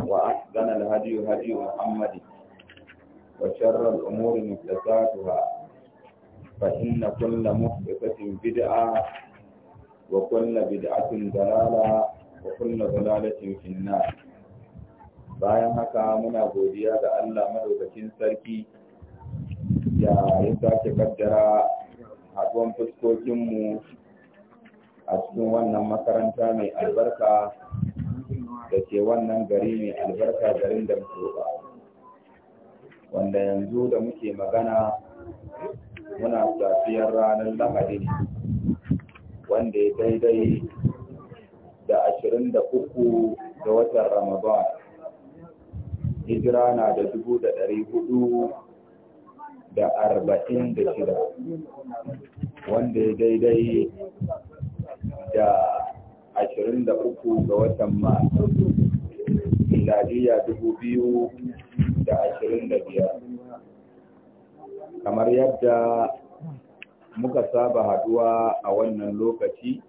وأحسن الهدي هدي محمد وشر الأمور محدثاتها فإن كل محدثة بدعة وكل بدعة ضلالة وكل ضلالة في النار bayan haka muna godiya da Allah madaukakin sarki ya yi sake kaddara haɗuwan fuskokinmu a cikin wannan makaranta mai albarka da ke wannan gari mai albarka garin da ba wanda yanzu da muke magana muna safiyar ranar lahadi wanda ya daidai da ashirin da uku ga watan ramadan hijira na da dubu da dari hudu da arba'in da shida wanda ya daidai da ashirin da uku ga watan mars miladiya dubu biyu da ashirin da biyar kamar yadda muka saba haduwa a wannan lokaci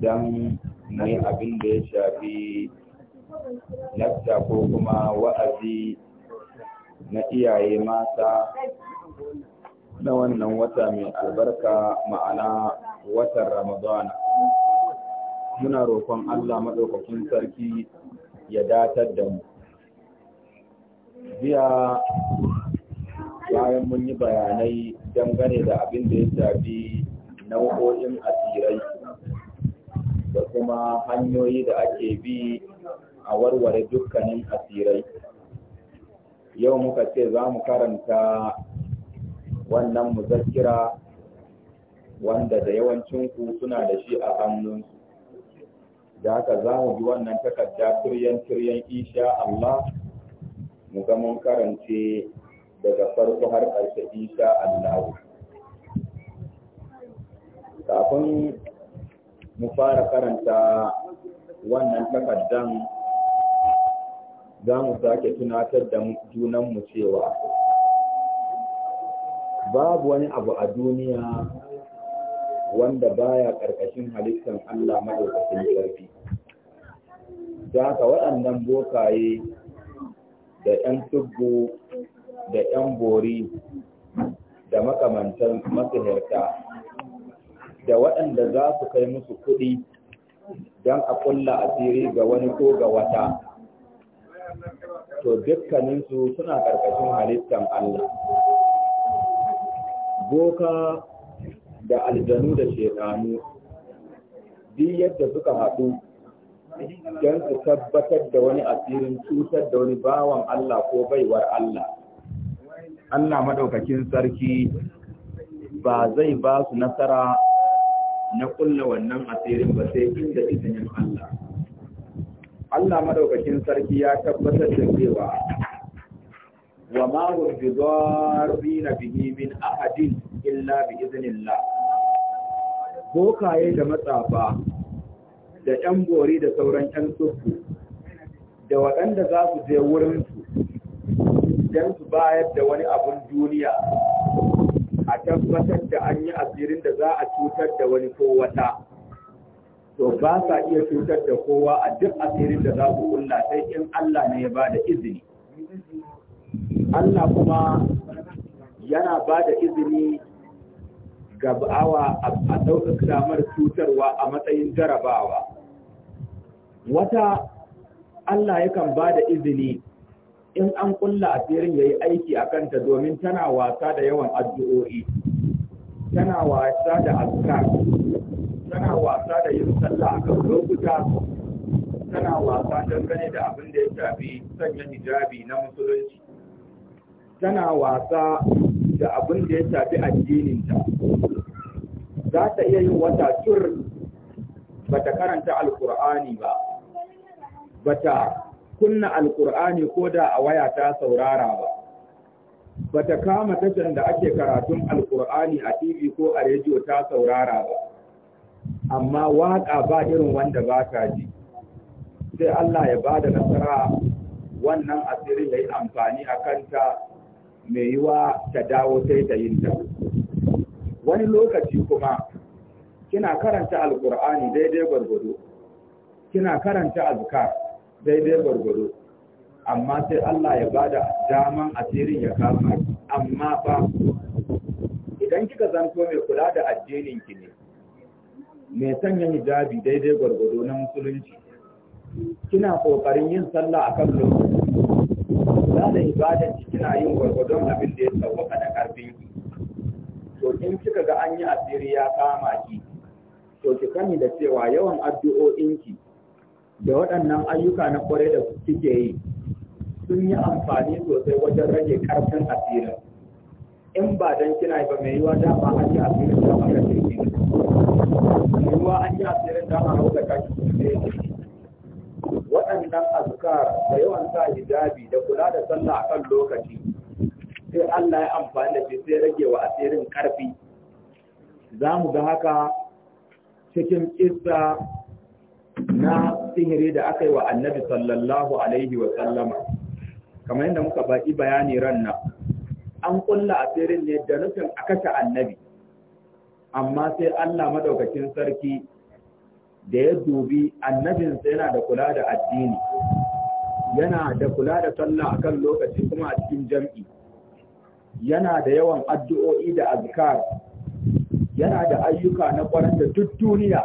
don na yi abin da ya shafi lakta ko kuma wa'azi na iyaye mata na wannan wata mai albarka ma'ana watan ramadana muna roƙon Allah maɗaukakin sarki ya datar da mu. Jiya bayan mun yi bayanai dangane da abin da ya shafi nau'o'in asirai da kuma hanyoyi da ake bi a warware dukkanin asirai. Yau muka ce za mu karanta wannan muzakira wanda da yawancinku suna da shi a hannunsu. da haka za mu bi wannan takarda turyan-turyan Isha, Allah mu ga mun karance daga farko har ƙarshe Isha, Allah kafin mu fara karanta wannan takardan za mu sake tunatar da junanmu cewa babu wani abu a duniya wanda baya ƙarkashin halittan Allah madaukakin sarki. Da ka waɗannan bokaye da ɗan tubbo da ‘yan bori da makamantan masahirta da waɗanda za su kai musu kuɗi don a ƙulla asiri ga wani ko ga wata. To dukkaninsu suna ƙarƙashin halittar Allah. Boka da aljanu da shekanu duk yadda suka haɗu don su tabbatar da wani asirin cutar da wani bawan Allah ko baiwar Allah. Allah maɗaukakin sarki ba zai ba su nasara na kulla wannan asirin ba sai inda izinin Allah. Allah maɗaukakin sarki ya tabbatar da cewa wa ma wurbi na bihi min ahadin illa bi iznillah bokaye da matsafa da ‘yan bori da sauran ‘yan tsoffi da waɗanda za su je wurinsu don su bayar da wani abun duniya a tabbatar da an yi asirin da za a cutar da wani kowata to ba sa iya cutar da kowa a duk asirin da za su kulla sai in Allah ne ya ba da izini Allah kuma yana ba da izini gabawa a ɗaukaka damar cutarwa a matsayin jarabawa wata Allah yakan ba da izini in an kulla asirin ya yi aiki a kanta domin tana wasa da yawan addu'o'i tana wasa da azkar tana wasa da yin sallah a kan lokuta tana wasa dangane da abin da ya shafi sanya hijabi na musulunci tana wasa da abin da ya shafi addininta za ta iya yin wata tur ba ta karanta alkur'ani ba ba ta kunna alkur'ani ko da a waya ta saurara ba ba ta kama tashar da ake karatun alkur'ani a tv ko a rediyo ta saurara ba amma waƙa ba irin wanda ba ta ji sai allah ya ba da nasara wannan asirin ya yi amfani a kanta mai yiwa ta dawo sai ta yin ta wani lokaci kuma kina karanta alkur'ani daidai gwargwado kina karanta azkar daidai gwargwado amma sai Allah ya da daman asirin ya kama amma ba idan kika zanto mai kula da addininki ne mai sanya hijabi daidai gwargwado na musulunci kina kokarin yin sallah akan lokaci za da ibadar ki kina yin gwargwadon abin da ya sauwaka da karfin ki to in kika ga an yi asiri ya kama ki to ki sani da cewa yawan addu'o'in ki da waɗannan ayyuka na kwarai da kike yi sun yi amfani sosai wajen rage karfin asirin in ba dan kina ba mai yiwa da ba an yi asirin da ba ka ba mai yiwa an yi asirin da ba ka ki waɗannan azkar da yawan sa hijabi da kula da sallah a kan lokaci sai Allah ya amfani da shi sai rage wa asirin ƙarfi za mu ga haka cikin isa na sihiri da aka yi wa annabi sallallahu alaihi wa sallama kamar yadda muka baki bayani ran nan an ƙulla asirin ne da nufin a kashe annabi amma sai Allah madaukakin sarki da ya dubi annabinsa yana da kula da addini yana da kula da sallah akan lokaci kuma a cikin jam'i yana da yawan addu'o'i da azkar yana da ayyuka na kwarar da duk duniya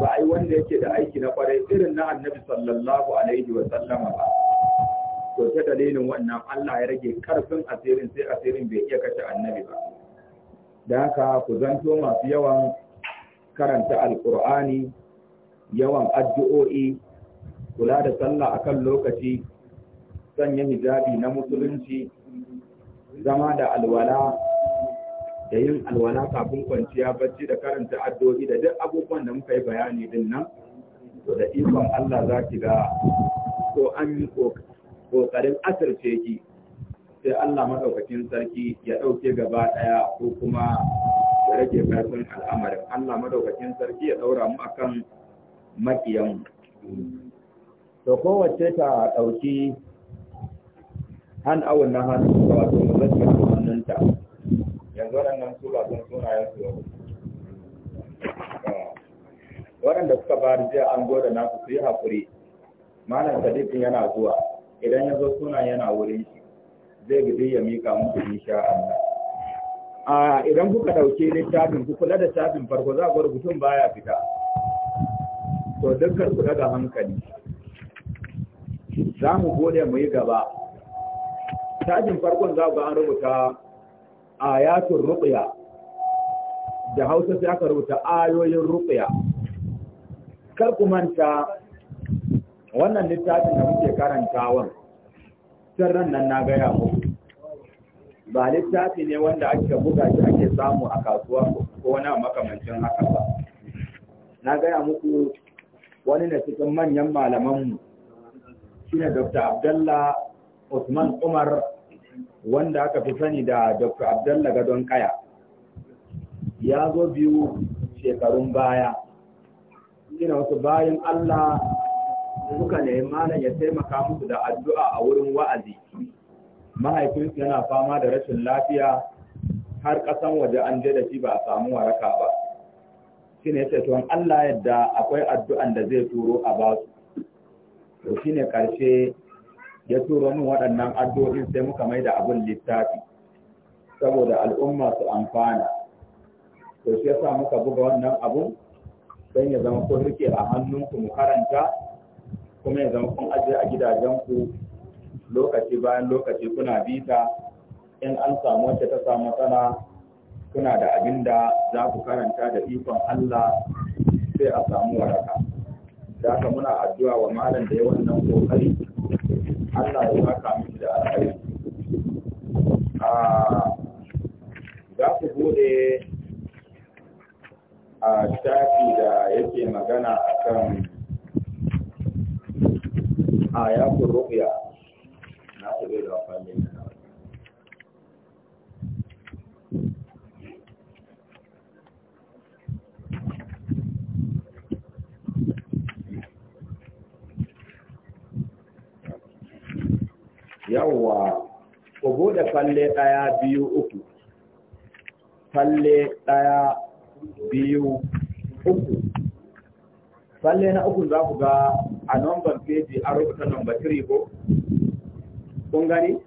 ba ai wanda yake da aiki na kwarai irin na annabi sallallahu alaihi wa sallama ba to ta dalilin wannan Allah ya rage karfin asirin sai asirin bai iya kashe annabi ba da haka ku zanto masu yawan karanta alkur'ani yawan addu'o'i kula da sallah akan lokaci sanya hijabi na musulunci zama da alwala da yin alwala kafin kwanciya bacci da karanta addu'o'i da duk abubuwan da muka yi bayani din nan to da ikon Allah za ki ga ko an yi kokarin asirce ki sai Allah madaukakin sarki ya ɗauke gaba ɗaya ko kuma da rage karfin al'amarin Allah madaukakin sarki ya daura mu akan makiyan to kowace ta dauki han awun na hannu wato mazaki a hannunta yanzu waɗannan su ba sun ya su waɗanda suka bari jiya an goda na su yi haƙuri malam sadiqin yana zuwa idan ya zo sunan yana wurin shi zai gudu ya mika musu insha Allah idan kuka ɗauke littafin ku kula da tafin farko za ku rubutun baya fita to dukkan ku daga hankali za mu gode mu yi gaba shafin farkon za ku an rubuta ayatun ruqya da hausa sai aka rubuta ayoyin ruqya kar ku manta wannan littafin da muke karantawan sirran nan na gaya ku. ba littafi ne wanda ake buga shi ake samu a kasuwa ko wani makamancin haka ba na gaya muku wani na cikin manyan malamanmu shine dr abdallah usman umar wanda aka fi sani da dr abdallah gadon kaya ya zo biyu shekarun baya shine wasu bayan allah suka nemi malam ya taimaka musu da addu'a a wurin wa'azi mahaifinsu yana fama da rashin lafiya har ƙasan waje an je da shi ba a samu waraka ba shi ne ce tuwon Allah yadda akwai addu'an da zai turo a ba su to shi ne ƙarshe ya turo min waɗannan addu'o'in sai muka mai da abin littafi saboda al'umma su amfana to shi yasa muka buga wannan abun don ya zama kun rike a hannunku mu karanta kuma ya zama kun ajiye a gidajenku lokaci bayan lokaci kuna bita in an samu wacce ta samu tsana kuna da abin da za ku karanta da ikon Allah sai a samu waraka da haka muna addu'a wa malam da ya wannan kokari Allah ya saka miki da alkhairi a za ku bude a shafi da yake magana a ya ayatul ruqya yawwa ku bude falle ɗaya biyu uku falle ɗaya biyu uku falle na uku za ku ga a number page a rubuta number 3 ko kun gani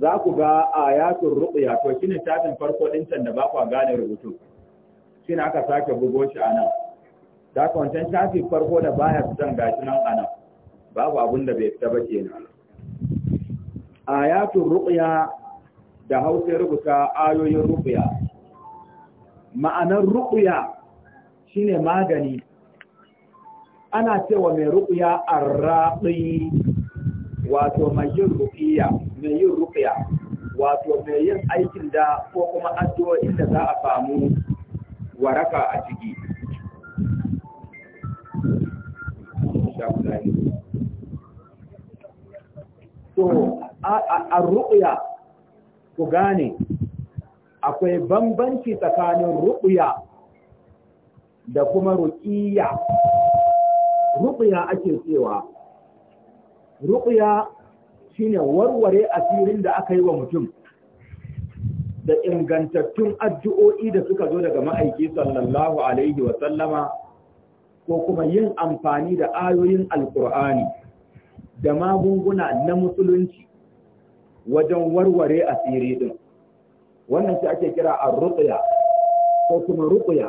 za ku ga ayatul ruqya to kina tafin farko din can da ba ku gane rubutu kina aka sake bugo shi anan da ka wancan tafi farko da baya zan gashi nan nan, babu abin da bai fita ba kenan ayatun ruqya da hausa rubuta ayoyin ruqya ma'anar ruqya shine magani ana cewa mai ruqya arraqi wato mai yin ruqya mai yin ruqya wato mai yin aikin da ko kuma addu'o'in inda za a samu waraka a ciki to a ru'ya ku gane akwai bambanci tsakanin ru'ya da kuma ruqiyya ruqya ake cewa ruqya shine warware asirin da aka yi wa mutum da ingantattun addu'o'i da suka zo daga ma'aiki sallallahu alaihi wa sallama ko kuma yin amfani da ayoyin alkur'ani da magunguna na musulunci wajen warware asiri din wannan shi ake kira a ruqya ko kuma ruqya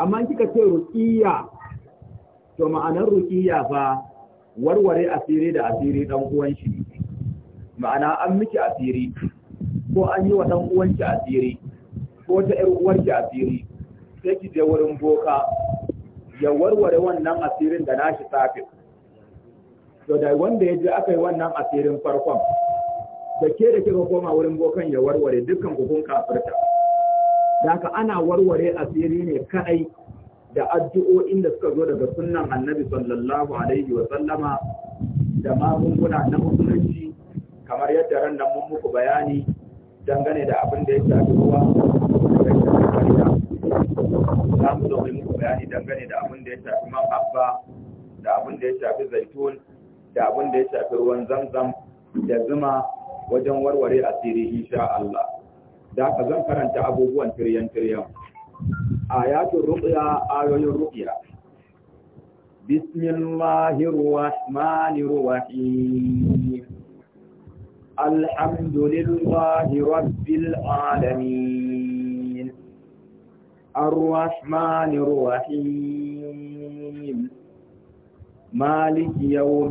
amma kika ce ruqiyya to ma'anar ruqiyya fa warware asiri da asiri dan uwan shi ma'ana an miki asiri ko an yi wa dan uwan shi asiri ko ta yar uwar shi asiri sai ki je wurin boka ya warware wannan asirin da nashi safi to da wanda ya je aka yi wannan asirin farkon da ke da kika koma wurin bokan ya warware dukkan kukun kafirta da ka ana warware asiri ne kadai da addu'o'in da suka zo daga sunnan annabi sallallahu alaihi wa sallama da magunguna na musulunci kamar yadda ran nan mun muku bayani dangane da abin da ya shafi ruwa da shari'a za mu zo mai muku bayani dangane da abin da ya shafi man Abba, da abin da ya shafi zaitun da abin da ya shafi ruwan zamzam da zuma wajen warware asiri insha Allah da ka zan karanta abubuwan tiryan tiryan ayatul ruqya ayoyin ruqya bismillahir rahmanir rahim alhamdulillahi rabbil alamin arrahmanir rahim مالك يوم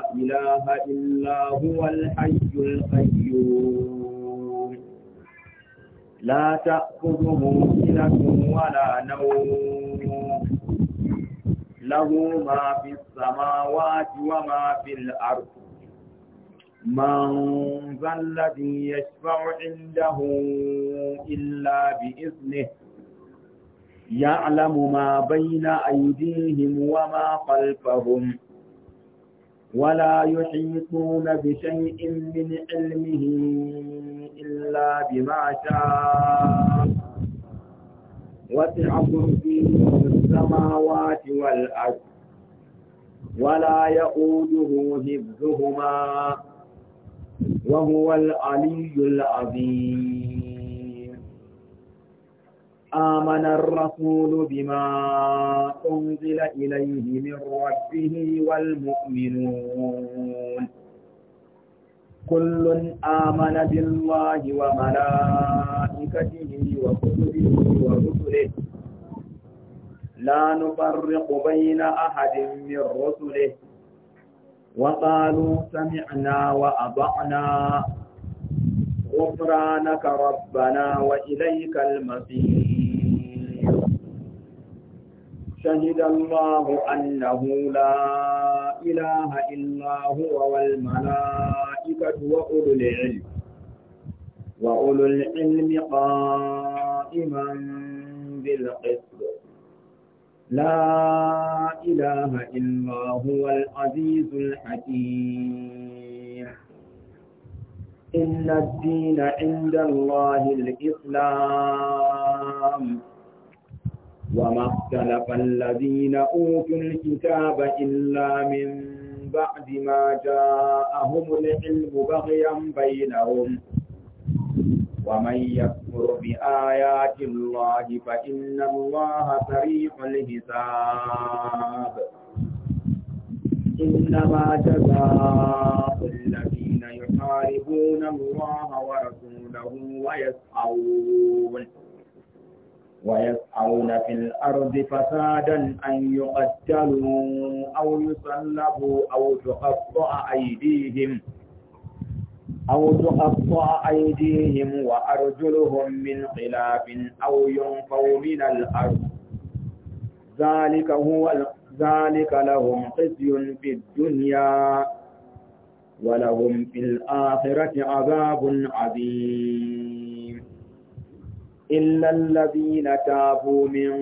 إله إلا هو الحي القيوم لا تأخذه سنة ولا نوم له ما في السماوات وما في الأرض من ذا الذي يشفع عنده إلا بإذنه يعلم ما بين أيديهم وما خلفهم ولا يحيطون بشيء من علمه إلا بما شاء وسع كرسيه السماوات والأرض ولا يؤوده حفظهما وهو العلي العظيم آمن الرسول بما أنزل إليه من ربه والمؤمنون كل آمن بالله وملائكته وكتبه ورسله لا نفرق بين أحد من رسله وقالوا سمعنا وأضعنا غفرانك ربنا وإليك المصير شهد الله أنه لا إله إلا هو والملائكة وأولو العلم وأولو العلم قائما بالقسط لا إله إلا هو العزيز الحكيم إن الدين عند الله الإسلام وما اختلف الذين أوتوا الكتاب إلا من بعد ما جاءهم العلم بغيا بينهم ومن يكفر بآيات الله فإن الله سريع الحساب إنما جزاء الذين يحاربون الله ورسوله ويسعون ويسعون في الأرض فسادا أن يقتلوا أو يصلبوا أو تقطع أيديهم أو تقطع أيديهم وأرجلهم من خلاف أو ينفوا من الأرض ذلك هو ذلك لهم خزي في الدنيا ولهم في الآخرة عذاب عظيم إلا الذين تابوا من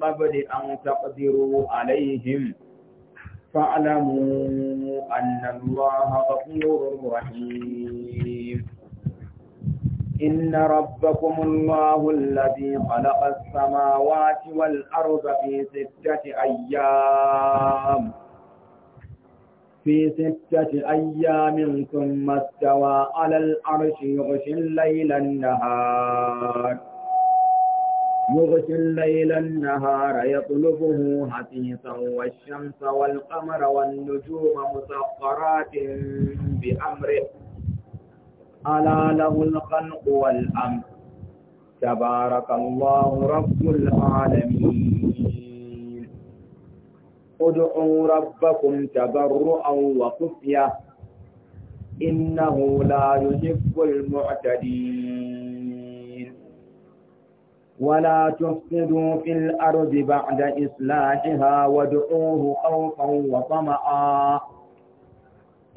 قبل أن تقدروا عليهم فاعلموا أن الله غفور رحيم إن ربكم الله الذي خلق السماوات والأرض في ستة أيام في ستة أيام ثم استوى على الأرش يغشي الليل النهار يغشي الليل النهار يطلبه حثيثا والشمس والقمر والنجوم مسخرات بأمره ألا له الخلق والأمر تبارك الله رب العالمين ادعوا ربكم تبرعا وخفية إنه لا يحب المعتدين ولا تفسدوا في الأرض بعد إصلاحها وادعوه خوفا وطمعا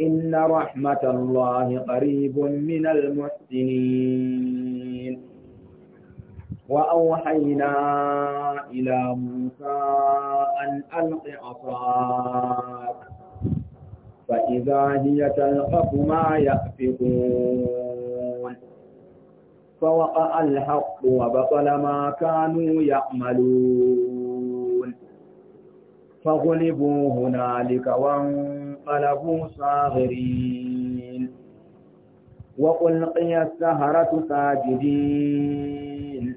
إن رحمة الله قريب من المحسنين وأوحينا إلى موسى أن ألق عصاك فإذا هي تلقف ما يأفكون فوقع الحق وبطل ما كانوا يعملون فغلبوا هنالك وانقلبوا صاغرين وألقي السهرة ساجدين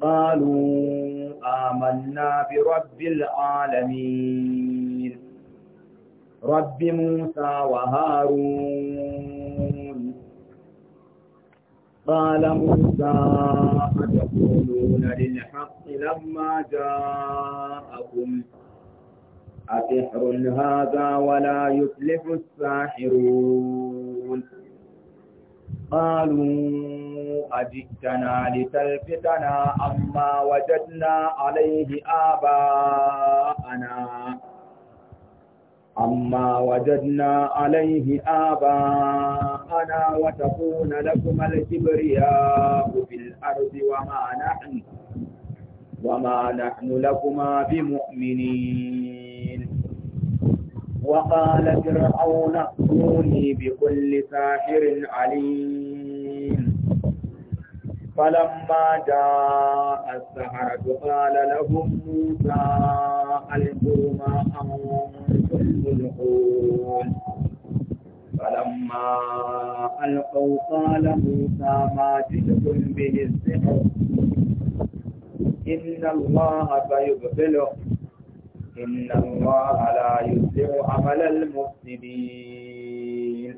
قالوا آمنا برب العالمين رب موسى وهارون قال موسى أتقولون للحق لما جاءكم أسحر هذا ولا يفلح الساحرون قالوا أجئتنا لتلفتنا أما وجدنا عليه آباءنا أما وجدنا عليه آباءنا وتكون لكم الكبرياء في الأرض وما نحن وما نحن لكما بمؤمنين وقال فرعون ائتوني بكل ساحر عليم فلما جاء السحرة قال لهم موسى ألقوا ما أنظر يصلحون فلما ألقوا قال موسى ما جئتم به السحر إن الله سيبطله إن الله لا يسرع عمل المفسدين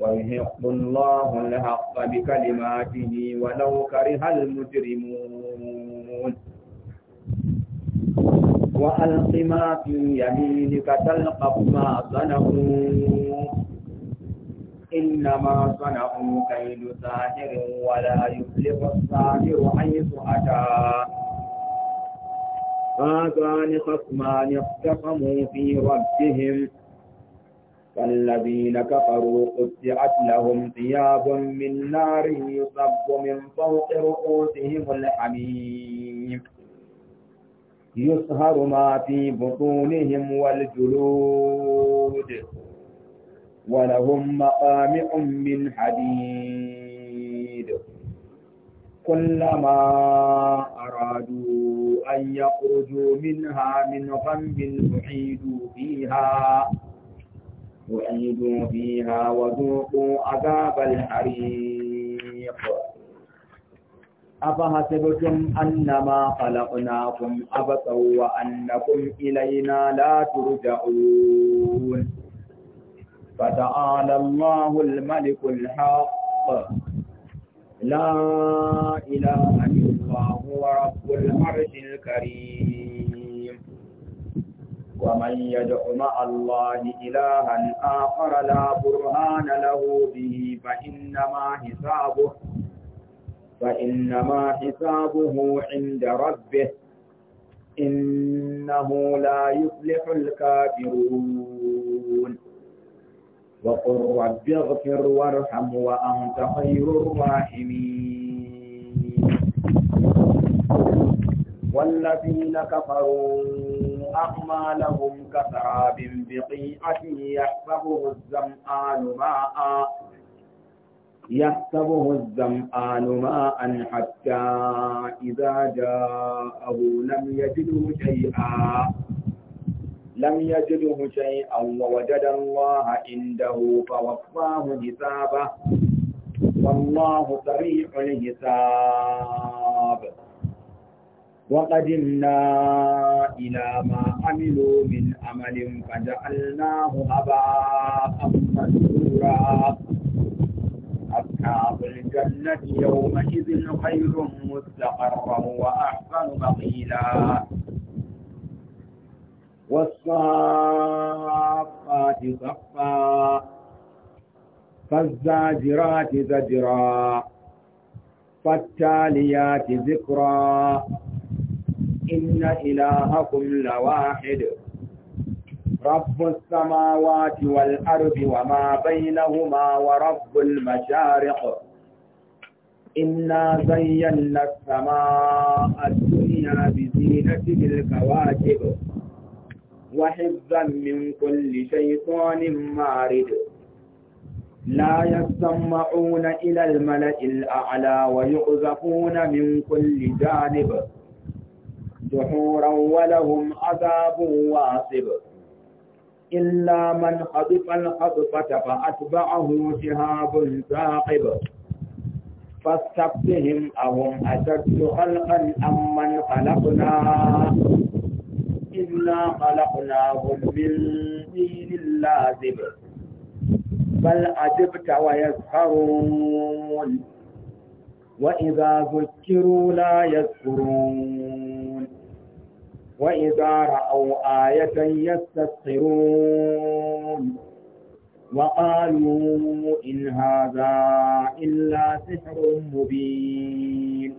ويحق الله الحق بكلماته ولو كره المجرمون وألق ما في يمينك تلقف ما صنعوا إنما صنعوا كيد ساحر ولا يفلح الساحر حيث أتى هذان خصمان اختصموا في ربهم فالذين كفروا قطعت لهم ثياب من نار يصب من فوق رؤوسهم الحميم يصهر ما في بطونهم والجلود ولهم مقامع من حديد كلما أرادوا أن يخرجوا منها من غم أعيدوا فيها أعيدوا فيها وذوقوا عذاب الحريق أفحسبتم أنما خلقناكم عبثا وأنكم إلينا لا ترجعون فتعالى الله الملك الحق لا إله إلا هو رب العرش الكريم ومن يدع مع الله إلها آخر لا برهان له به فإنما حسابه فإنما حسابه عند ربه إنه لا يفلح الكافرون وقل رب اغفر وارحم وأنت خير الراحمين والذين كفروا أعمالهم كسراب بقيعة يحسبه الزمآن ماءً يحسبه الظمآن ماء حتى إذا جاءه لم يجده شيئا لم يجده شيئا ووجد الله عنده فوفاه حسابه والله سريع الحساب وقدمنا إلى ما عملوا من عمل فجعلناه هباء منثورا أصحاب الجنة يومئذ خير مستقرا وأحسن مقيلا والصافات صفا فالزاجرات زجرا فالتاليات ذكرا إن إلهكم لواحد رب السماوات والأرض وما بينهما ورب المشارق إنا زينا السماء الدنيا بزينة الكواكب وحفظا من كل شيطان مارد لا يسمعون إلى الملأ الأعلى ويقذفون من كل جانب دحورا ولهم عذاب واصب إلا من خذف الخذفة فأتبعه شهاب ثاقب فاستفتهم أهم أشد خلقا أم من خلقنا إنا خلقناهم من دين لازم بل أجبت ويسخرون وإذا ذكروا لا يذكرون وإذا رأوا آية يستسخرون وقالوا إن هذا إلا سحر مبين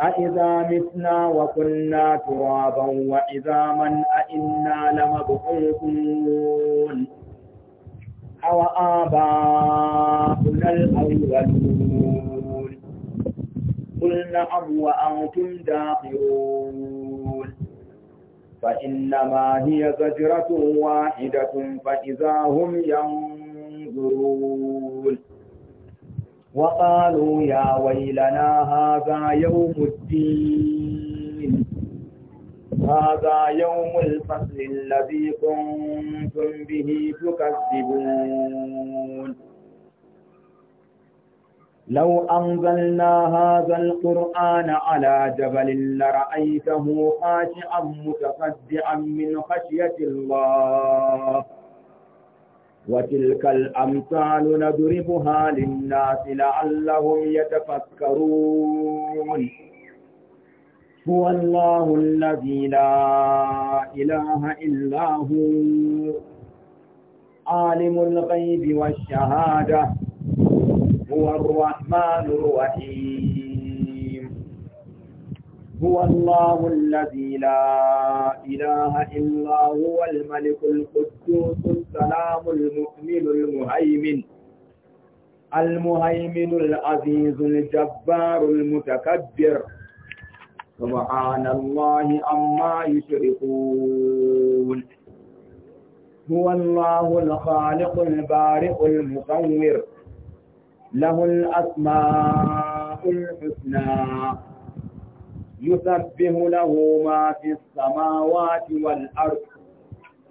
أإذا متنا وكنا ترابا وإذا من أئنا لمبعوثون أو آباؤنا الأولون قل نعم وأنتم داخرون فإنما هي زجرة واحدة فإذا هم ينظرون وقالوا يا ويلنا هذا يوم الدين هذا يوم الفصل الذي كنتم به تكذبون لو أنزلنا هذا القرآن على جبل لرأيته خاشعا متصدعا من خشية الله وتلك الأمثال نضربها للناس لعلهم يتفكرون هو الله الذي لا إله إلا هو عالم الغيب والشهادة هو الرحمن الرحيم هو الله الذي لا إله إلا هو الملك القدوس السلام المؤمن المهيمن المهيمن العزيز الجبار المتكبر سبحان الله عما يشركون هو الله الخالق البارئ المصور له الأسماء الحسنى يسبح له ما في السماوات والأرض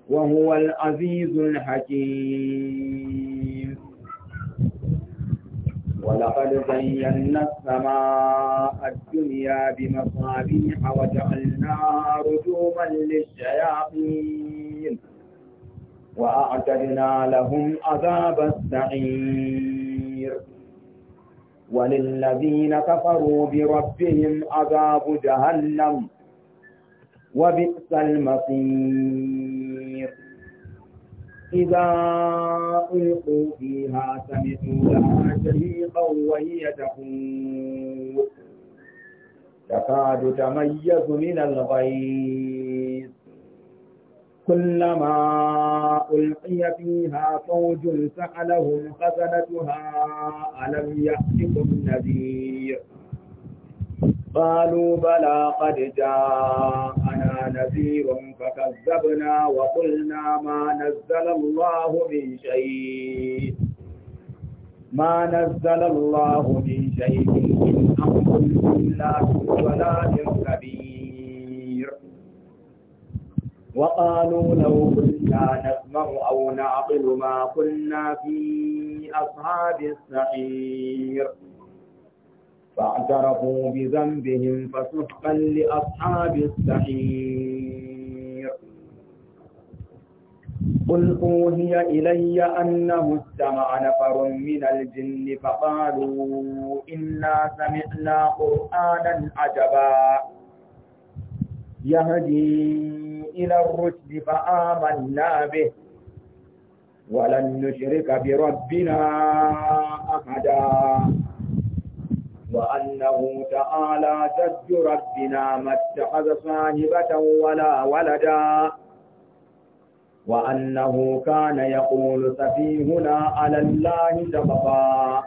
وهو العزيز الحكيم ولقد زينا السماء الدنيا بمصابيح وجعلناها رجوما للشياطين وأعتدنا لهم عذاب السعير بصير وللذين كفروا بربهم عذاب جهنم وبئس المصير إذا ألقوا فيها سمعوا لها شهيقا وهي تقول تكاد تميز من الغيظ كلما ألقي فيها فوج سألهم خزنتها ألم يأتكم نذير قالوا بلى قد جاءنا نذير فكذبنا وقلنا ما نزل الله من شيء ما نزل الله من شيء إن أمر إلا في ضلال كبير وقالوا لو كنا نسمع أو نعقل ما كنا في أصحاب السعير فاعترفوا بذنبهم فسحقا لأصحاب السعير قل أوهي إلي أنه استمع نفر من الجن فقالوا إنا سمعنا قرآنا عجبا يهدي إلى الرشد فآمنا به ولن نشرك بربنا أحدا وأنه تعالى جد ربنا ما اتخذ صاحبة ولا ولدا وأنه كان يقول سفيهنا على الله سبقا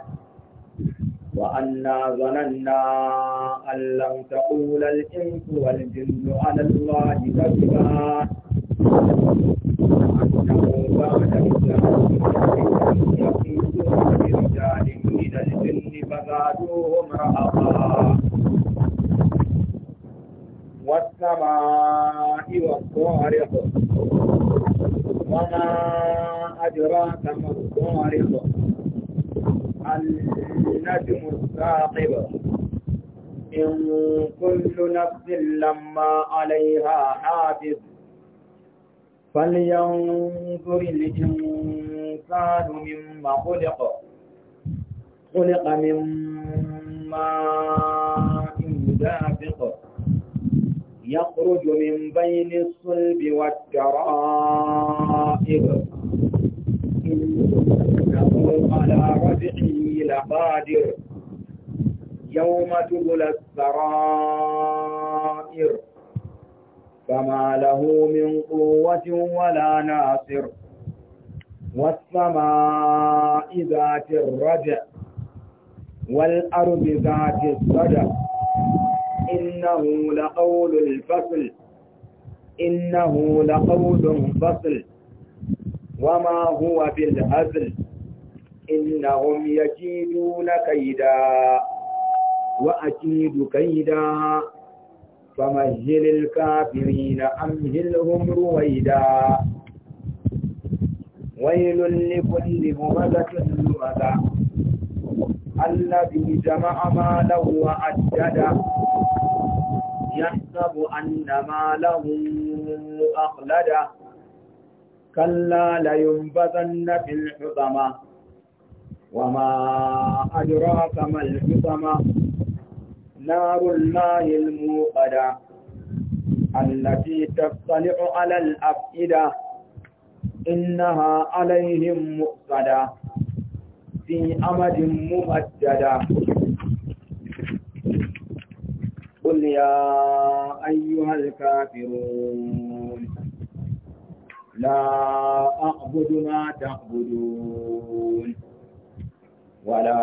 وأنا ظننا أن لم تقول الإنس والجن على الله كذبا وأنه بعد برجال من الجن فزادوهم رهقا والسماء والطارق وما أدراك ما الطارق النجم الثاقب إن كل نفس لما عليها حافظ فلينظر الإنسان مما خلق خلق مما دافق يخرج من بين الصلب والترائب على رجعه لقادر يوم تبلى السرائر فما له من قوة ولا ناصر والسماء ذات الرجع والأرض ذات الصدع إنه لقول الفصل إنه لقول فصل وما هو بالهزل إنهم يكيدون كيدا وأكيد كيدا فمهل الكافرين أمهلهم رويدا ويل لكل همزة لمزة الذي جمع ماله وأجده يحسب أن ماله أخلده كلا لينبذن في الحطمة وما أدراك ما الحطمة نار الله الموقدة التي تطلع على الأفئدة إنها عليهم مؤقدة في أمد ممددة قل يا أيها الكافرون لا أعبد ما تعبدون ولا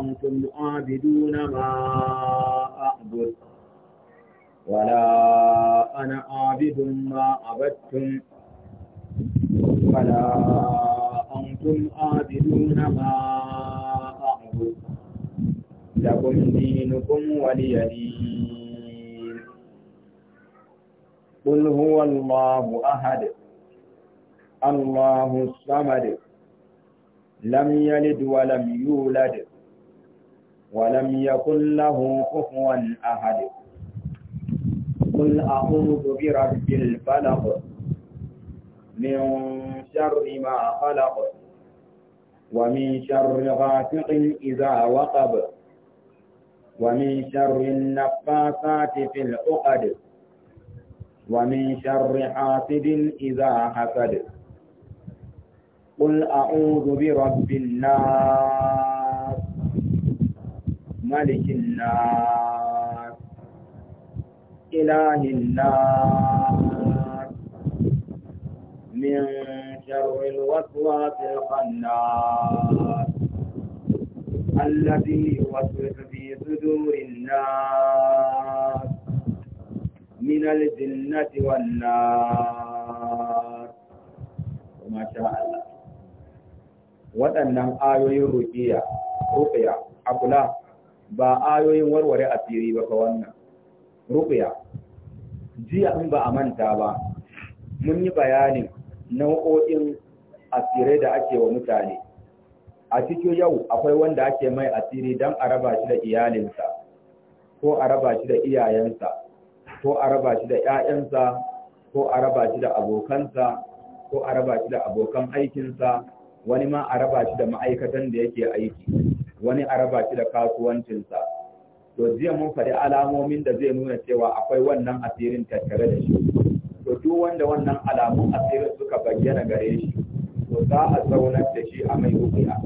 أنتم عابدون ما أعبد ولا أنا عابد ما عبدتم ولا أنتم عابدون ما أعبد لكم دينكم ولي دين قل هو الله أحد الله الصمد لم يلد ولم يولد ولم يكن له كفوا أحد قل أعوذ برب الفلق من شر ما خلق ومن شر غاسق إذا وقب ومن شر النفاثات في العقد ومن شر حاسد إذا حسد قل أعوذ برب الناس ملك الناس إله الناس من شر الوسواس الخناس الذي يوسوس في صدور الناس من الجنة والنار ما شاء الله waɗannan ayoyin ruqiya ruqiya kula, ba ayoyin warware asiri ba ka wannan ruqiya jiya in ba a manta ba mun yi bayanin nau'o'in asirai da ake wa mutane a cikin yau akwai wanda ake mai asiri don a raba shi da iyalinsa ko a raba shi da iyayensa ko a raba shi da 'ya'yansa ko a raba shi da abokansa ko a raba shi da abokan aikinsa wani ma a raba shi da ma'aikatan da yake aiki wani a raba shi da kasuwancinsa to jiya mun faɗi alamomin da zai nuna cewa akwai wannan asirin tattare da shi to duk wanda wannan alamun asirin suka bayyana gare shi to za a zaunar da shi a mai rukiya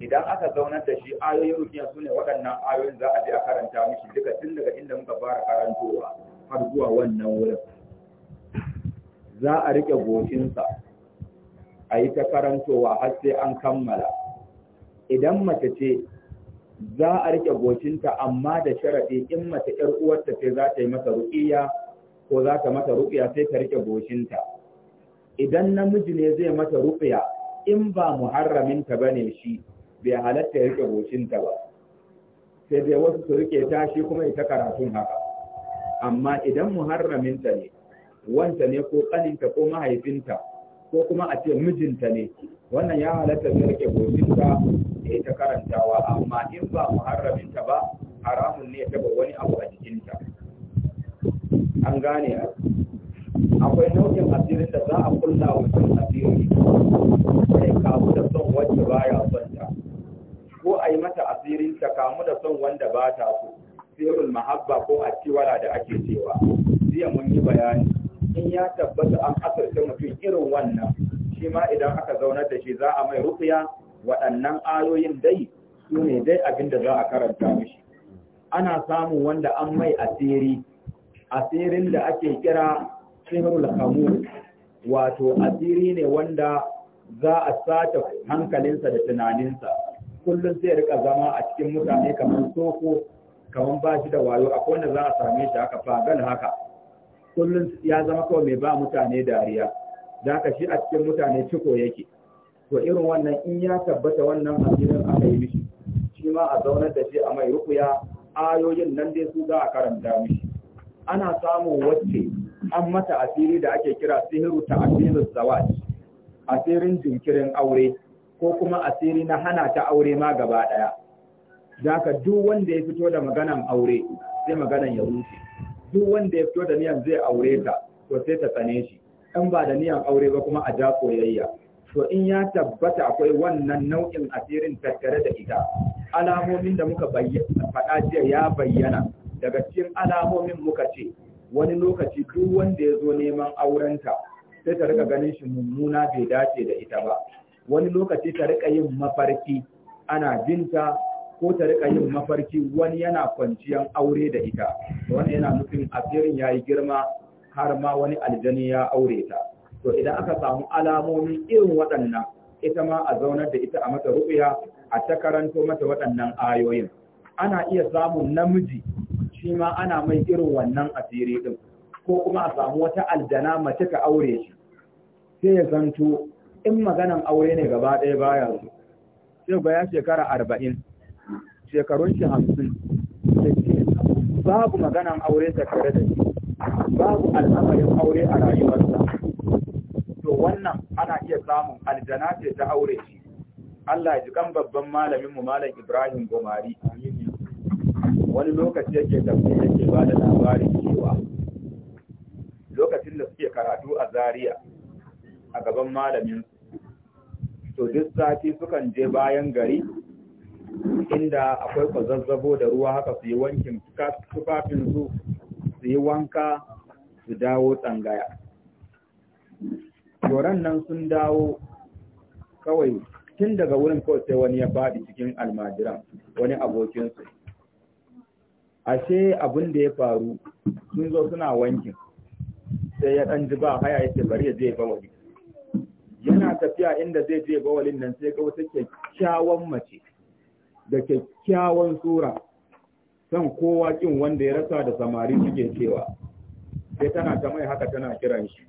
idan aka zaunar da shi ayoyin rukiya sune waɗannan ayoyin za a je a karanta mishi duka tun daga inda muka fara karantowa har zuwa wannan wurin za a riƙe goshinsa a yi ta karantowa har sai an kammala idan mace ce za a rike gocinta amma da sharaɗi in mace ƴar uwarta ce za ta yi masa ruƙiya ko za ta mata ruƙiya sai ta rike gocinta idan namiji ne zai mata ruƙiya in ba muharraminta ba ne shi bai halatta ya rike gocinta ba sai dai wasu su rike ta shi kuma ita karatun haka amma idan muharraminta ne wanta ne ko ƙaninta ko mahaifinta ko kuma a ce mijinta ne wannan ya halatta ta rike goshinta ya ta karantawa amma in ba muharraminta ba haramun ne ta wani abu a jikinta an gane akwai nau'in asirin da za a kulla wa cin asiri sai kamu da son wacce baya son ta ko a yi mata asirin ta kamu da son wanda ba ta so sirrin mahabba ko a ciwala da ake cewa jiya mun yi bayani in ya tabbata an asirce mutum irin wannan shi ma idan aka zaunar da shi za a mai rufiya waɗannan ayoyin dai su ne dai abin da za a karanta mishi ana samun wanda an mai asiri asirin da ake kira sinul kamu wato asiri ne wanda za a sace hankalinsa da tunaninsa kullum zai rika zama a cikin mutane kamar soko kamar ba shi da wayo akwai wanda za a same shi haka fagal haka kullum ya zama kawai mai ba mutane dariya da ka shi a cikin mutane ciko yake to irin wannan in ya tabbata wannan asirin aka yi mishi shi ma a zaunar da shi a mai rukuya ayoyin nan dai su za a karanta mishi ana samun wacce an mata asiri da ake kira sihiru ta asirin zawaj asirin jinkirin aure ko kuma asiri na hana ta aure ma gaba daya da ka duk wanda ya fito da maganan aure sai maganan ya rufe. duk wanda ya fito da niyan zai aure ta to sai ta tsane shi in ba da niyan aure ba kuma a ja soyayya to in ya tabbata akwai wannan nau'in asirin tattare da ita alamomin da muka faɗa jiya ya bayyana daga cikin alamomin muka ce wani lokaci duk wanda ya zo neman aurenta sai ta rika ganin shi mummuna bai dace da ita ba wani lokaci ta rika yin mafarki ana binta ko ta rika yin mafarki wani yana kwanciyan aure da ita wani yana nufin asirin yayi girma har ma wani aljani ya aure ta to idan aka samu alamomi irin waɗannan ita ma a zaunar da ita a mata ruɓiya a ta mata waɗannan ayoyin ana iya samun namiji shi ma ana mai irin wannan asiri din ko kuma a samu wata aljana mace ka aure shi sai ya zanto in maganan aure ne gaba ɗaya baya su sai bayan shekara arba'in shekarun shi hamsin babu maganan aure tattare da shi babu al'amarin aure a rayuwarsa to wannan ana iya samun aljana ce ta aure shi Allah ji kan babban malamin malam Ibrahim Gomari wani lokaci yake tafsir yake ba da labarin cewa lokacin da suke karatu a Zaria a gaban malamin to duk sati sukan je bayan gari inda akwai kwazazzabo da ruwa haka su yi wankin tufafinsu su yi wanka su dawo tsangaya yoran nan sun dawo kawai tun daga wurin kawai sai wani ya faɗi cikin almajiran wani abokinsu ashe abin da ya faru sun zo suna wankin sai ya ɗan ji ba haya ya ce bari ya je wani. yana tafiya inda zai je bawalin nan sai ga wata kyakkyawan mace da kyakkyawan sura san kowa kin wanda ya rasa da samari suke cewa sai tana ta mai haka tana kiran shi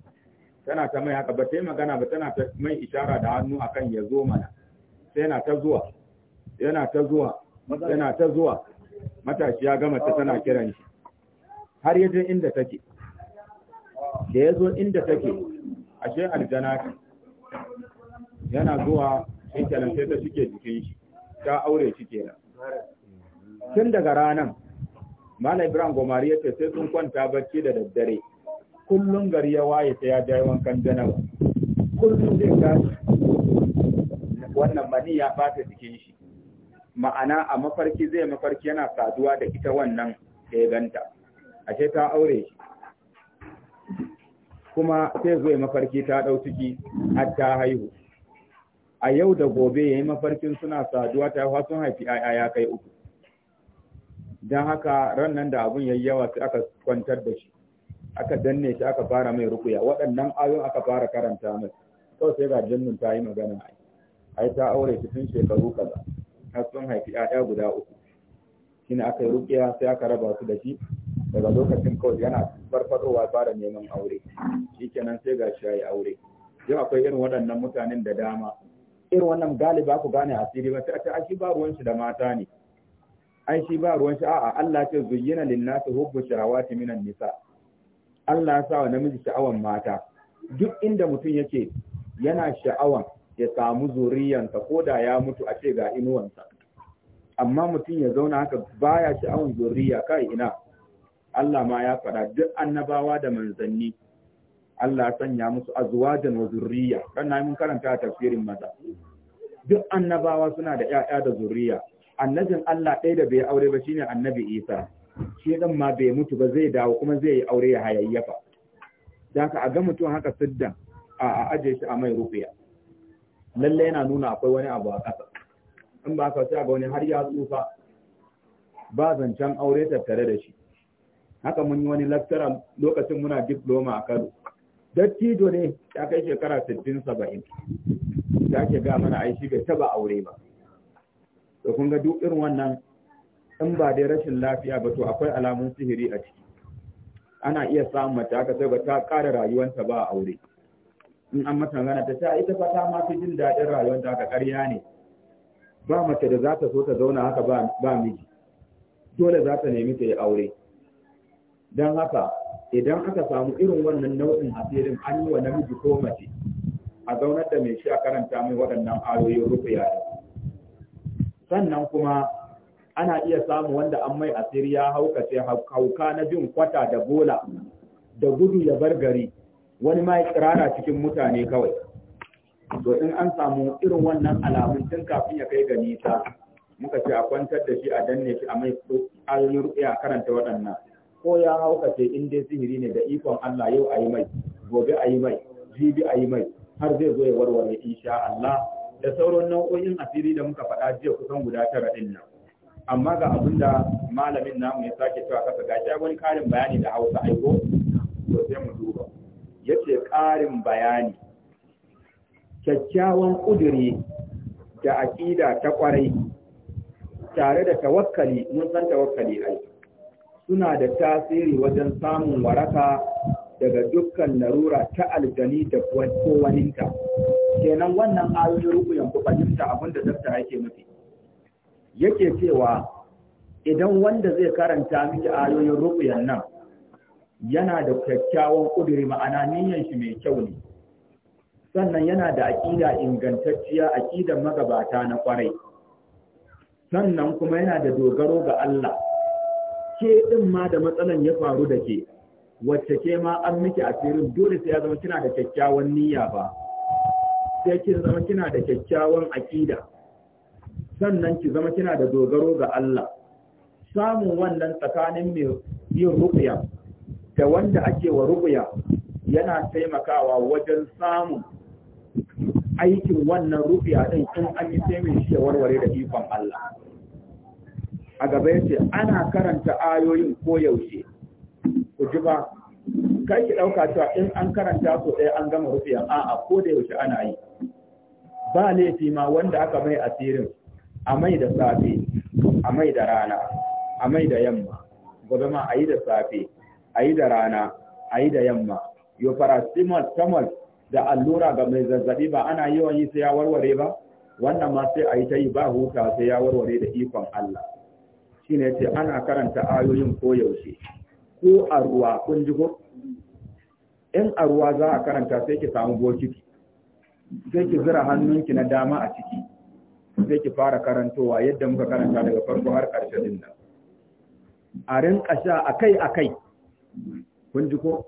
tana ta mai haka ba ta yi magana ba tana ta mai ishara da hannu akan ya zo mana sai yana ta zuwa yana ta zuwa yana ta zuwa matashi ya gama ta tana kiran shi har yaje inda take da ya zo inda take ashe aljana yana zuwa sai kenan sai ta shige jikin shi ta aure shi kenan tun daga ranan Malam Ibrahim Gomari ya ce sai sun kwanta bacci da daddare kullum gari ya waye sai ya jayi wankan janawa. kullum zai gashi wannan mani ya bata jikin shi ma'ana a mafarki zai mafarki yana saduwa da ita wannan da ya ganta ashe ta aure shi kuma sai zai mafarki ta ɗau ciki har ta haihu a yau da gobe ya yi mafarkin suna saduwa ta yawa sun haifi ‘ya'ya ya kai uku. Don haka ran nan da abun ya yawa sai aka kwantar da shi, aka danne shi aka fara mai rukuya, waɗannan ayon aka fara karanta mai, kawai sai ga jinnin ta yi magana ai, ai ta aure shi tun shekaru kaza, har sun haifi ‘ya'ya guda uku. Shi ne aka yi rukuya sai aka raba su da shi, daga lokacin kawai yana farfadowa fara neman aure, shi kenan sai ga shi ya yi aure. Yau akwai irin waɗannan mutanen da dama, irin wannan galiba ku gane asiri ba sai a shi ba ruwan shi da mata ne ai shi ba ruwan shi a'a Allah ce zuyyina linnasi hubbu shahawati minan nisa Allah ya sa wa namiji sha'awan mata duk inda mutum yake yana sha'awan ya samu zuriyyarsa ko da ya mutu a ce ga inuwansa amma mutum ya zauna haka baya sha'awan zuriya kai ina Allah ma ya faɗa duk annabawa da manzanni Allah sanya musu azwajan wa zurriya dan mun karanta a tafsirin maza duk annabawa suna da ƴaƴa da zurriya annabin Allah ɗaya da bai aure ba shine annabi Isa shi dan ma bai mutu ba zai dawo kuma zai yi aure ya hayayyafa dan ka ga mutum haka sidda a aje shi a mai rufiya lalle yana nuna akwai wani abu a ƙasa in ba ka sai ga wani har ya tsufa ba zancen aure tattare da shi haka mun yi wani laktara lokacin muna diploma a Kano dattijo ne ya kai shekara 60 70 da ke ga mana aiki shi bai taba aure ba to kun ga duk irin wannan in ba dai rashin lafiya ba to akwai alamun sihiri a ciki ana iya samun mace haka sai ta kara rayuwarta ba a aure in an mata magana ta ta ita fata ma fi jin daɗin rayuwanta haka ƙarya ne ba mace da za ta so ta zauna haka ba miji dole za ta nemi ta yi aure don haka idan aka samu irin wannan nau'in asirin an yi wa namiji ko mace a zaunar da mai shi a karanta mai waɗannan ayoyin yare sannan kuma ana iya samu wanda an mai asiri ya haukace hauka na jin kwata da bola da gudu ya bar gari wani ma ya tsirara cikin mutane kawai to in an samu irin wannan alamun tun kafin ya kai ga nisa muka ce a kwantar da shi a danne shi a mai ayoyin rufiya karanta waɗannan ko ya haukace in dai sihiri ne da ikon Allah yau a yi mai gobe a yi mai jibi a yi mai har zai zo ya warware insha Allah da sauran nau'o'in asiri da muka faɗa jiya kusan guda tara ɗin nan amma ga abin da malamin namu ya sake cewa kasa ga ya wani ƙarin bayani da hausa aiko to sai mu duba ya ce ƙarin bayani kyakkyawan ƙuduri da aƙida ta ƙwarai tare da tawakkali mun san tawakkali ai suna da tasiri wajen samun waraka daga dukkan narura ta aljani da kowaninta kenan wannan ayoyin rukuyan ku fahimta abin da dakta yake nufi yake cewa idan wanda zai karanta miki ayoyin rukuyan nan yana da kyakkyawan ƙuduri ma'ana niyyan shi mai kyau ne sannan yana da aƙida ingantacciya aƙidan magabata na ƙwarai sannan kuma yana da dogaro ga Allah ke ɗin ma da matsalan ya faru da ke wacce ke ma an miki asirin dole sai ya zama kina da kyakkyawan niyya ba sai kin zama kina da kyakkyawan aƙida, sannan ki zama kina da dogaro ga Allah samun wannan tsakanin mai yin ruqya da wanda ake wa ruqya yana taimakawa wajen samun aikin wannan ruqya din in an yi sai mai shi warware da ikon Allah a gaba yace ana karanta ayoyin ko yaushe ku ji ba kai ki dauka cewa in an karanta ko ɗaya an gama rufiya a'a ko da yaushe ana yi ba laifi ma wanda aka mai asirin a mai da safe a mai da rana a mai da yamma gobe ma a yi da safe a yi da rana a yi da yamma yo tamol da allura ga mai zazzabi ba ana yawan yi sai ya warware ba wannan ma sai a yi ta yi ba huta sai ya warware da ikon Allah shine yace ana karanta ayoyin koyaushe yaushe ko a ruwa kun ji ko in a ruwa za a karanta sai ki samu bokiti sai ki zira hannunki na dama a ciki sai ki fara karantowa yadda muka karanta daga farko har ƙarshe din nan a rinka sha akai akai kun ji ko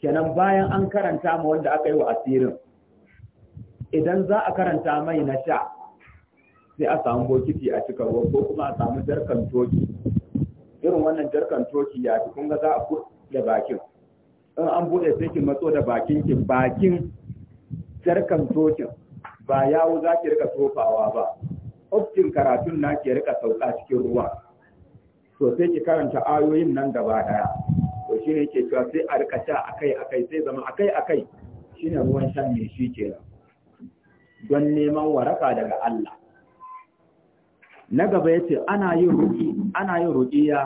kenan bayan an karanta ma wanda aka yi wa asirin idan za a karanta mai na sha sai a samu bokiti a cika ruwa ko kuma a samu jarkan toki irin wannan jarkan toki ya fi kunga za a da bakin in an buɗe sai ki matso da bakin ki bakin jarkan tokin ba yawo za ki rika tofawa ba ofkin karatun na ki rika sauka cikin ruwa to sai ki karanta ayoyin nan gaba daya to shine yake cewa sai a rika sha akai akai sai zama akai akai shine ruwan shan ne shi kenan don neman waraka daga Allah na gaba yace ana yin ruki ana yin ruqiya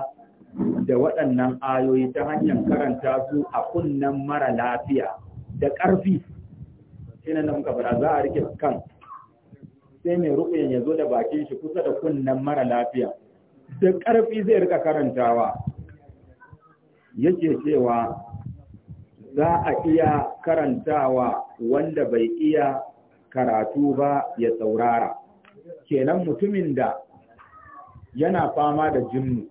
da waɗannan ayoyi ta hanyar karanta su a kunnen mara lafiya da ƙarfi shine nan muka fara za a rike kan sai mai ruƙuyan ya zo da bakin shi kusa da kunnen mara lafiya da ƙarfi zai rika karantawa yake cewa za a iya karantawa wanda bai iya karatu ba ya saurara kenan mutumin da yana fama da jinnu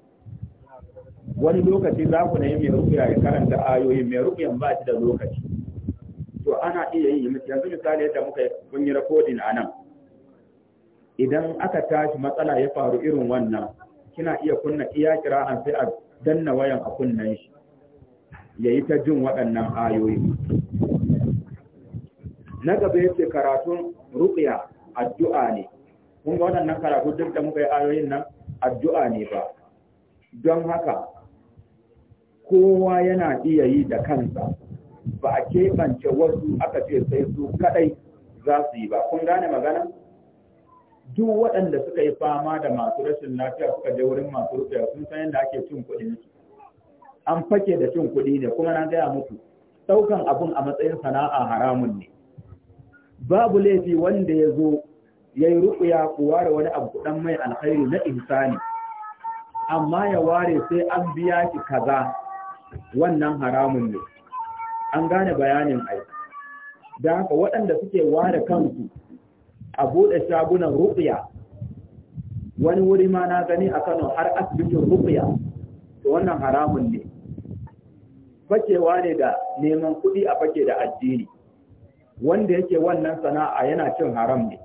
wani lokaci za ku nemi mai rukuya ya karanta ayoyi mai rukuyan ba shi da lokaci to ana iya yi yanzu misali yadda muka kun yi rakodin a nan idan aka tashi matsala ya faru irin wannan kina iya kunna iya an sai a danna wayan a kunnan shi ya yi ta jin waɗannan ayoyi na gaba yake karatun rukuya addu'a ne kun ga waɗannan karatu duk da muka yi ayoyin nan addu'a ne ba don haka kowa yana iya yi da kansa ba a keɓance wasu aka ce sai su kaɗai za su yi ba kun gane magana duk waɗanda suka yi fama da masu rashin lafiya suka je wurin masu rufiya sun san yadda ake cin kuɗi an fake da cin kuɗi ne kuma na gaya muku ɗaukan abun a matsayin sana'a haramun ne babu laifi wanda ya zo yayi ruɓuya ko ware wani abu dan mai alkhairi na insani amma ya ware sai an biya ki kaza wannan haramun ne an gane bayanin ai da haka waɗanda suke ware kansu a buɗe shagunan ruɓuya. wani wuri ma na gani a Kano har asibitin ruɓuya. to wannan haramun ne fakewa ne da neman kuɗi a fake da addini wanda yake wannan sana'a yana cin haram ne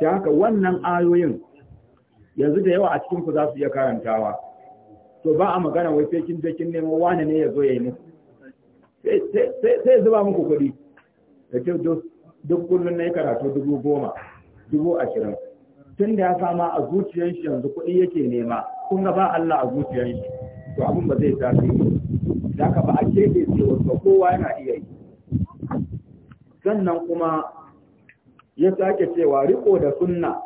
ta haka wannan ayoyin yanzu da yawa a cikin ku za su iya karantawa to ba a magana wai sai kin je kin nemo wani ne ya zo ya yi muku sai zuba muku kuɗi da ke duk kullum na yi karatu dubu goma dubu ashirin tun da ya sama a zuciyar shi yanzu kuɗi yake nema kun ga ba Allah a zuciyar shi to abin ba zai tafi da ka ba a keɓe ce wasu kowa yana iya yi sannan kuma ya sake cewa riko da sunna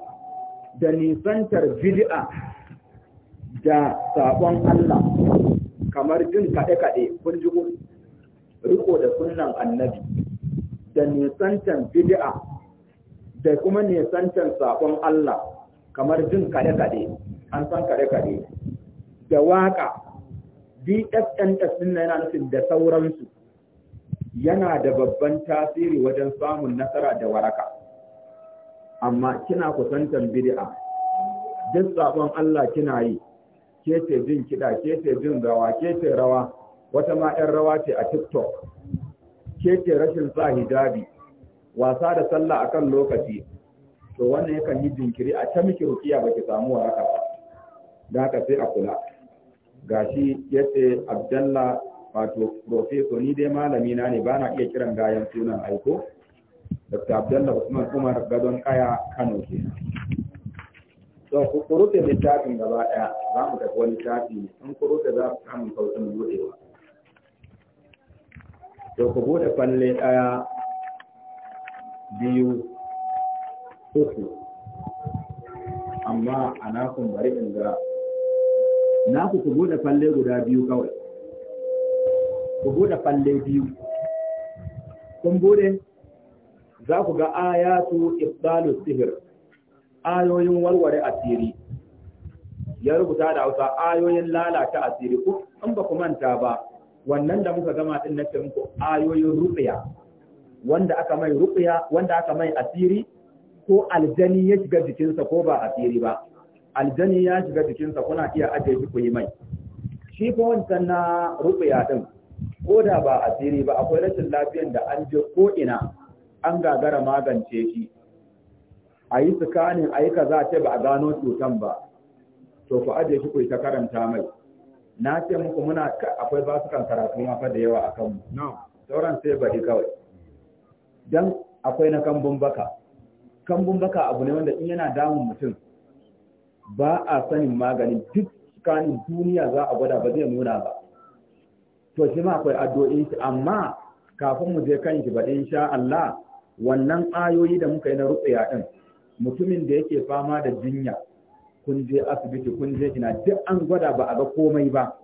da nisantar bid'a da sabon Allah kamar jin kaɗe-kaɗe kun ji riko da sunnan annabi da nisantar bid'a da kuma nisantar sabon Allah kamar jin kaɗe-kaɗe an san kaɗe-kaɗe da waƙa DSNS ɗin na yana nufin da sauransu yana da babban tasiri wajen samun nasara da waraka amma kina kusantan bid'a duk sabon Allah kina yi ke ce jin kiɗa ke ce jin rawa ke rawa wata ma 'yan rawa ce a tiktok ke rashin sa hijabi wasa da sallah akan lokaci to wannan yakan yi jinkiri a ta miki rukiya baki samu waraka ba da haka sai a kula gashi yace abdalla wato professor ni dai malami na ne bana iya kiran gayan sunan aiko Dr. Abdullah Usman Umar gadon kaya Kano kenan. To ku kurute littafin gaba ɗaya za mu tafi wani ne in kurute za ku samu sautin budewa. To ku buɗe falle ɗaya biyu uku amma a nakun bari in ga na ku ku buɗe falle guda biyu kawai. Ku buɗe falle biyu. Kun buɗe? za ku ga ayatu ibdalu sihir ayoyin warware asiri ya rubuta da Hausa ayoyin lalata asiri ku in ba ku manta ba wannan da muka gama din nake muku ayoyin ruqya wanda aka mai wanda aka mai asiri ko aljani ya shiga jikinsa ko ba asiri ba aljani ya shiga jikinsa kuna iya aje shi ku yi mai shi ko wancan na rubiya din ko da ba asiri ba akwai rashin lafiyar da an je ko ina an gagara magance shi a yi tsakanin a yi kaza ce ba a gano cutan ba to ku aje shi ku ta karanta mai na ce muku muna akwai basukan karatu ma fa da yawa a kanmu sauran sai baɗi kawai dan akwai na kambun baka kambun baka abu ne wanda in yana damun mutum ba a sanin maganin duk tsakanin duniya za a gwada ba zai nuna ba to shi ma akwai addu'o'in shi amma kafin mu je kan shi baɗi insha Allah wannan ayoyi da muka yi na ruqya din mutumin da yake fama da jinya kun je asibiti kun je ina duk an gwada ba a ga komai ba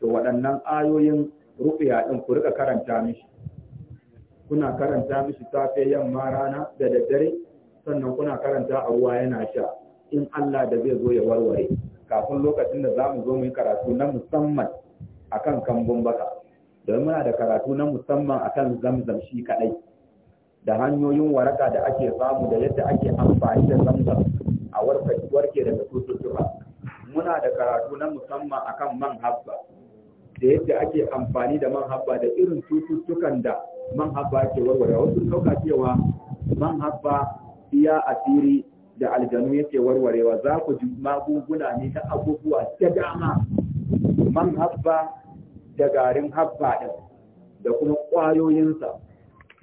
to waɗannan ayoyin ruqya din ku rika karanta mishi kuna karanta mishi safe yamma rana da daddare sannan kuna karanta a ruwa yana sha in Allah da zai zo ya warware kafin lokacin da zamu zo mu yi karatu na musamman akan kambun baka don muna da karatu na musamman akan zamzam shi kaɗai da hanyoyin waraka da ake samu da yadda ake amfani da zamzam a warke daga cututtuka muna da karatu na musamman akan man habba da yadda ake amfani da man habba da irin cututtukan da man habba ke warware wasu sauka cewa man habba iya asiri da aljanu yake warwarewa za ku ji magunguna ne na abubuwa da dama man habba da garin habba ɗin da kuma ƙwayoyinsa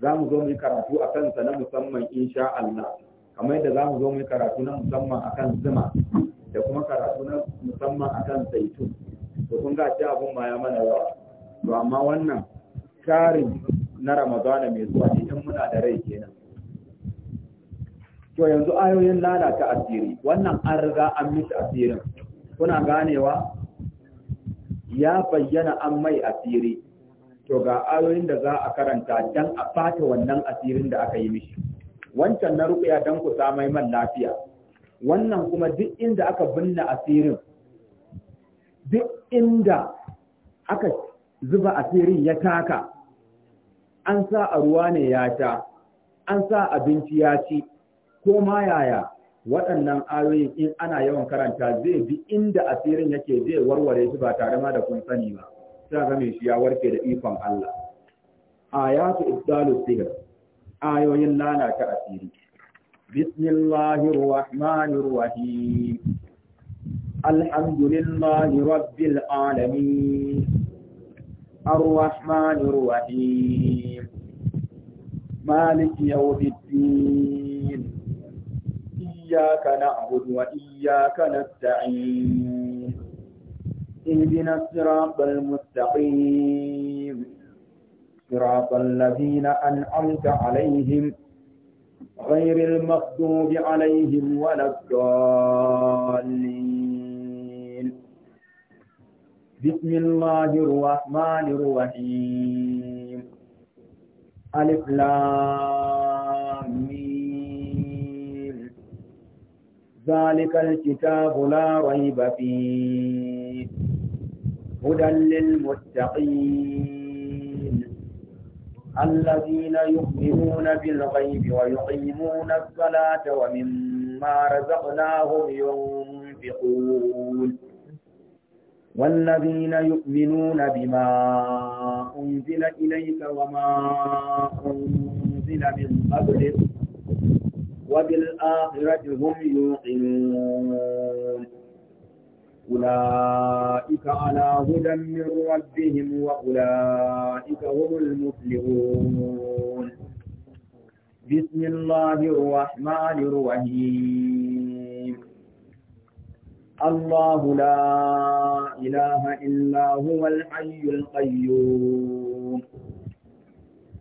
za mu zo mu karatu a kansa na musamman insha Allah kamar yadda za mu zo mu karatu na musamman a kan zuma da kuma karatu na musamman kan zaitun da kun ga ce abin ma ya mana yawa to amma wannan karin na ramadana mai zuwa ne, in muna da rai kenan to yanzu ayoyin lalata asiri wannan an riga an miki asirin kuna ganewa ya bayyana an mai asiri to ga ayoyin da za a karanta dan a fata wannan asirin da aka yi mishi wancan na ruƙuya dan ku mai man lafiya wannan kuma duk inda aka binne asirin duk inda aka zuba asirin ya taka an sa a ruwa ne ya ta an sa abinci ya ci ko ma yaya waɗannan ayoyin in ana yawan karanta zai bi inda asirin yake zai warware shi ba tare ma da kun sani ba za ga mai shi ya warke da ikon Allah ayatu ibdalu sihr ayoyin lalata asiri bismillahir rahmanir rahim alhamdulillahi rabbil alamin arrahmanir rahim مالك يوم إياك نعبد وإياك نستعين اهدنا الصراط المستقيم المستقيم صراط الذين أنعمت عليهم غير المغضوب عليهم ولا الضالين بسم الله الرحمن الرحيم ألف لام ذلك الكتاب لا ريب فيه هدى للمتقين الذين يؤمنون بالغيب ويقيمون الصلاة ومما رزقناهم ينفقون والذين يؤمنون بما أنزل إليك وما أنزل من قبلك وبالآخرة هم يوقنون أولئك على هدى من ربهم وأولئك هم المفلحون بسم الله الرحمن الرحيم الله لا إله إلا هو الحي القيوم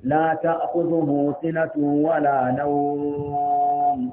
لا تأخذه سنة ولا نوم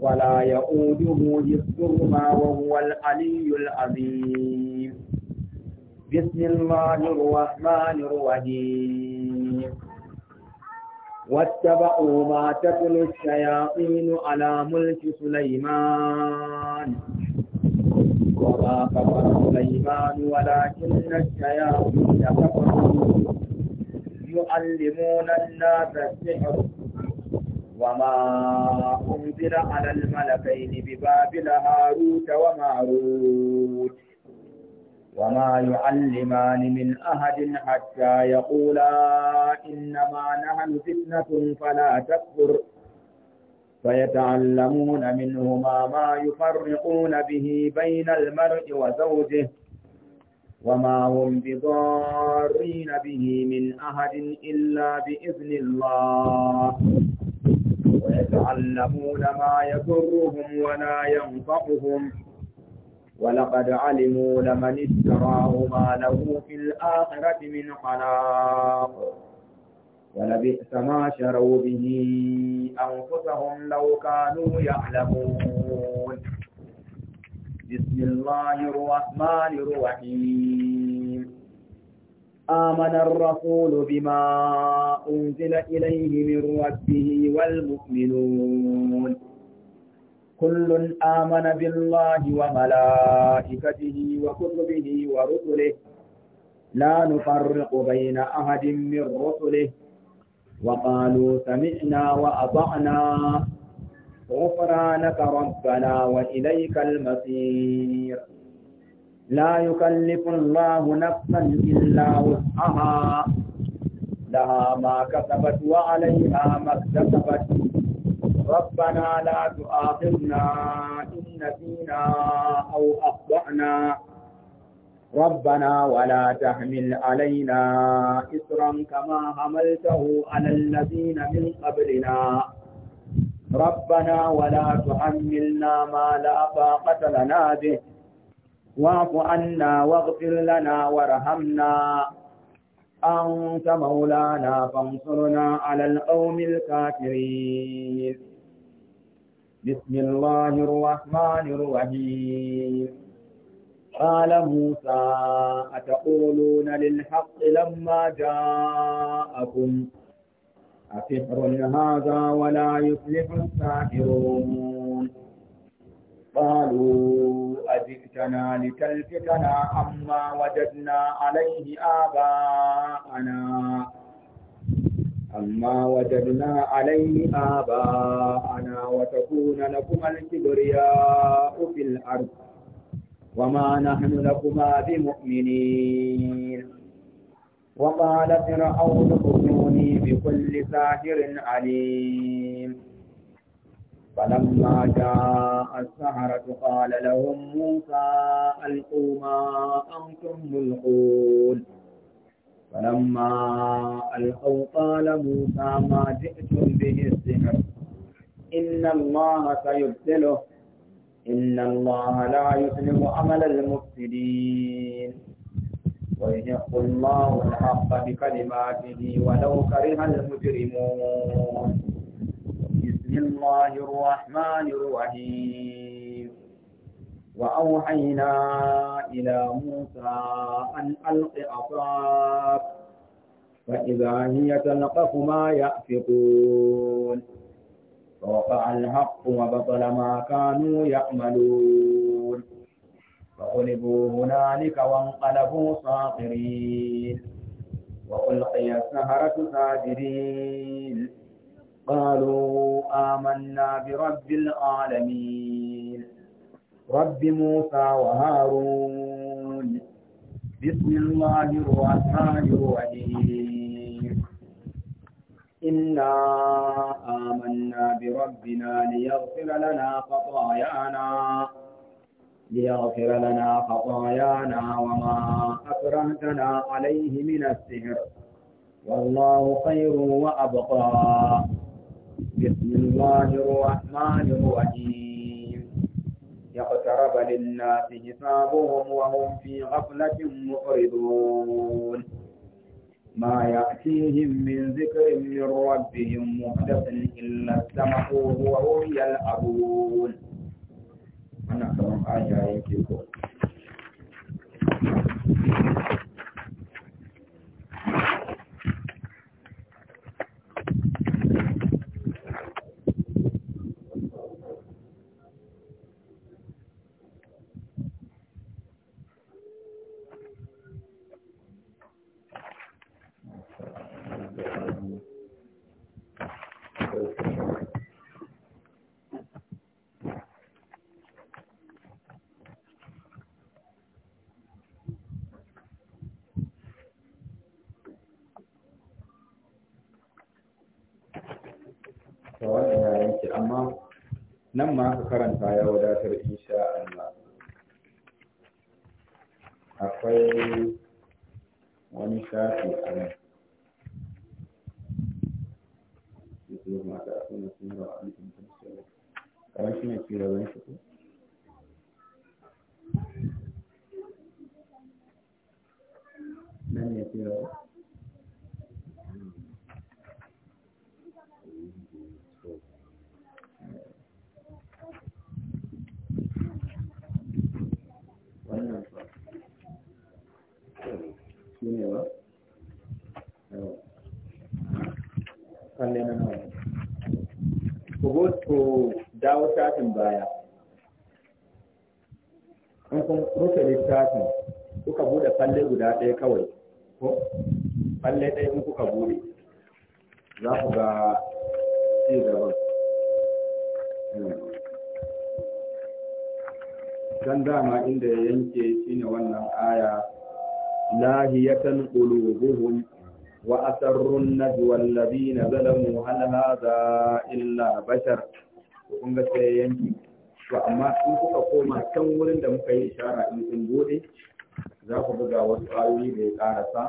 ولا يؤوده حفظهما وهو العلي العظيم بسم الله الرحمن الرحيم واتبعوا ما تتلو الشياطين على ملك سليمان وما كفر سليمان ولكن الشياطين كفروا يعلمون الناس السحر وما أنزل على الملكين ببابل هاروت وماروت وما يعلمان من أحد حتى يقولا إنما نحن فتنة فلا تكفر فيتعلمون منهما ما يفرقون به بين المرء وزوجه وما هم بضارين به من أحد إلا بإذن الله ويتعلمون ما يضرهم ولا ينفعهم ولقد علموا لمن اشتراه ما له في الآخرة من خلاق ولبئس ما شروا به أنفسهم لو كانوا يعلمون بسم الله الرحمن الرحيم آمن الرسول بما أنزل إليه من ربه والمؤمنون كل آمن بالله وملائكته وكتبه ورسله لا نفرق بين أحد من رسله وقالوا سمعنا وأطعنا غفرانك ربنا وإليك المصير لا يكلف الله نفسا إلا وسعها لها ما كسبت وعليها ما اكتسبت ربنا لا تؤاخذنا إن نسينا أو أخطأنا ربنا ولا تحمل علينا إسرا كما حملته على الذين من قبلنا ربنا ولا تحملنا ما لا طاقة لنا به واعف عنا واغفر لنا وارحمنا أنت مولانا فانصرنا على القوم الكافرين بسم الله الرحمن الرحيم قال موسى أتقولون للحق لما جاءكم أسحر هذا ولا يفلح الساحرون قالوا أجئتنا لتلفتنا عما وجدنا عليه آباءنا أما وجدنا عليه آباءنا وتكون لكم الكبرياء في الأرض وما نحن لكما بمؤمنين وقال فرعون ائتوني بكل ساحر عليم فلما جاء السحرة قال لهم موسى ألقوا ما أنتم ملقون فلما ألقوا قال موسى ما جئتم به السحر إن الله سيبتله إن الله لا يسلم عمل المفسدين ويحق الله الحق بكلماته ولو كره المجرمون الله الرحمن الرحيم وأوحينا إلى موسى أن ألق عصاك فإذا هي تلقف ما يأفقون فوقع الحق وبطل ما كانوا يعملون فغلبوا هنالك وانقلبوا صاغرين وألقي السهرة ساجدين قالوا آمنا برب العالمين رب موسى وهارون بسم الله الرحمن الرحيم إنا آمنا بربنا ليغفر لنا خطايانا ليغفر لنا خطايانا وما أكرهتنا عليه من السحر والله خير وأبقى بسم الله الرحمن الرحيم يقترب للناس حسابهم وهم في غفلة معرضون ما يأتيهم من ذكر من ربهم محدث إلا السمحوه وهم يلعبون أنا كمان آية يمكنكم آية nan ma aka karanta ya wadatar insha Allah akwai wani shafi a nan kamar shi ne kira zan shi ko nan ne kira ba ku go dawo shafin baya in kun rufe littafin kuka bude falle guda ɗaya kawai ko falle ɗaya in kuka bude za ku ga ci gaban can dama inda ya yanke shine wannan aya Lahiyatan لاهية قلوبهم وأسروا النجوى الذين ظلموا هل هذا إلا بشر kun ga sai yanki to amma in kuka koma can wurin da muka yi ishara in kun bude za ku buga wasu ayoyi da ya karasa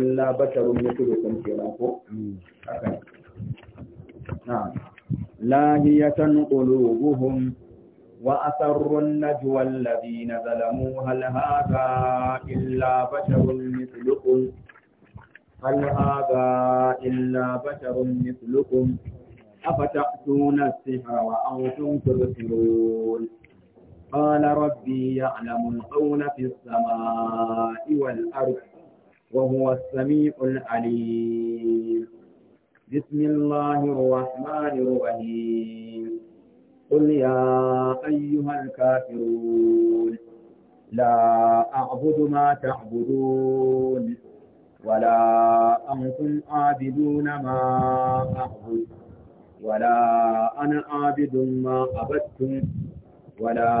illa basharun mithlukum kenan ko haka na lahiyatan qulubuhum وأسروا النجوى الذين ظلموا هل هذا إلا بشر مثلكم هل هذا إلا بشر مثلكم أفتأتون السحر وأنتم تبصرون قال ربي يعلم القول في السماء والأرض وهو السميع العليم بسم الله الرحمن الرحيم قل يا أيها الكافرون لا أعبد ما تعبدون ولا أنتم عابدون ما أعبد ولا أنا عابد ما عبدتم ولا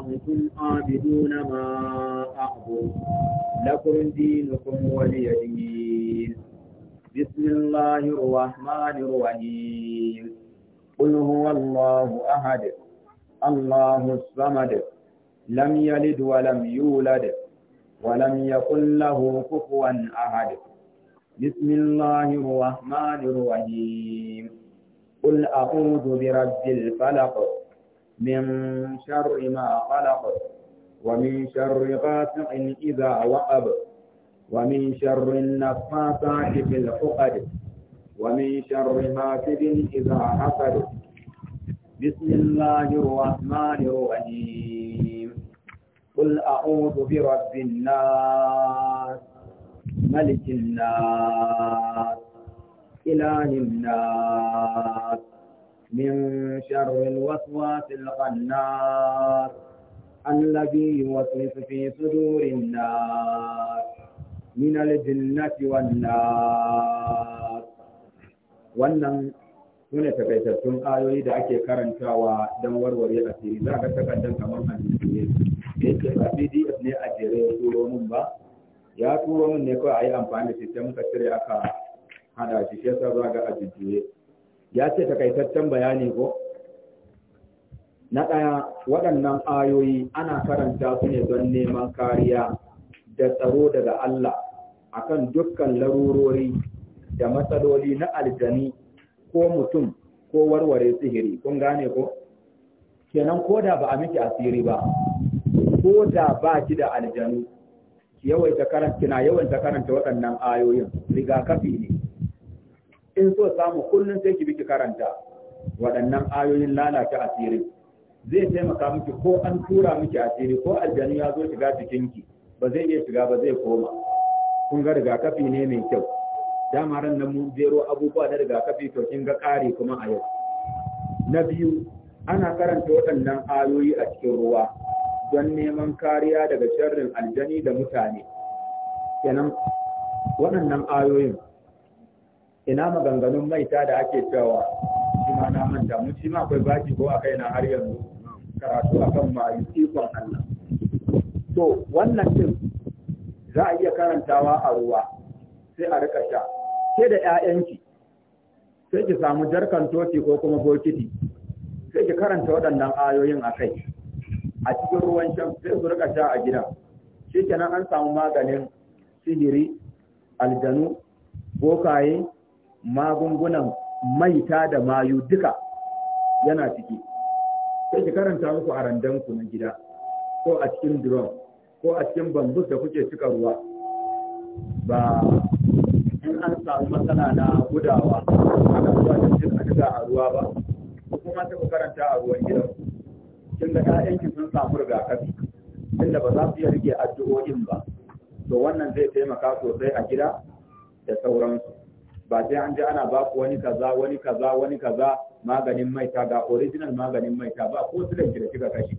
أنتم عابدون ما أعبد لكم دينكم ولي دين بسم الله الرحمن الرحيم قل هو الله أحد الله الصمد لم يلد ولم يولد ولم يكن له كفوا أحد بسم الله الرحمن الرحيم قل أعوذ برب الفلق من شر ما خلق ومن شر غاسق إذا وقب ومن شر النفاثات في العقد ومن شر حاسد إذا حسد بسم الله الرحمن الرحيم قل أعوذ برب الناس ملك الناس إله الناس من شر الوسواس القناس الذي يوسوس في صدور الناس من الجنة والناس wannan sune takaitattun ayoyi da ake karantawa don warware asiri za ga takardar kamar hadisi ne yake ba pdf ne a jere ya turo min ba ya turo min ne kawai a yi amfani da shi muka cire aka hada shi shi yasa za ga a jujjuye ya ce takaitaccen bayani ko na ɗaya waɗannan ayoyi ana karanta su ne don neman kariya da tsaro daga Allah akan dukkan larurori da matsaloli na aljani ko mutum ko warware sihiri kun gane ko kenan ko da ba a miki asiri ba ko da ba ki da aljanu yawaita karanta kina yawaita karanta waɗannan ayoyin rigakafi ne in so samu kullun sai ki biki karanta waɗannan ayoyin lalata asiri zai taimaka miki ko an tura miki asiri ko aljanu ya zo shiga jikinki ba zai iya shiga ba zai koma kun ga rigakafi ne mai kyau dama ran nan mun jero abubuwa na rigakafi to kin ga kare kuma a yau na biyu ana karanta waɗannan ayoyi a cikin ruwa don neman kariya daga sharrin aljani da mutane kenan waɗannan ayoyin ina maganganun maita da ake cewa shi ma na manta mu shi ma akwai baki ko a kaina har yanzu karatu akan mayu ikon Allah to wannan din za a iya karantawa a ruwa sai a rika sha ke da ‘ya'yanki, sai ki samu jarkan toci ko kuma bokiti, sai ki karanta waɗannan ayoyin a kai, a cikin ruwan shan sai su rika sha a gida, shi kenan an samu maganin sihiri, aljanu, bokaye, magungunan maita da mayu duka yana ciki. Sai ki karanta muku a randanku na gida, ko a cikin drone, ko a cikin bambus da kuke cika ruwa. Ba in an samu matsala na gudawa a zuwa da cin a a ruwa ba ko kuma ta karanta a ruwan gidan kin ga ƴaƴanki sun samu rigakafi inda ba za su iya rike addu'o'in ba to wannan zai taimaka sosai a gida da sauransu ba sai an ji ana ba ku wani kaza wani kaza wani kaza maganin maita ga original maganin maita ba ko su da kika kashi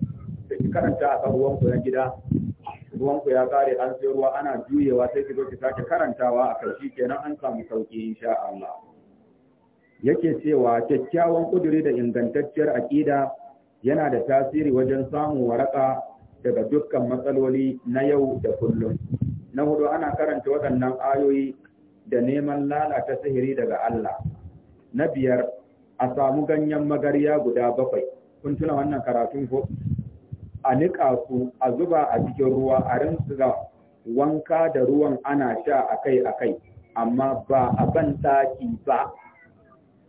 sai ki karanta a kan ruwan na gida ruwan ku ya kare an sai ruwa ana juyewa sai ki zo ki sake karantawa a kai kenan an samu sauki insha Allah yake cewa kyakkyawan kuduri da ingantacciyar aƙida yana da tasiri wajen samun waraka daga dukkan matsaloli na yau da kullum. Na hudu ana karanta waɗannan ayoyi da neman lalata sihiri daga Allah. Na biyar a samu ganyen magarya guda bakwai. Kun tuna wannan karatun ko? a niƙa su a zuba a cikin ruwa a rinsa wanka da ruwan ana sha akai akai amma ba a ban taki ba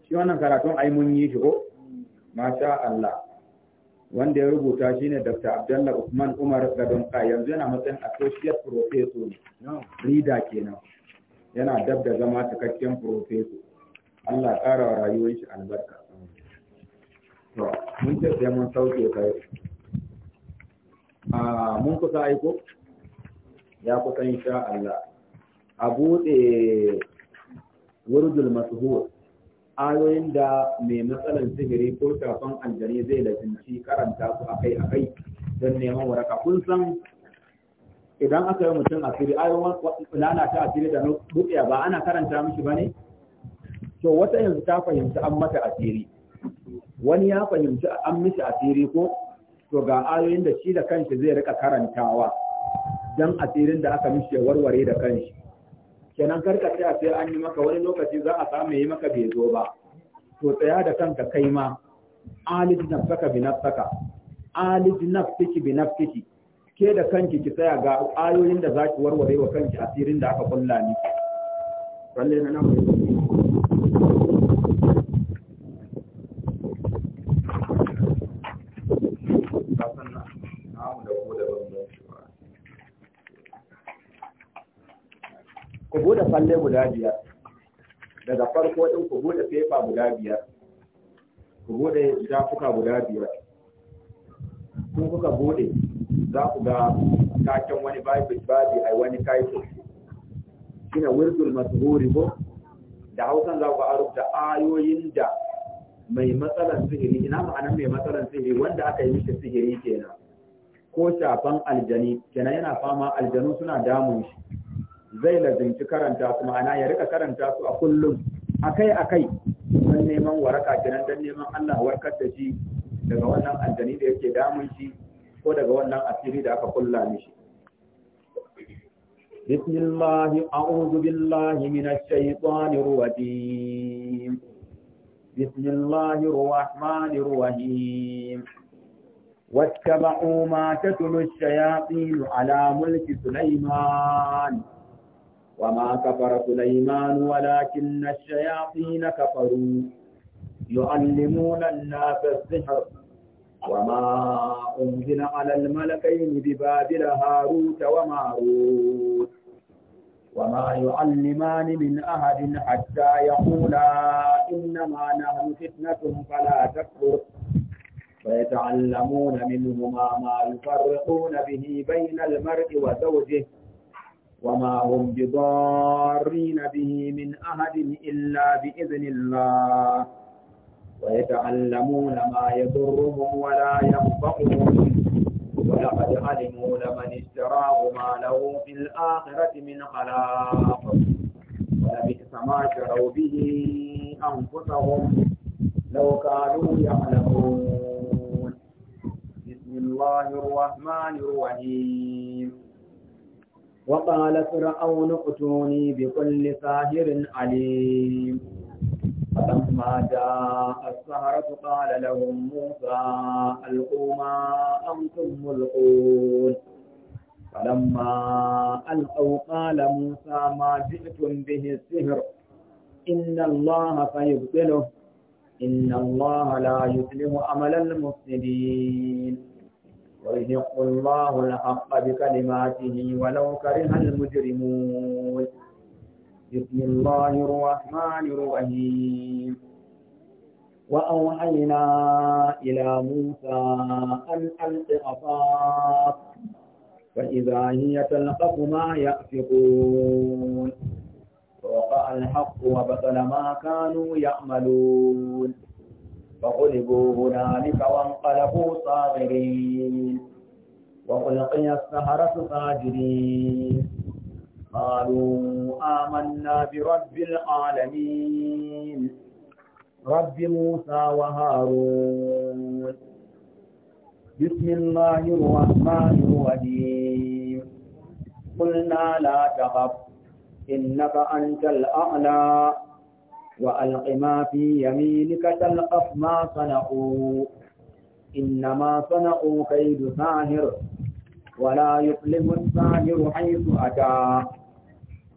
shi wannan karatun ai mun yi shi ko masha Allah wanda ya rubuta shine Dr. Abdullah Usman Umar Gadonka yanzu yana matsayin associate professor ne rida kenan yana dab da zama cikakken professor Allah ƙara wa rayuwar shi albarka to mun ce sai mun sauke kai mun kusa aiko ya kusa insha Allah a buɗe wurdul masuhur ayoyin da mai matsalan sihiri ko shafan aljani zai lafinci karanta su akai akai don neman waraka kun san idan aka yi mutum asiri ayoyin lalata asiri da buɗe ba ana karanta mishi ba ne to wata yanzu ta fahimci an mata asiri wani ya fahimci an mishi asiri ko to ga ayoyin da shi da kanshi zai rika karantawa dan asirin da aka mishi warware da kanshi kenan karka a sai an yi maka wani lokaci za a samu yi maka bai zo ba to tsaya da kanka kai ma alid nafsaka bi nafsaka alid nafsiki bi nafsiki ke da kanki ki tsaya ga ayoyin da zaki warware wa kanki asirin da aka kulla miki na nan bude falle guda biyar daga farko din ku bude fefa guda biyar ku bude dafuka guda biyar kun kuka bude za ku ga taken wani babi babi ai wani title shine wirdul masburi ko da hausan za ku ga rubuta ayoyin da mai matsalan sihiri ina ma'anar mai matsalan sihiri wanda aka yi mishi sihiri kenan ko shafan aljani kenan yana fama aljanu suna damun shi zai lazimci karanta su ma'ana ya rika karanta su a kullum akai akai don neman waraka kenan don neman Allah warkar da shi daga wannan aljani da yake damun shi ko daga wannan asiri da aka kulla mishi بسم الله أعوذ بالله من الشيطان الرجيم بسم الله الرحمن الرحيم واتبعوا ما تتلو الشياطين على ملك سليمان وما كفر سليمان ولكن الشياطين كفروا يعلمون الناس السحر وما أنزل على الملكين ببابل هاروت وماروت وما يعلمان من أحد حتى يقولا إنما نحن فتنة فلا تكفر فيتعلمون منهما ما يفرقون به بين المرء وزوجه وما هم بضارين به من أحد إلا بإذن الله ويتعلمون ما يضرهم ولا ينفعهم ولقد علموا لمن اشتراه ما له في الآخرة من خلاق ولبئس ما شروا به أنفسهم لو كانوا يعلمون بسم الله الرحمن الرحيم وقال فرعون ائتوني بكل ساحر عليم فلما جاء السحرة قال لهم موسى ألقوا ما أنتم ملقون فلما ألقوا قال موسى ما جئتم به السحر إن الله سيبطله إن الله لا يصلح عمل المفسدين ويحق الله الحق بكلماته ولو كره المجرمون بسم الله الرحمن الرحيم وأوحينا إلى موسى أن ألق عصاك فإذا هي تلقف ما يأفقون وقع الحق وبطل ما كانوا يعملون فغلبوا هنالك وانقلبوا صاغرين وألقي السهرة ساجدين قالوا آمنا برب العالمين رب موسى وهارون بسم الله الرحمن الرحيم قلنا لا تخف إنك أنت الأعلى وألق ما في يمينك تلقف ما صنعوا إنما صنعوا كيد ساهر ولا يقلم الساهر حيث أتى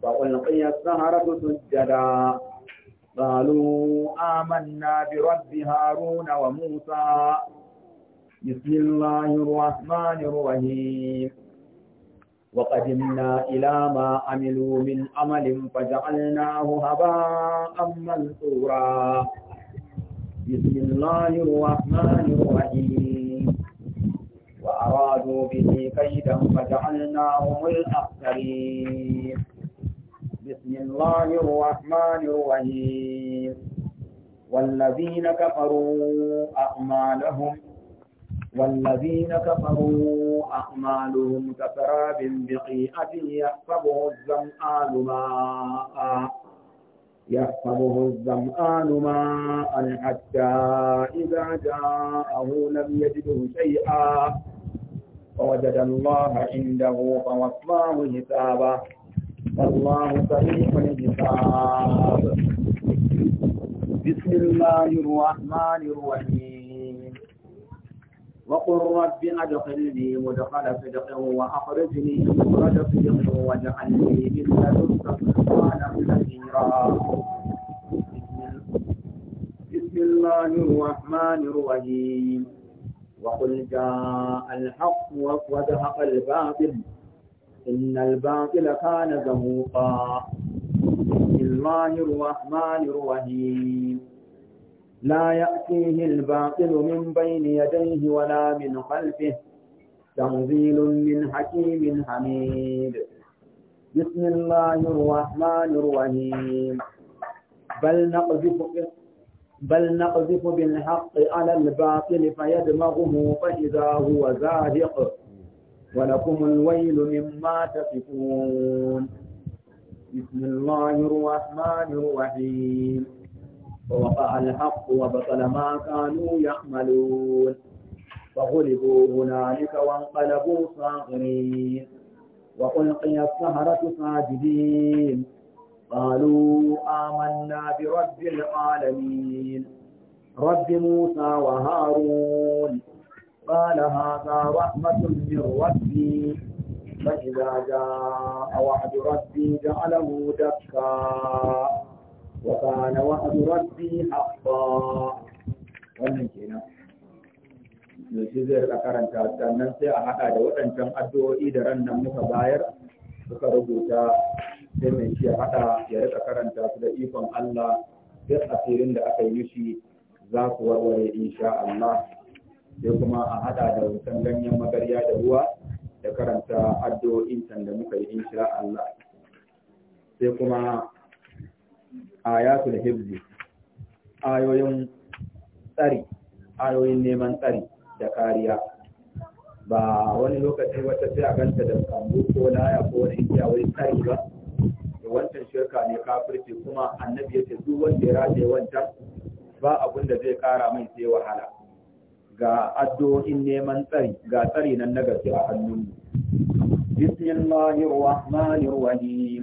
فألقي السهرة سجدا قالوا آمنا برب هارون وموسى بسم الله الرحمن الرحيم وقدمنا إلى ما عملوا من عمل فجعلناه هباء منثورا بسم الله الرحمن الرحيم وأرادوا به كيدا فجعلناهم الأخسرين بسم الله الرحمن الرحيم والذين كفروا أعمالهم والذين كفروا أعمالهم كسراب بقيئة يحسبه الظمآن ماء يحسبه الظمآن ماء حتى إذا جاءه لم يجده شيئا فوجد الله عنده فوصاه حسابه والله سريع الحساب بسم الله الرحمن الرحيم وقل رب أدخلني مدخل صدق وأخرجني مخرج صدق واجعلني من لدنك سلطانا كثيرا بسم الله الرحمن الرحيم وقل جاء الحق وزهق الباطل إن الباطل كان زهوقا بسم الله الرحمن الرحيم لا يأتيه الباطل من بين يديه ولا من خلفه تنزيل من حكيم حميد بسم الله الرحمن الرحيم بل نقذف بل نقذف بالحق على الباطل فيدمغه فإذا هو زاهق ولكم الويل مما تصفون بسم الله الرحمن الرحيم ووقع الحق وبطل ما كانوا يعملون فغلبوا هنالك وانقلبوا صاغرين وألقي السهرة ساجدين قالوا آمنا برب العالمين رب موسى وهارون قال هذا رحمة من ربي فإذا جاء وعد ربي جعله دكا وكان وعد ربي حقا wannan kenan da shi zai rika karanta sannan sai a haɗa da waɗancan addu'o'i da ran nan muka bayar suka rubuta sai mai shi ya haɗa ya rika karanta su da ikon Allah duk asirin da aka yi mishi za ku warware insha Allah sai kuma a haɗa da wutan ganyen magarya da ruwa da karanta addu'o'in da muka yi insha Allah sai kuma ayatul hibzi ayoyin tsari ayoyin neman tsari da kariya ba wani lokaci wata sai a ganta da kambu ko laya ko wani igiya wani tsari ba wancan shirka ne kafirci kuma annabi ya ce duk wanda ya rage wancan ba abin da zai kara mai sai wahala ga addu'o'in neman tsari ga tsari nan na gaske a hannun bismillahir rahmanir rahim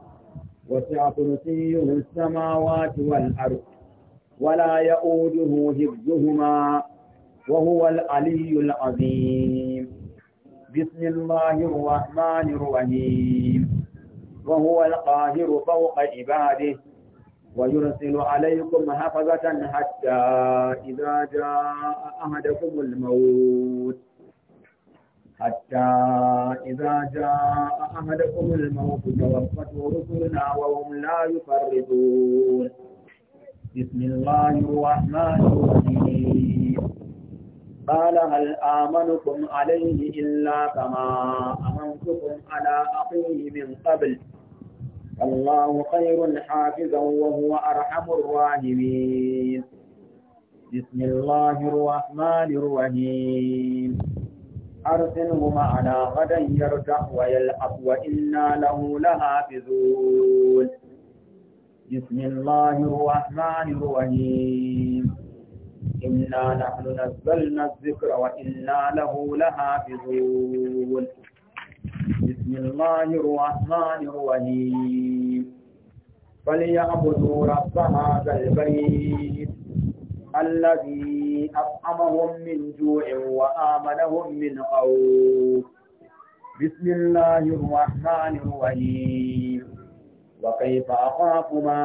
وسع كرسيه السماوات والأرض ولا يؤوده حفظهما وهو العلي العظيم بسم الله الرحمن الرحيم وهو القاهر فوق عباده ويرسل عليكم حفظة حتى إذا جاء أحدكم الموت حتى إذا جاء أحدكم الموت توفته رسلنا وهم لا يفرطون بسم الله الرحمن الرحيم قال هل آمنكم عليه إلا كما أمنتكم على أخيه من قبل الله خير حافظا وهو أرحم الراحمين بسم الله الرحمن الرحيم أرسله معنا غدا يرجع ويلعب وإنا له لحافظون بسم الله الرحمن الرحيم إنا نحن نزلنا الذكر وإنا له لحافظون بسم الله الرحمن الرحيم فليعبدوا رب هذا البيت الذي أطعمهم من جوع وآمنهم من خوف بسم الله الرحمن الرحيم وكيف أخاف ما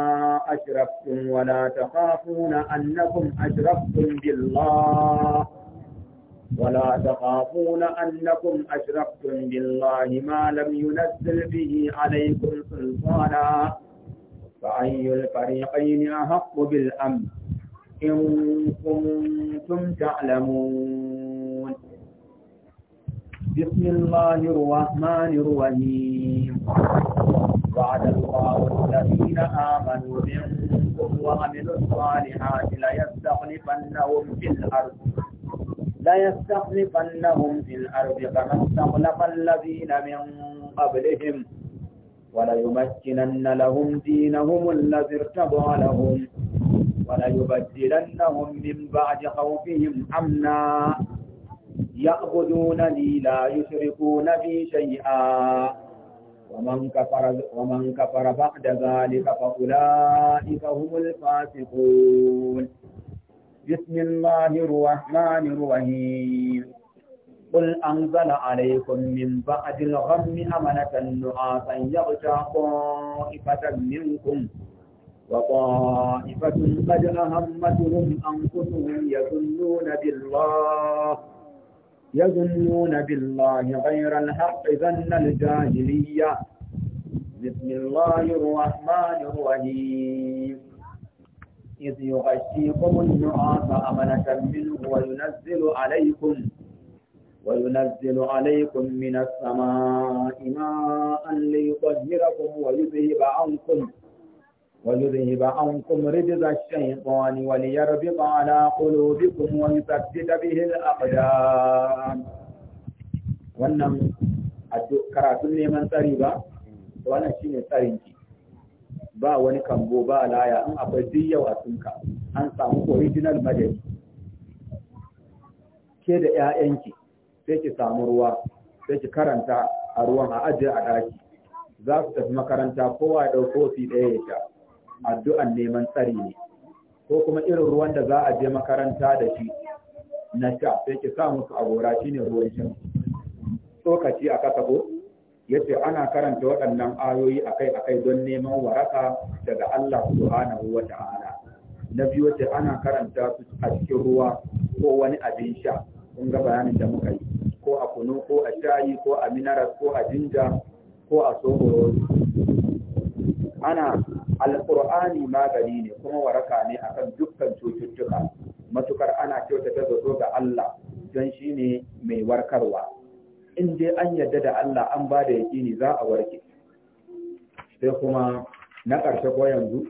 أشركتم ولا تخافون أنكم أشركتم بالله ولا تخافون أنكم أشركتم بالله ما لم ينزل به عليكم سلطانا فأي الفريقين أحق بالأمن إن كنتم تعلمون بسم الله الرحمن الرحيم وعد الله الذين آمنوا منكم وعملوا الصالحات ليستخلفنهم في الأرض ليستخلفنهم في الأرض كما استخلف الذين من قبلهم وليمكنن لهم دينهم الذي ارتضى لهم وليبدلنهم من بعد خوفهم أمنا يعبدونني لا يشركون بي شيئا ومن كفر ومن كفر بعد ذلك فأولئك هم الفاسقون بسم الله الرحمن الرحيم قل أنزل عليكم من بعد الغم أمنة نعاسا يغشى طائفة منكم وطائفة قد أهمتهم أنفسهم يظنون بالله يظنون بالله غير الحق ظن الجاهلية بسم الله الرحمن الرحيم إذ يغشيكم النعاس أمنة منه وينزل عليكم وينزل عليكم من السماء ماء ليطهركم ويذهب عنكم وليذهب عنكم رجز الشيطان وليربط على قلوبكم ويثبت به الأقدام wannan karatun neman tsari ba wannan ne tsarinki ba wani kambo ba laya in akwai duk a sunka an samu original madadi ke da 'ya'yanki sai ki samu ruwa sai ki karanta a ruwan a ajiye a daki za su tafi makaranta kowa ya ɗau ɗaya ya sha addu'an neman tsari ne ko kuma irin ruwan da za a je makaranta da shi na sha sai ki sa musu a gora shi ne ruwan shan tsokaci a kasa ko yace ana karanta waɗannan ayoyi akai-akai don neman waraka daga Allah subhanahu wa ta'ala na biyu wace ana karanta su a cikin ruwa ko wani abin sha kun ga bayanin da muka yi ko a kunu ko a shayi ko a minaras ko a jinja ko a sohoro ana alqur'ani magani ne kuma waraka ne akan dukkan cututtuka matukar ana kyautata zato ga Allah don ne mai warkarwa in dai an yarda da Allah an ba da yaƙini za a warke sai kuma na ƙarshe ko yanzu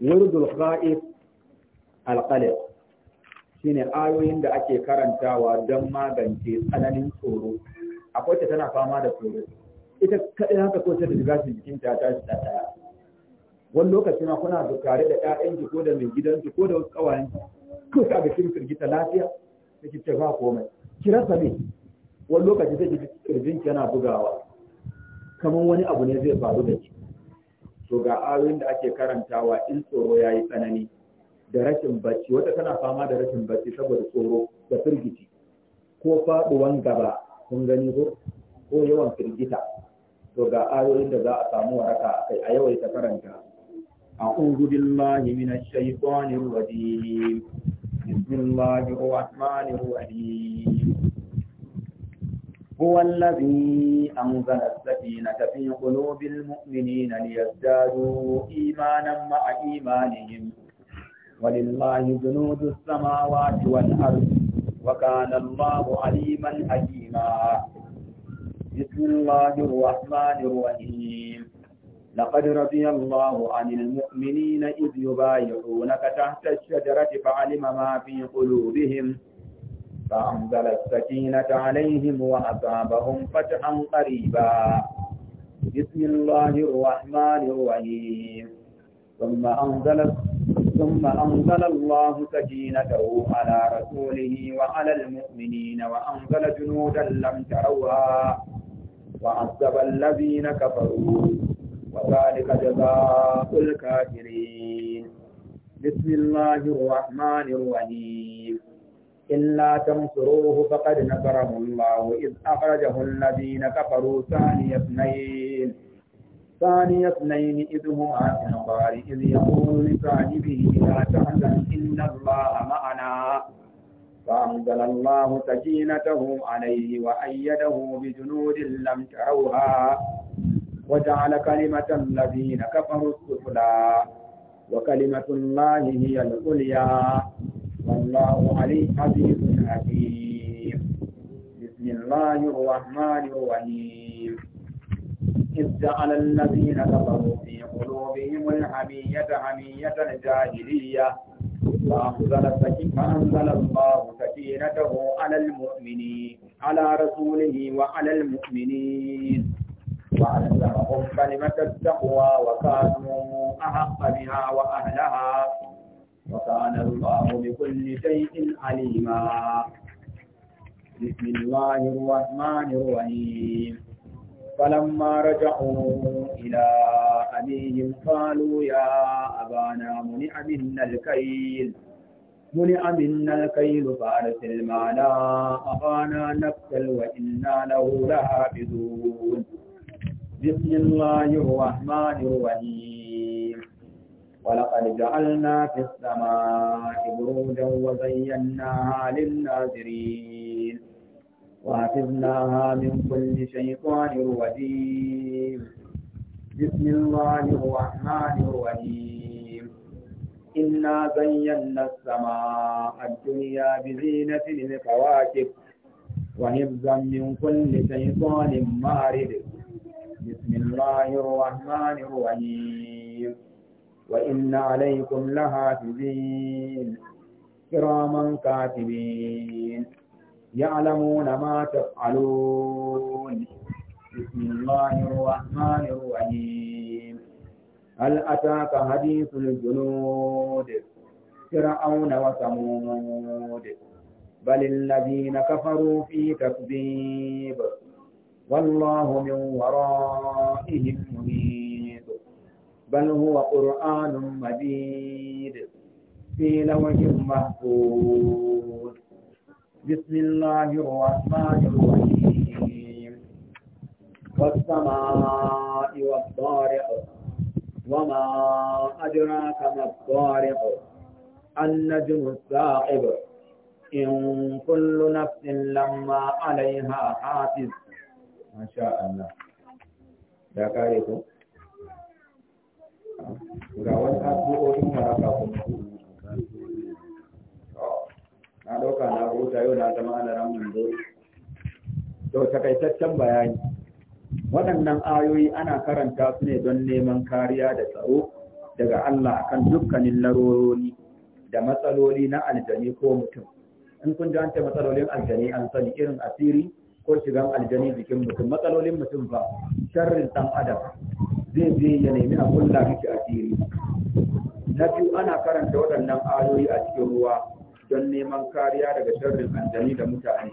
wurdul qa'id alqalb shine ayoyin da ake karantawa don magance tsananin tsoro akwai ta tana fama da tsoro ita kadai haka ko ta da jikin ta ta ta wani lokaci ma kuna tare da 'ya'yanki ko da mai ki ko da wasu ƙawayen ko ka ga kin firgita lafiya take ce ba komai ki rasa ne wani lokaci ki ji ki yana bugawa kamar wani abu ne zai faru da ki to ga ayoyin da ake karantawa in tsoro yayi tsanani da rashin bacci wata tana fama da rashin bacci saboda tsoro da firgici ko faɗuwan gaba kun gani ko ko yawan firgita to ga ayoyin da za a samu waraka a kai a yawaita karanta أعوذ بالله من الشيطان الرجيم بسم الله الرحمن الرحيم هو الذي أنزل السكينة في قلوب المؤمنين ليزدادوا إيمانا مع إيمانهم ولله جنود السماوات والأرض وكان الله عليما حكيما بسم الله الرحمن الرحيم لقد رضي الله عن المؤمنين إذ يبايعونك تحت الشجرة فعلم ما في قلوبهم فأنزل السكينة عليهم وأصابهم فتحا قريبا بسم الله الرحمن الرحيم ثم أنزل ثم أنزل الله سكينته على رسوله وعلى المؤمنين وأنزل جنودا لم تروها وعذب الذين كفروا وذلك جزاء الكافرين بسم الله الرحمن الرحيم إلا تنصروه فقد نصره الله إذ أخرجه الذين كفروا ثاني اثنين ثاني اثنين إذ هما في الغار إذ يقول لصاحبه لا تحزن إن الله معنا فأنزل الله سكينته عليه وأيده بجنود لم تروها وجعل كلمة الذين كفروا السفلى وكلمة الله هي العليا والله عليم عزيز حكيم بسم الله الرحمن الرحيم إذ جعل الذين كفروا في قلوبهم الحمية حمية الجاهلية فأنزل فأنزل الله سكينته على المؤمنين على رسوله وعلى المؤمنين وألزمهم كلمة التقوى وكانوا أحق بها وأهلها وكان الله بكل شيء عليما بسم الله الرحمن الرحيم فلما رجعوا إلى أبيهم قالوا يا أبانا منع منا الكيل منع منا الكيل فأرسل معنا أخانا نقتل وإنا له لحافظون بسم الله الرحمن الرحيم ولقد جعلنا في السماء بروجا وزيناها للناظرين وحفظناها من كل شيطان رجيم بسم الله الرحمن الرحيم إنا زينا السماء الدنيا بزينة للكواكب وحفظا من كل شيطان مارد الله الرحمن الرحيم وإن عليكم لحافظين كراما كاتبين يعلمون ما تفعلون بسم الله الرحمن الرحيم هل أتاك حديث الجنود فرعون وثمود بل الذين كفروا في تكذيب والله من ورائهم محيط بل هو قرآن مجيد في لوح محفوظ بسم الله الرحمن الرحيم والسماء والطارق وما أدراك ما الطارق النجم الثاقب إن كل نفس لما عليها حافظ masha Allah ya kare ku ga wani addu'o'in haraka kuma na ɗauka na huta yau na zama ana mun zo to takaitaccen bayani waɗannan ayoyi ana karanta su ne don neman kariya da tsaro daga Allah akan dukkanin laroroni da matsaloli na aljani ko mutum in kun ji an ce matsalolin aljani an sani irin asiri ko shigan aljani jikin mutum matsalolin mutum ba sharrin dan adam zai je ya nemi a kulla miki asiri na biyu ana karanta waɗannan ayoyi a cikin ruwa don neman kariya daga sharrin aljani da mutane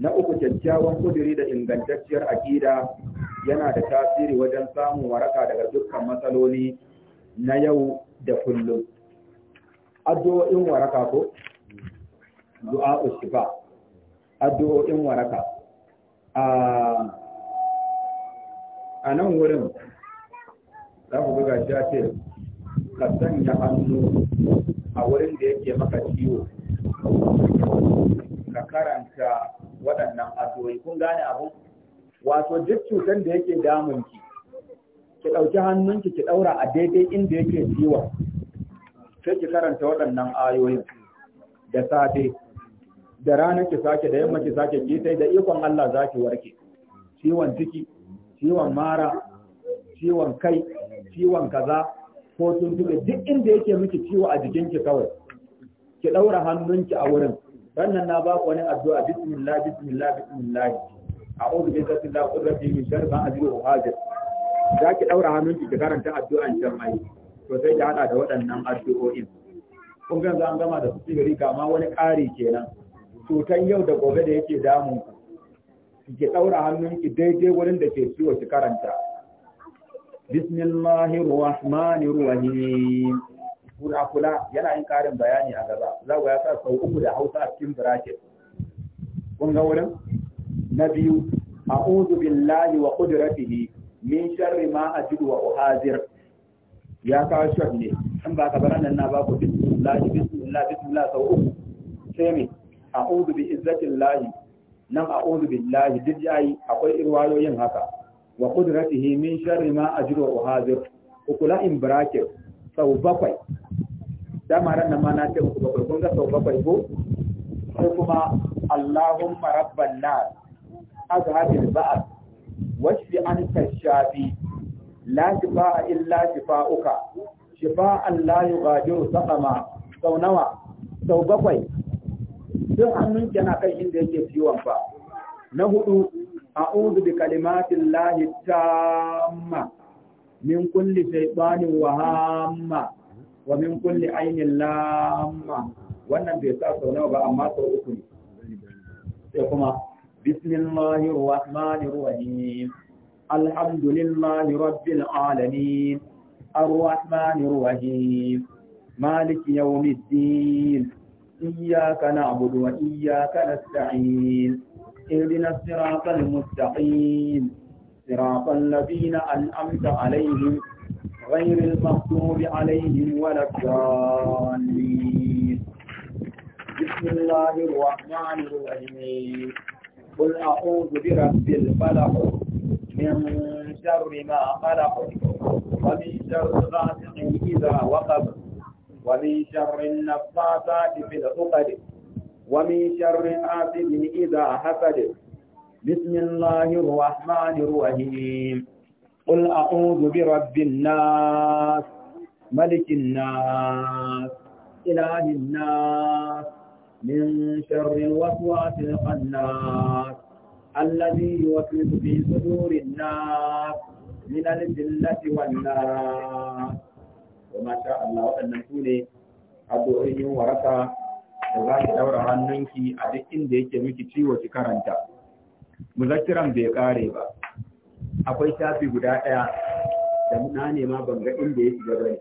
na uku kyakkyawan kuduri da ingantacciyar aƙida yana da tasiri wajen samun waraka daga dukkan matsaloli na yau da kullum addu'o'in waraka ko du'a shifa addu'o'in waraka a nan wurin za ku buga gashi ka sanya hannu a wurin da yake maka ciwo ka karanta waɗannan addu'o'i kun gane abu wato duk cutar da yake damunki ki ɗauki hannunki ki ɗaura a daidai inda yake ciwon sai ki karanta waɗannan ayoyin da safe da ranar ki sake da yamma ki sake ki sai da ikon Allah za ki warke ciwon ciki ciwon mara ciwon kai ciwon kaza ko tuntube duk inda yake miki ciwo a jikinki kawai ki daura hannunki a wurin sannan na ba ku wani addu'a bismillah bismillah bismillah a'udhu bi zatillahi qudrati min sharri ma ajidu hajat za ki daura hannunki ki karanta addu'an jama'i to sai ki hada da waɗannan addu'o'in kun ga an gama da su gari ga wani ƙari kenan cutan yau da gobe da yake damun ku ki daura hannunki daidai wurin da ke ciwo ki karanta bismillahir rahmanir rahim kula kula yana yin karin bayani a gaba za ku ya sa sau uku da hausa a cikin bracket kun ga wurin na biyu a'udhu billahi wa qudratihi min sharri ma ajidu wa uhazir ya ka shot ne in ba ka bar nan na ba ku bismillah bismillah bismillah sau uku sai me a'udhu bi izzatillahi nan a'udhu billahi duk yayi akwai irwayoyin haka wa qudratihi min sharri ma ajru wa hadir ukula in bracket sau bakwai da maran nan ma na ce ku bakwai kun ga sau bakwai ko sai kuma Allahumma rabban nas azhabil ba'd washfi an tashabi la shifaa illa shifaa'uka shifaan la yughadiru saqama sau nawa sau bakwai don hannun na kan inda yake ciwon fa na hudu a'udhu bi kalimatin lahi tamma min kulli shaytanin wa hamma wa min kulli ainin lamma wannan bai sa sau nawa ba amma sau uku ne sai kuma bismillahir rahmanir rahim alhamdulillahi rabbil alamin الرحمن الرحيم مالك يوم الدين إياك نعبد وإياك نستعين اهدنا الصراط المستقيم صراط الذين أنعمت عليهم غير المغضوب عليهم ولا الضالين بسم الله الرحمن الرحيم قل أعوذ برب الفلق من شر ما خلق ومن شر غاسق إذا وقب ومن شر النفاثات في العقد ومن شر حاسد إذا حسد بسم الله الرحمن الرحيم قل أعوذ برب الناس ملك الناس إله الناس من شر الوسواس الخناس الذي يوسوس في صدور الناس من الذلة والناس da masha Allah waɗannan su ne addu'o'in yin waraka da za ki ɗaura hannunki a duk inda yake miki ciwo ki karanta. Muzakiran bai ƙare ba. Akwai shafi guda ɗaya da na nema ban ga inda yake shiga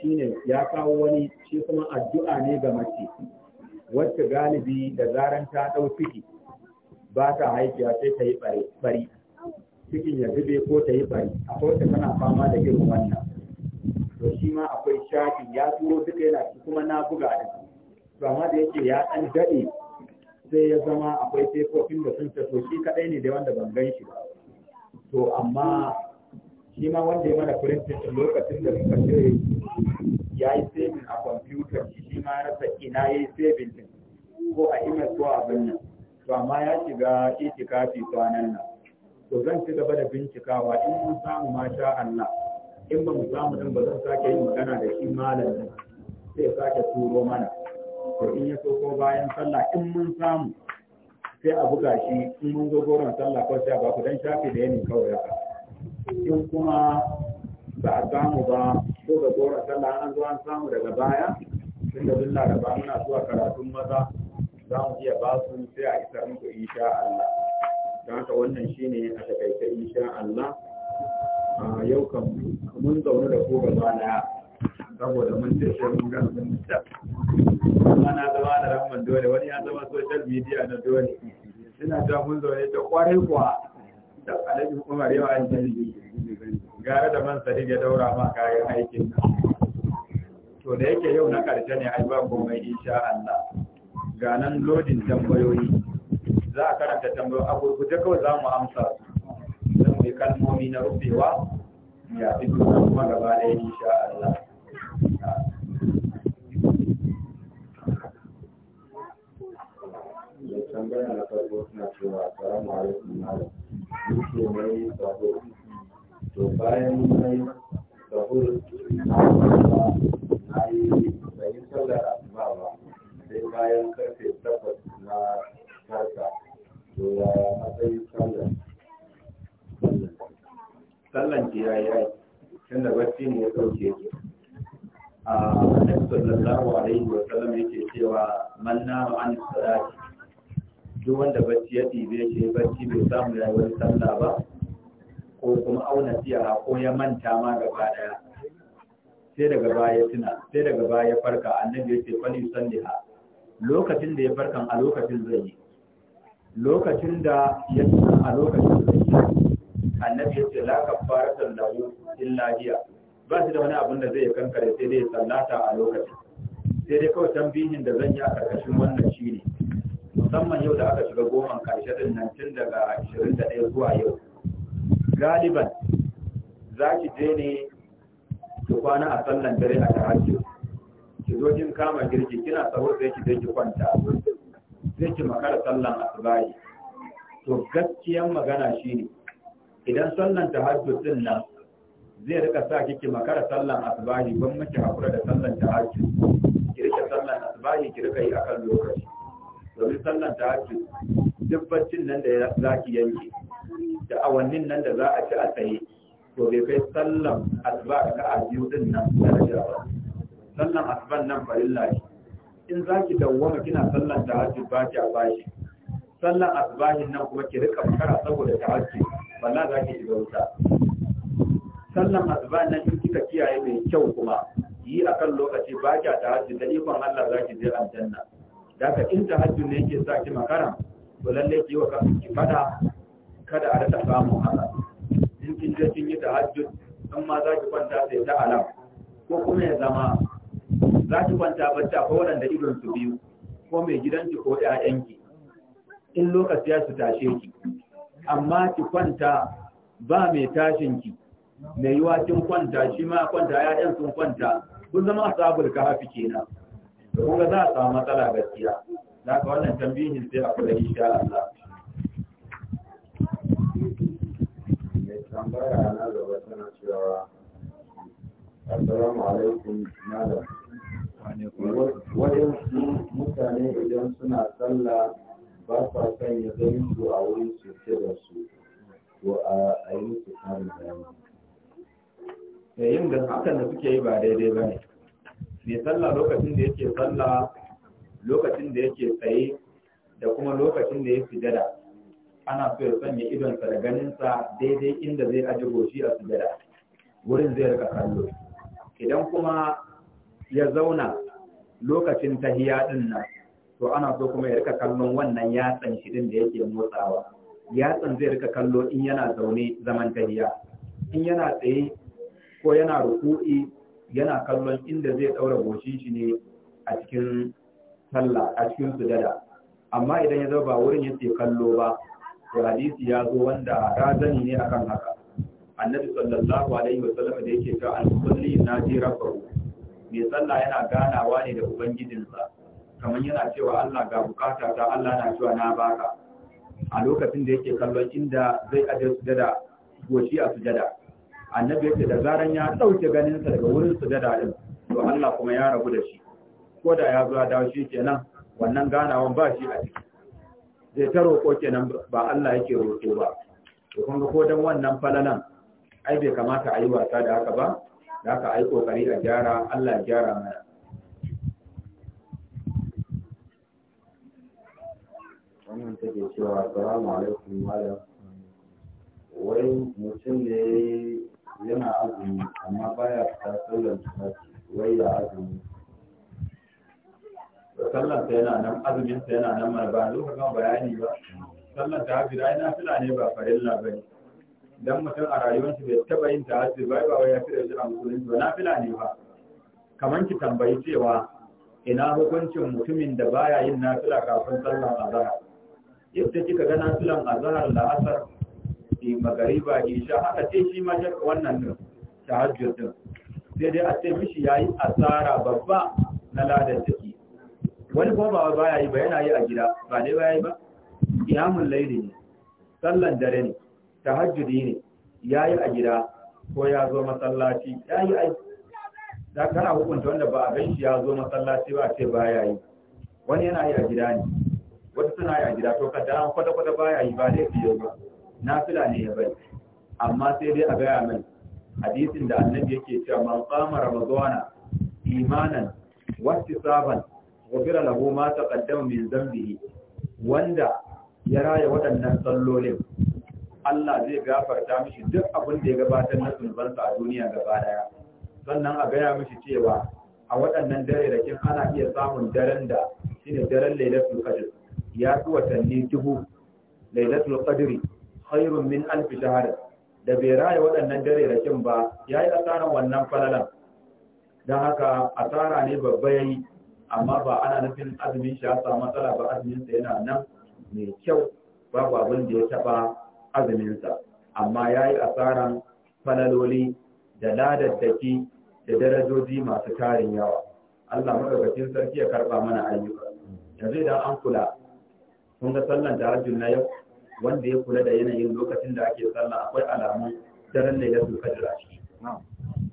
Shi ne ya kawo wani shi kuma addu'a ne ga mace wacce galibi da zaran ta ɗau ciki ba ta haifiya sai ta yi ɓari. cikin ya zube ko ta yi bari a kowace tana fama da irin wannan to shi ma akwai shafi ya turo duka yana ci kuma na buga da su to amma da yake ya ɗan daɗe sai ya zama akwai fefofin da sun to shi kaɗai ne da wanda ban gan shi ba to amma shi ma wanda ya mana printing lokacin da suka cire ya yi saving a kwamfutar shi ma rasa ina ya yi saving din ko a imel ko a nan to amma ya shiga itikafi kwanan nan to zan ci gaba da bincikawa in mun samu masha Allah in ba mu samu nan ba zan sake yin magana da shi malamin sai ya sake turo mana to in ya so ko bayan sallah in mun samu sai a buga shi in mun zo goron sallah ko sai ba ku dan shafi da yanin kawai haka in kuma ba a samu ba ko ga goron sallah an zo an samu daga baya tunda duk laraba muna zuwa karatun maza za mu iya ba su sai a isa muku insha Allah don haka wannan ne a takaita insha Allah A yau kan mun zaune da ku gaba na saboda mun ce sai mun ga mun ta na zama da rahman dole wani ya zama social media na dole ina ta mun zaune ta kwarai kuwa da alaji Umar yawa an tarihi gare da man sadiq ya daura ma kayan aikin nan to da yake yau na karshe ne ai ba komai insha Allah ga nan lodin tambayoyi za a karanta tambayoyi a gurguje kawai za mu amsa su don mai kalmomi na rufewa ya fi duka kuma gaba ɗaya insha Allah tambaya na farko suna cewa mai to bayan mai sahur na na yi ba sai bayan karfe takwas na sallan ki ya yi da bacci ne ya a annabi yake cewa man nama wanda bacci ya ɗibe shi bacci bai samu ya wani ba ko kuma auna siya ko ya manta ma gaba daya sai daga baya tuna sai daga baya farka annabi yake fali salliha lokacin da ya farkan a lokacin zai yi lokacin da ya a lokacin da ya annabi ya ce la fara sallahu in lahiya ba shi da wani abin da zai kankare sai dai sallata a lokacin sai dai kawai tambihin da zan yi a karkashin wannan shi ne musamman yau da aka shiga goman karshe din nan tun daga 21 zuwa yau galiban za ki je ne ki kwana a sallan dare a taraki ki zo kin kama girki kina tsawo sai ki je ki kwanta zai ki makara sallan asubahi to gaskiyan magana shi ne. idan sallan hajji din nan zai rika sa kike makara sallan asubahi ban miki hakura da sallan hajji ki rika sallan asubahi ki rika yi akan lokaci domin sallan tahajjud duk baccin nan da zaki yanke da awannin nan da za a ci a tsaye to bai kai sallan asuba ka a biyu din nan daraja ba sallan asuban nan farilla shi in za ki dawwama kina sallan tahajjud ba ki a bashi sallan asbahin nan kuma ki rika fara saboda tahajjud wallahi za ki shiga wuta sallan asbahin nan in kika kiyaye mai kyau kuma yi akan lokaci ba ki a tahajjud da ikon Allah za ki je aljanna ka in tahajjud ne ke sa ki makara to lalle ki wa kafin ki fada kada a rasa samun haka in kin je kin yi ta in ma za ki kwanta sai ta alam ko kuma ya zama za ki kwanta bacci akwai waɗanda idon su biyu ko mai gidanki ko ƴaƴanki in lokaci ya su tashe ki amma ki kwanta ba mai tashin ki mai yiwa kin kwanta shi ma kwanta ƴaƴan sun kwanta kun zama asabul hafi kenan to kun ga za a samu matsala gaskiya za ka wannan tambihin sai a kula insha Allah tambaya na gaba tana cewa assalamu alaikum malam waɗansu mutane idan suna sallah ba sa son ya gani su a wurin su da su ko a yi musu karin da eh, yin da hakan da suke yi ba daidai ba ne mai sallah lokacin da yake sallah lokacin da yake tsaye da kuma lokacin da ya sujada ana so ya sanya idonsa da ganinsa daidai inda zai aji goshi a sujada wurin zai rika kallo idan kuma ya zauna lokacin tahiya din nan to ana so kuma ya rika kallon wannan yatsan shi din da yake motsawa yatsan zai rika kallo in yana zaune zaman tahiya in yana tsaye ko yana ruku'i yana kallon inda zai daura goshin shi ne a cikin sallah a cikin sujada amma idan ya zama ba wurin yake kallo ba to hadisi ya zo wanda razani ne akan haka annabi sallallahu alaihi wasallam da yake cewa al-musalli na jira rabbahu mai sallah yana ganawa ne da ubangijinsa kamar yana cewa Allah ga bukata ta Allah na cewa na baka a lokacin da yake kallon inda zai aje sujada goshi a sujada annabi yake da zaran ya dauke ganinsa daga wurin sujada din to Allah kuma ya rabu da shi ko da ya zo dawo shi kenan wannan ganawan ba shi a ciki zai ta roƙo kenan ba Allah yake roƙo ba to kuma ko dan wannan falalan ai bai kamata a yi wasa da haka ba da aka ai kokari a gyara Allah ya gyara mana wannan take cewa assalamu alaikum malam wai mutum ne yana azumi amma baya ta sallar tufafi wai ya azumi sallar ta yana nan azumin ta yana nan mana ba lokacin bayani ba sallar ta hafi da ai na fila ne ba farilla ba ne dan mutum a rayuwarsa bai taba yin ta hajji ba ba ya fi da amfani musulunci ba fila ne ba kamar ki tambayi cewa ina hukuncin mutumin da baya yin nafila kafin sallar azhar yadda kika ga nafilan azhar da asar ki magariba isha haka sai shi ma jaka wannan din tahajjud din sai dai a ce mishi yayi asara babba na ladan wani ko ba baya yi ba yana yi a gida ba dai baya yi ba iyamul layli ne sallan dare ne tahajjudi ne yayi a gida ko ya zo masallaci yayi ai da kana hukunta wanda ba a gan shi ya zo masallaci ba ce ya yi wani yana yi a gida ne wata suna yi a gida to ka da kwata kwata ya yi ba dai fiye ba nafila ne ya bai amma sai dai a gaya mai hadisin da annabi yake cewa man qama ramadana imanan wattisaban ghufira lahu ma taqaddama min dhanbihi wanda ya raya waɗannan sallolin Allah zai gafarta mishi duk abin da ya gabatar na zunubansa a duniya gaba daya sannan a gaya mishi cewa a waɗannan dare da kin ana iya samun daren da shine daren lailatul qadr ya fi watanni dubu lailatul qadri khairun min alf shahr da bai raya waɗannan dare da kin ba yayi asaran wannan falalan dan haka asara ne babba yayi amma ba ana nufin azumin shi ya samu matsala ba azumin sa yana nan mai kyau babu abin da ya taɓa. azuminsa amma ya yi asaran falaloli da ladaddaki da darajoji masu tarin yawa Allah madaukakin sarki ya karba mana ayyuka yanzu idan an kula kun ga sallan tahajjud na yau wanda ya kula da yanayin lokacin da ake sallah akwai alamun daren da ya suka a ciki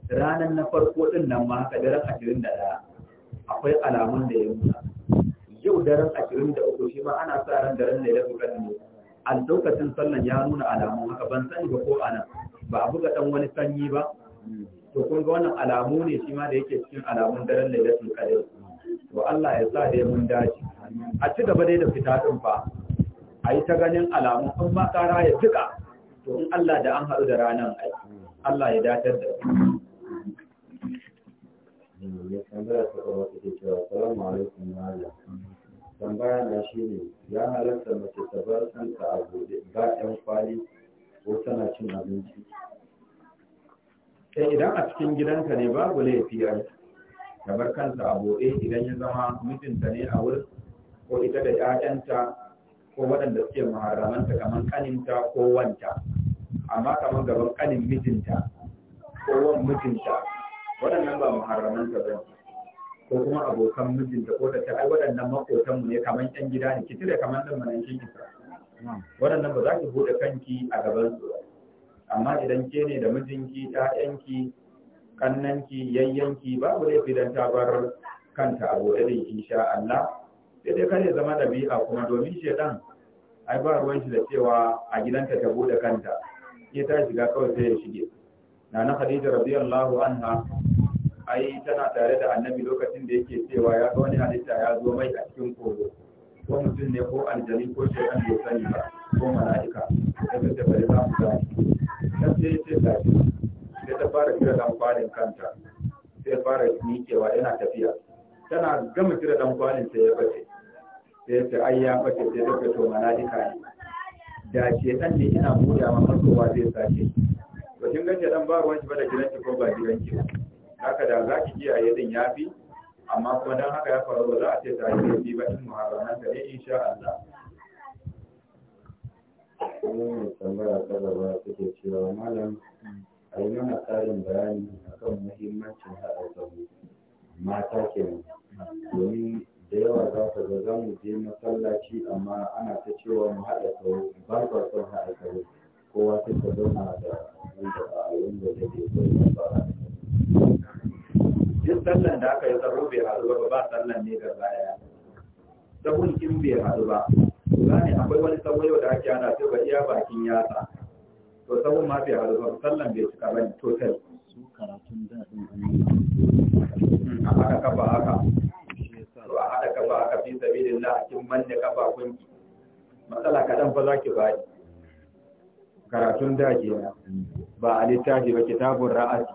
ranar na farko din nan ma haka daren da ɗaya akwai alamun da ya nuna yau daren uku shi ma ana sa ran daren da lailatul qadr jira. a lokacin sallan ya nuna alamu haka ban sani ba ko ana ba a buga dan wani sanyi ba to kun ga wannan alamu ne shi ma da yake cikin alamun daren lailatul qadr to Allah ya sa da mun dace a ci gaba dai da fita din fa ayi ta ganin alamu in ba kara ya tuka to in Allah da an haɗu da ranan ai Allah ya datar da Assalamu alaikum tambaya na shi ne ya halatta mace ta bar kanta a gobe ba ɗan kwali ko tana cin abinci sai eh, idan a cikin gidanka ne babu laifi ai ta bar kanta a gobe idan ya zama mijinta ne a wurin ko ita da 'ya'yanta ko waɗanda suke maharamanta kamar kaninta ko wanta amma kamar gaban kanin mijinta ko wan mijinta waɗannan ba maharamanta ba ne ko kuma abokan mijinta ko da ta ai waɗannan makotan mu ne kaman ƴan gida ne ki da kaman nan manan shi waɗannan ba za ki bude kanki a gaban su amma idan ke ne da mijinki ƴaƴanki kannanki yayyanki babu laifi dan ta bar kanta a bude din insha Allah sai dai kare zama ɗabi'a kuma domin shedan ai ba ruwan shi da cewa a gidanta ta bude kanta ke ta shiga kawai sai ya shige na na Khadija radiyallahu anha ai tana tare da annabi lokacin da yake cewa ya ga wani halitta ya zo mai a cikin kogo ko mutum ne ko aljani ko shaitan bai sani ba ko mala'ika da ta bari za mu gani ya ce ce da shi sai ta fara kira dan kwalin kanta sai fara miƙewa yana tafiya tana gama kira dan kwalin sai ya bace sai ta ai ya bace sai ta fito mala'ika ne da ɗan ne ina buɗe ma masowa zai sace Ba kin ga shaitan ba ruwan shi ba da gidan ko ba gidan ki ba haka da za ki kiyaye din yafi amma kuma don haka ya faru ba za a ce ta yi laifi ba in muharraman ta ne insha Allah. Wannan tambaya ta gaba take cewa malam a yi mana tsarin bayani akan muhimmancin haɗa sabu mata kenan domin da yawa za ka ga za mu je masallaci amma ana ta cewa mu haɗa sabu ba ka son haɗa sabu kowa sai ka zauna da wanda ba wanda da ke so ba duk sallan da aka yi tsaro bai haɗu ba ba sallan ne ga baya Sabon in bai haɗu ba gane akwai wani yau da ake ana sai ba iya bakin yatsa to sahun ma bai haɗu ba sallan bai cika ba total su karatun daɗin hmm, a haka kafa haka to a haka kafa haka fi sabilin la kin manne kafa kunki matsala kaɗan fa za ki bayi karatun daji ba a littafi ba kitabun ra'asi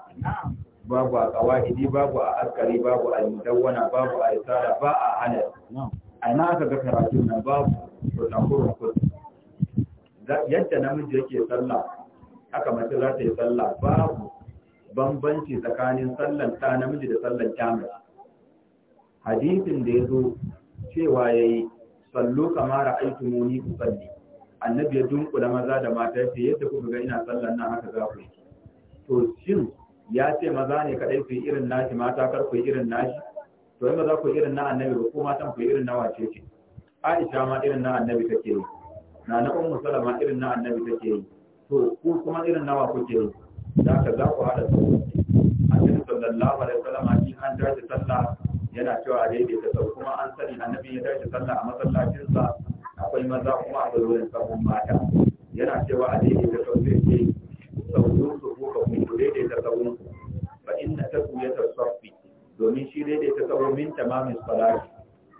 babu a kawahidi babu a askari babu a dawwana, babu a isara ba a halar a aka ga karatu na babu runakurin kudu yadda namiji yake sallah haka mace za ta yi sallah babu bambanci tsakanin tsallan ta namiji da tsallan kyamar Hadithin hadisin da ya zo cewa ya yi sallo kamara, aiki muni ku salli annabi ya dunkula maza da mata yadda kuka ga ina tsallan nan haka za ku yi to shin ya ce maza ne kadai ku yi irin nashi mata kar ku yi irin nashi to in maza za ku yi irin na annabi ba ko matan ku yi irin na wace ce Aisha ma irin na annabi take yi na na ummu salama irin na annabi take yi to ku kuma irin nawa kuke yi da ka za ku hada su annabi sallallahu alaihi wasallam in an tashi sallah yana cewa a daidaita sau kuma an sani annabi ya tashi sallah a masallacinsa akwai maza kuma a wurin sabon mata yana cewa a daidaita sau zai ce sauyin su kuka ku daidaita sauyin ta inna tasmiyatas safi domin shi daidaita sauyin min tamamin salati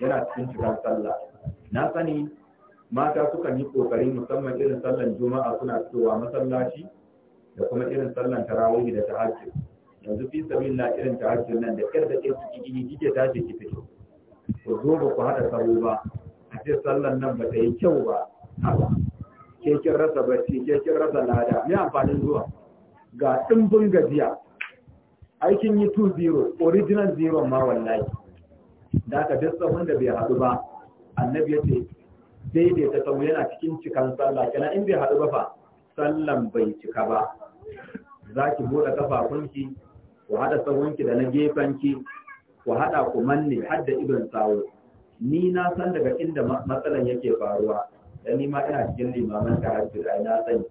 yana cikin cikar sallah na sani mata sukan yi kokari musamman irin sallan juma'a suna fitowa masallaci da kuma irin sallan tarawih da tahajjud yanzu fi na irin tahajjud nan da kyar da kyar su kiki kike tashi ki fito ku zo ba ku haɗa sahu ba a ce sallan nan ba ta yi kyau ba ke kin rasa bacci ke rasa lada me amfanin zuwa ga dimbin gajiya aikin yi 2-0 original zero ma wallahi da aka dasa wanda bai haɗu ba annabi ya ce ta sau yana cikin cikan sallah kana in bai haɗu ba fa sallan bai cika ba za ki buɗe kafafunki ku haɗa sawunki da na gefanki ku haɗa ku manne har da idon sawo ni na san daga inda matsalan yake faruwa dan ni ma ina cikin limaman tahajjud ai na sani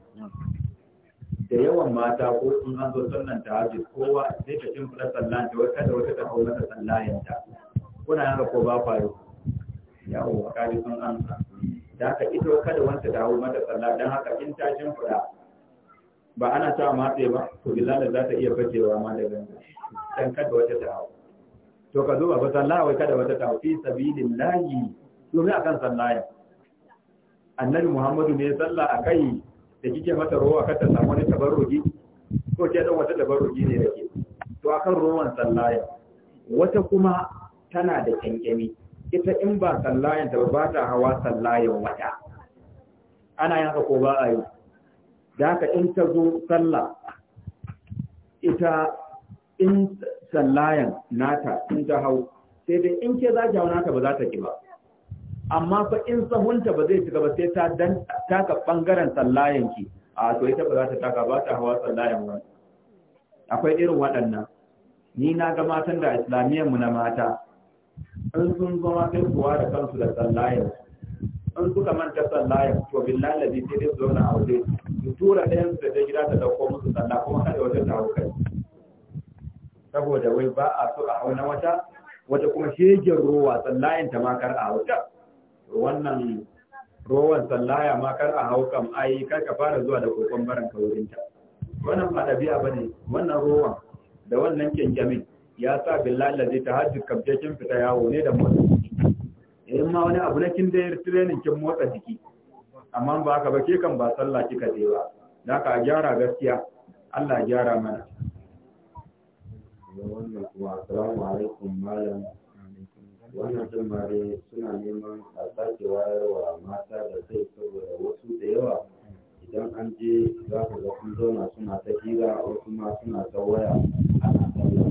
da yawan mata ko in an zo sannan tahajjud kowa sai ta cin fara sallan ta wata da wata ta hau mata sallayen ta kuna yanka ko ba faru yawo kaji sun amsa da haka ita kada wanta ta hau mata sallah dan haka in ta cin fara ba ana ta matse ba to billahi za ta iya fakewa ma da ganga dan kada wata ta hau to ka zo ba sallah wai kada wata ta hau fi sabilillahi domin akan sallayen annabi muhammadu ne sallah a kai da kike mata rowa kata ta samu wani tabarruki ko ke dan wata tabarruki ne yake to akan rowan sallaya wata kuma tana da kyankyami ita in ba sallayan ta ba ta hawa sallayan wata ana yin haka ko ba a yi da haka in ta zo sallah ita in sallayan nata in ta hau sai dai in ke za ki hau nata ba za ta ki ba amma fa in sahunta ba zai shiga ba sai ta dan taka bangaren sallayan ki a to ita ba za ta taka ba ta hawa sallayan ba akwai irin waɗannan ni na ga matan da islamiyyar mu na mata in sun zama kai kuwa da kansu da sallayan in suka manta sallayan to billahi ladhi sai dai zauna a waje su tura ɗayan su da gida ta dauko musu sallah kuma kada wata ta hukai saboda wai ba a so a auna wata wata kuma shegen ruwa sallayan ta ma kar a wuta wannan rowan sallaya ma kar a hau kam ai kar ka fara zuwa da kokon baran ka wurin ta wannan ba dabi'a bane wannan rowan da wannan kyankyamin ya sa billahi Ladi ta hajji kin fita yawo ne da motsa jiki in ma wani abu na kin da training kin motsa jiki amma ba ka ba ke kan ba sallah kika je ba da ka gyara gaskiya Allah gyara mana wannan kuma assalamu alaikum malam wannan jimare suna neman a sake wayarwa mata da kai saboda wasu da yawa idan an je za ku ga kun zauna suna ta hira wasu ma suna ta waya ana sallah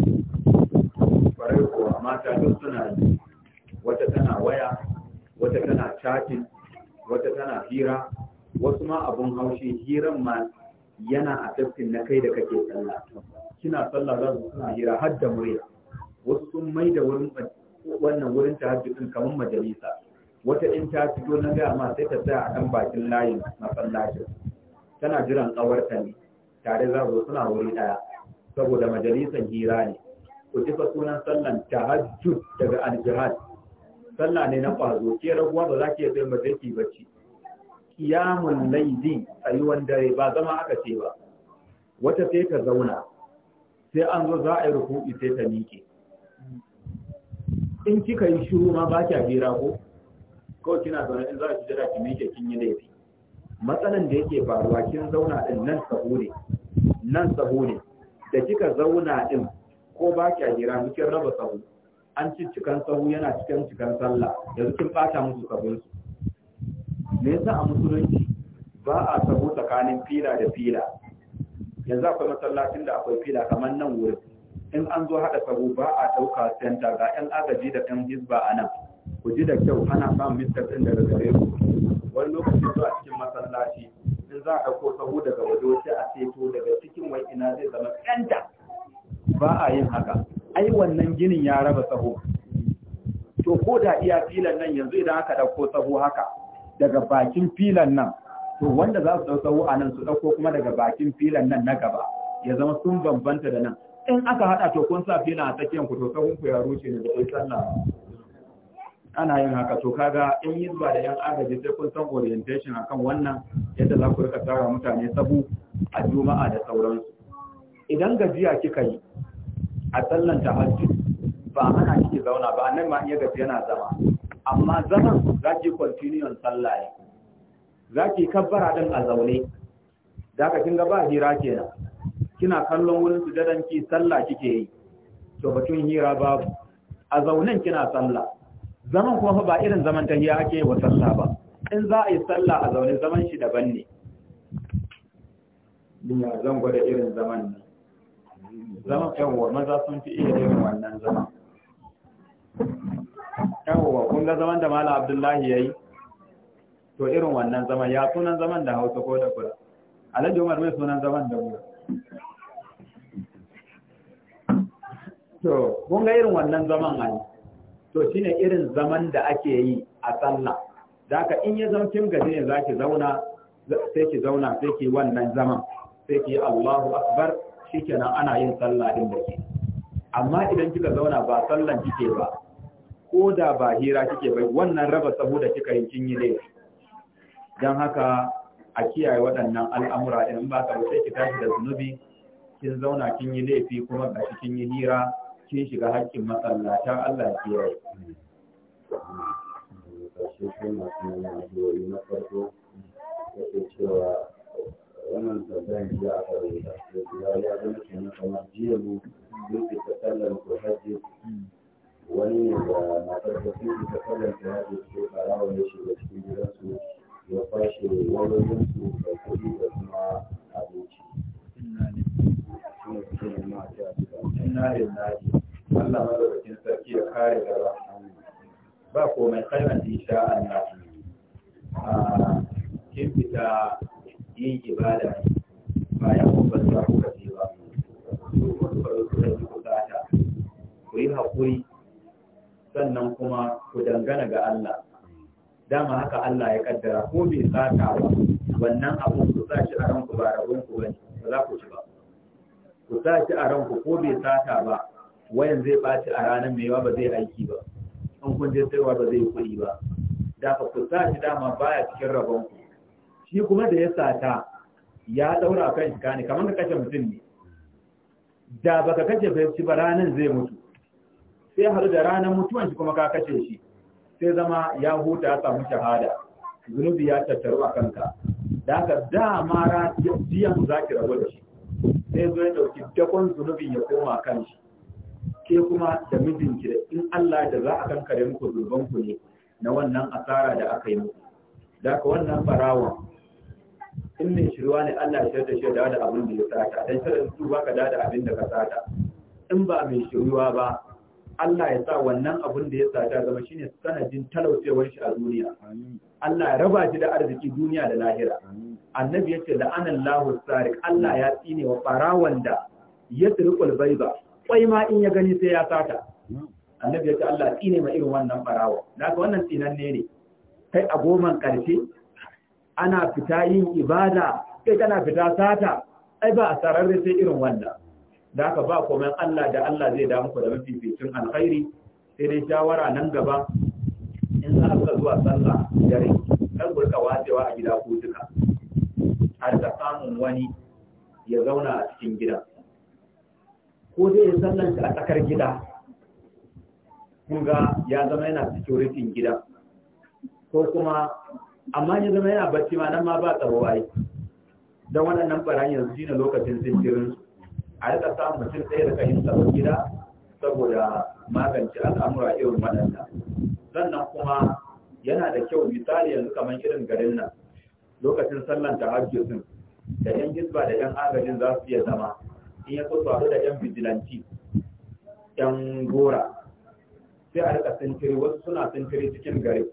kwarai kuwa mata duk suna yi wata tana waya wata tana chatting wata tana hira wasu ma abun haushi hiran ma yana a tafkin na kai da kake sallah kina sallah za su suna hira har da murya wasu sun mai da wurin wannan wurin ta ɗin kamar majalisa wata in ta fito na gaya ma sai ta tsaya a kan bakin layin masallacin tana jiran tsawarta ne tare za zo suna wuri ɗaya saboda majalisar hira ne ku ji sunan sallan tahajjud daga aljihad sallah ne na ƙwazo ke raguwa ba za ki iya tsaye majalisi ba ci kiyamun a tsayuwan dare ba zama aka ce ba wata sai ta zauna sai an zo za a yi rukuɗi sai ta miƙe in kika yi shiru ma ba kya jira ko kawai kina zaune in za ki jira ki miƙe kin yi laifi matsalan da yake faruwa kin zauna din nan sahu ne nan sahu ne da kika zauna din ko ba kya jira kin raba sahu an ci cikan sahu yana cikin cikan sallah yanzu kin bata musu sabon me yasa a musulunci ba a sahu tsakanin fila da fila yanzu akwai masallacin da akwai fila kamar nan wurin in an zo haɗa sabu ba a ɗauka center ga 'yan agaji da 'yan hizba a nan ku ji da kyau ana samun mistar ɗin daga gare ku wani lokaci zuwa cikin masallaci in za a ɗauko sabu daga waje sai a ceto daga cikin wai ina zai zama senta ba a yin haka ai wannan ginin ya raba tsaho. to ko da iya filan nan yanzu idan aka ɗauko tsaho haka daga bakin filan nan to wanda za su ɗauko sabu a nan su ɗauko kuma daga bakin filan nan na gaba ya zama sun bambanta da nan in aka haɗa to kun sa fila a tsakiyar ku to sahun ku ya ruce ne da kai sallah ana yin haka to kaga in zuwa da yan agaji sai kun san orientation akan wannan yadda za ku rika tsara mutane sabu a juma'a da sauransu idan gajiya kika yi a sallan hajji ba ana kike zauna ba nan ma iya gaji yana zama amma zaman za ki continue sallah ne za ki kabbara din a zaune da ka kinga ba hira kenan kina kallon wurin sujadan ki sallah kike yi to batun hira babu a zaunin kina sallah zaman kuma fa ba irin zaman hira ake wa sallah ba in za a yi sallah a zaune zaman shi daban ne ya zan gwada irin zaman ne zaman yawwa maza sun fi iya irin wannan zaman yawwa kun ga zaman da malam abdullahi ya yi to irin wannan zaman ya sunan zaman da hausa ko da kula alhaji umar mai sunan zaman da mu to kun ga irin wannan zaman ai to shine irin zaman da ake yi a sallah da haka in ya zama gaji ne zaki zauna sai ki zauna sai ki wannan zaman sai ki Allahu akbar shi shikenan ana yin sallah din da ke amma idan kika zauna ba sallan kike ba ko da ba hira kike bai wannan raba saboda kika yi kin yi laifi don haka a kiyaye waɗannan al'amura in ba ka sai ki tashi da zunubi kin zauna kin yi laifi kuma ga kin yi hira kin shiga haƙƙin masallatan Allah ke yi ƙarshe sai masu nuna addu'o'i na farko yake cewa wannan tambayan jiya a kare da ya ya zama kenan kamar jiya mu mun fita sallar ko hajji wani ne da matar da sun fita sallar ko hajji sai farawa ya shiga cikin gidansu ya fashe wayoyinsu da kuɗi da kuma abinci suna suke nema a cewa gida ina da ina ji Allah madaukakin sarki ya kare gaba ba komai kalmar insha Allah ah, kin fita yin ibada bayan kun ba za ku kaje ba ku yi haƙuri sannan kuma ku dangana ga Allah dama haka Allah ya kaddara ko bai sata ba wannan abun ku shi a ranku ba rabon ku bane ba za ku ci ba ku sa shi a ranku ko bai sata ba wayan zai baci a ranar mai ba zai aiki ba in kun je sai ba zai kuɗi ba da ka ku sa shi dama baya cikin rabon ku shi kuma da ya sata ya daura kan shi kane kamar ka kashe mutum ne da baka kashe shi ba ranar zai mutu sai har da ranar mutuwan shi kuma ka kashe shi sai zama ya huta ya samu shahada zunubi ya tattaru a kanka da haka dama jiyan za ki rabu da shi sai zo ya dauki dakon zunubin ya koma kan shi ke kuma da mijinki da in Allah da za a kankare muku zunuban ku ne na wannan asara da aka yi muku da ka wannan barawa in mai shirwa ne Allah ya shirya shi da abin da ya sata dan shirya su baka da abin da ka sata in ba mai shirwa ba Allah ya sa wannan abin da ya sata zama shine sanadin talaucewar shi a duniya. Allah ya raba shi da arziki duniya da lahira. annabi yace da lahu sarik Allah ya tsine wa barawan da ya tsirkul baiba kwai ma in ya gani sai ya sata annabi ce Allah tsine ma irin wannan barawa daga wannan tsinan ne kai a goman karshe ana fita yin ibada kai kana fita sata ai ba a sararre sai irin wannan da ka ba komai Allah da Allah zai d'a muku da mafificin alkhairi sai dai shawara nan gaba in za ka zuwa sallah dare kar burka wacewa a gida ko duka da samun wani ya zauna a cikin gida ko dai ya sallanta a tsakar gida kunga ya zama yana security gida ko kuma amma ya zama yana bacci ma nan ma ba tsaro ai don waɗannan ɓarayin yanzu shi lokacin sintirin a rika samun mutum ɗaya da kayan tsaro gida saboda magance al'amura irin waɗannan sannan kuma yana da kyau misali yanzu kamar irin garin nan lokacin sallan tahajjudin da yan gizba da yan agajin za su iya zama in ya so da yan vigilanti yan gora sai a rika sintiri wasu suna sintiri cikin gari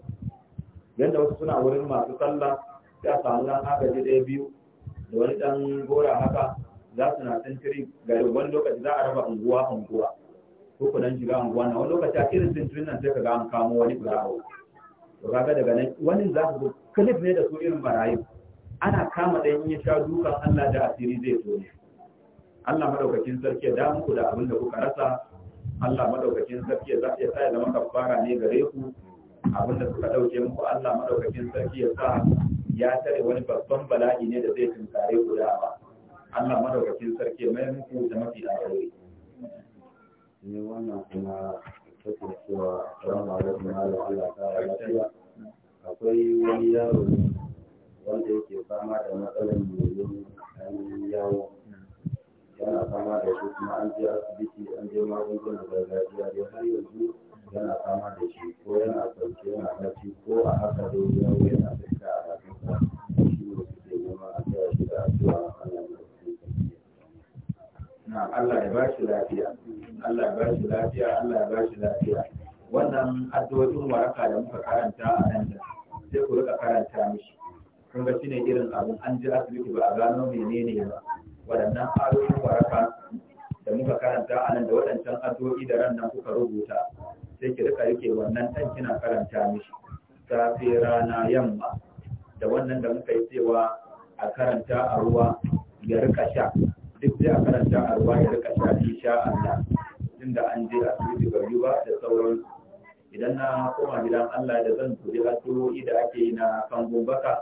yadda wasu suna wurin masu sallah sai a samu yan agaji ɗaya biyu da wani ɗan gora haka za su na sintiri gari wani lokaci za a raba unguwa unguwa ko nan shiga unguwa na wani lokaci a irin sintirin nan sai ka ga an kamo wani ɓarawo to kaga daga nan wani za su. clip ne da su irin barayin. ana kama ɗayan ya sha dukan Allah da asiri zai zo ne Allah madaukakin sarki ya damu ku da abin da kuka rasa Allah madaukakin sarki ya ya sa da zama kafara ne gare ku abin da suka dauke muku Allah madaukakin sarki ya sa ya tare wani babban bala'i ne da zai tunkare ku da ba Allah madaukakin sarki ya mai muku da mafi alheri ne wannan kuma take cewa assalamu alaikum wa rahmatullahi wa barakatuh akwai wani yaro wanda yake fama da matsalar yoyon hannun yawo yana fama da shi kuma an je asibiti an je magungunan gargajiya dai har yanzu yana fama da shi ko yana kwance yana bacci ko a haka dai yawo yana fuska a bakinsa shi ne suke neman a taya shi da addu'a Allah ya na Allah ya ba shi lafiya Allah ya ba shi lafiya Allah ya ba shi lafiya wannan addu'o'in waraka da muka karanta a nan da sai ku rika karanta mishi kun ga shine irin abin an ji asibiti ba a gano menene ba waɗannan ayoyin waraka da muka karanta a nan da waɗancan addu'o'i da ran nan kuka rubuta sai ki rika rike wannan ɗan kina karanta mishi safe rana yamma da wannan da muka yi cewa a karanta a ruwa ya rika sha duk sai a karanta a ruwa ya rika sha insha Allah tunda an je asibiti bai ba da sauransu idan na koma gidan Allah da zan kuje addu'o'i da ake yi na kan baka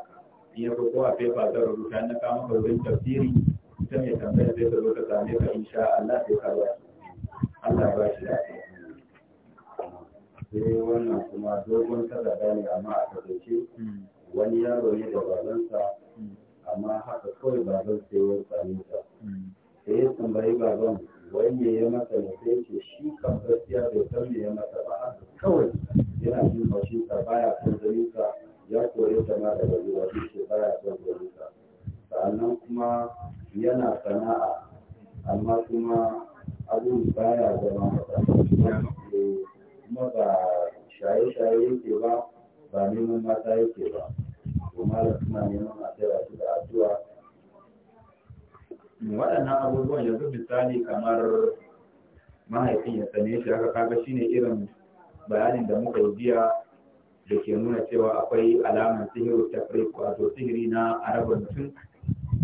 in ya fi kowa fefa zan rubuta na kama wurin tafsiri ta mai tambaya zai ka zo ka same ka insha Allah sai ka ba Allah ba shi sai eh, wannan kuma dogon sadaka ne amma a kasance wani yaro ne da babansa hmm. amma haka kawai baban sai ya same sa hmm. sai ya tambayi baban wanda ya mata ne sai ce shi kan gaskiya bai san me ya mata ba haka kawai yana jin fashin sa baya son ganin sa ya kore ta ma daga zuwa shi ce baya son ganin sa sannan kuma yana sana'a amma kuma abin baya zama masa kuma ba shaye-shaye yake ba ba neman mata yake ba kuma da suna neman a tara su da addu'a waɗannan abubuwan yanzu misali kamar mahaifin ya sane shi haka kaga shine irin bayanin da muka yi biya da ke nuna cewa akwai alamar sihiru tafrik wato sihiri na arabar mutum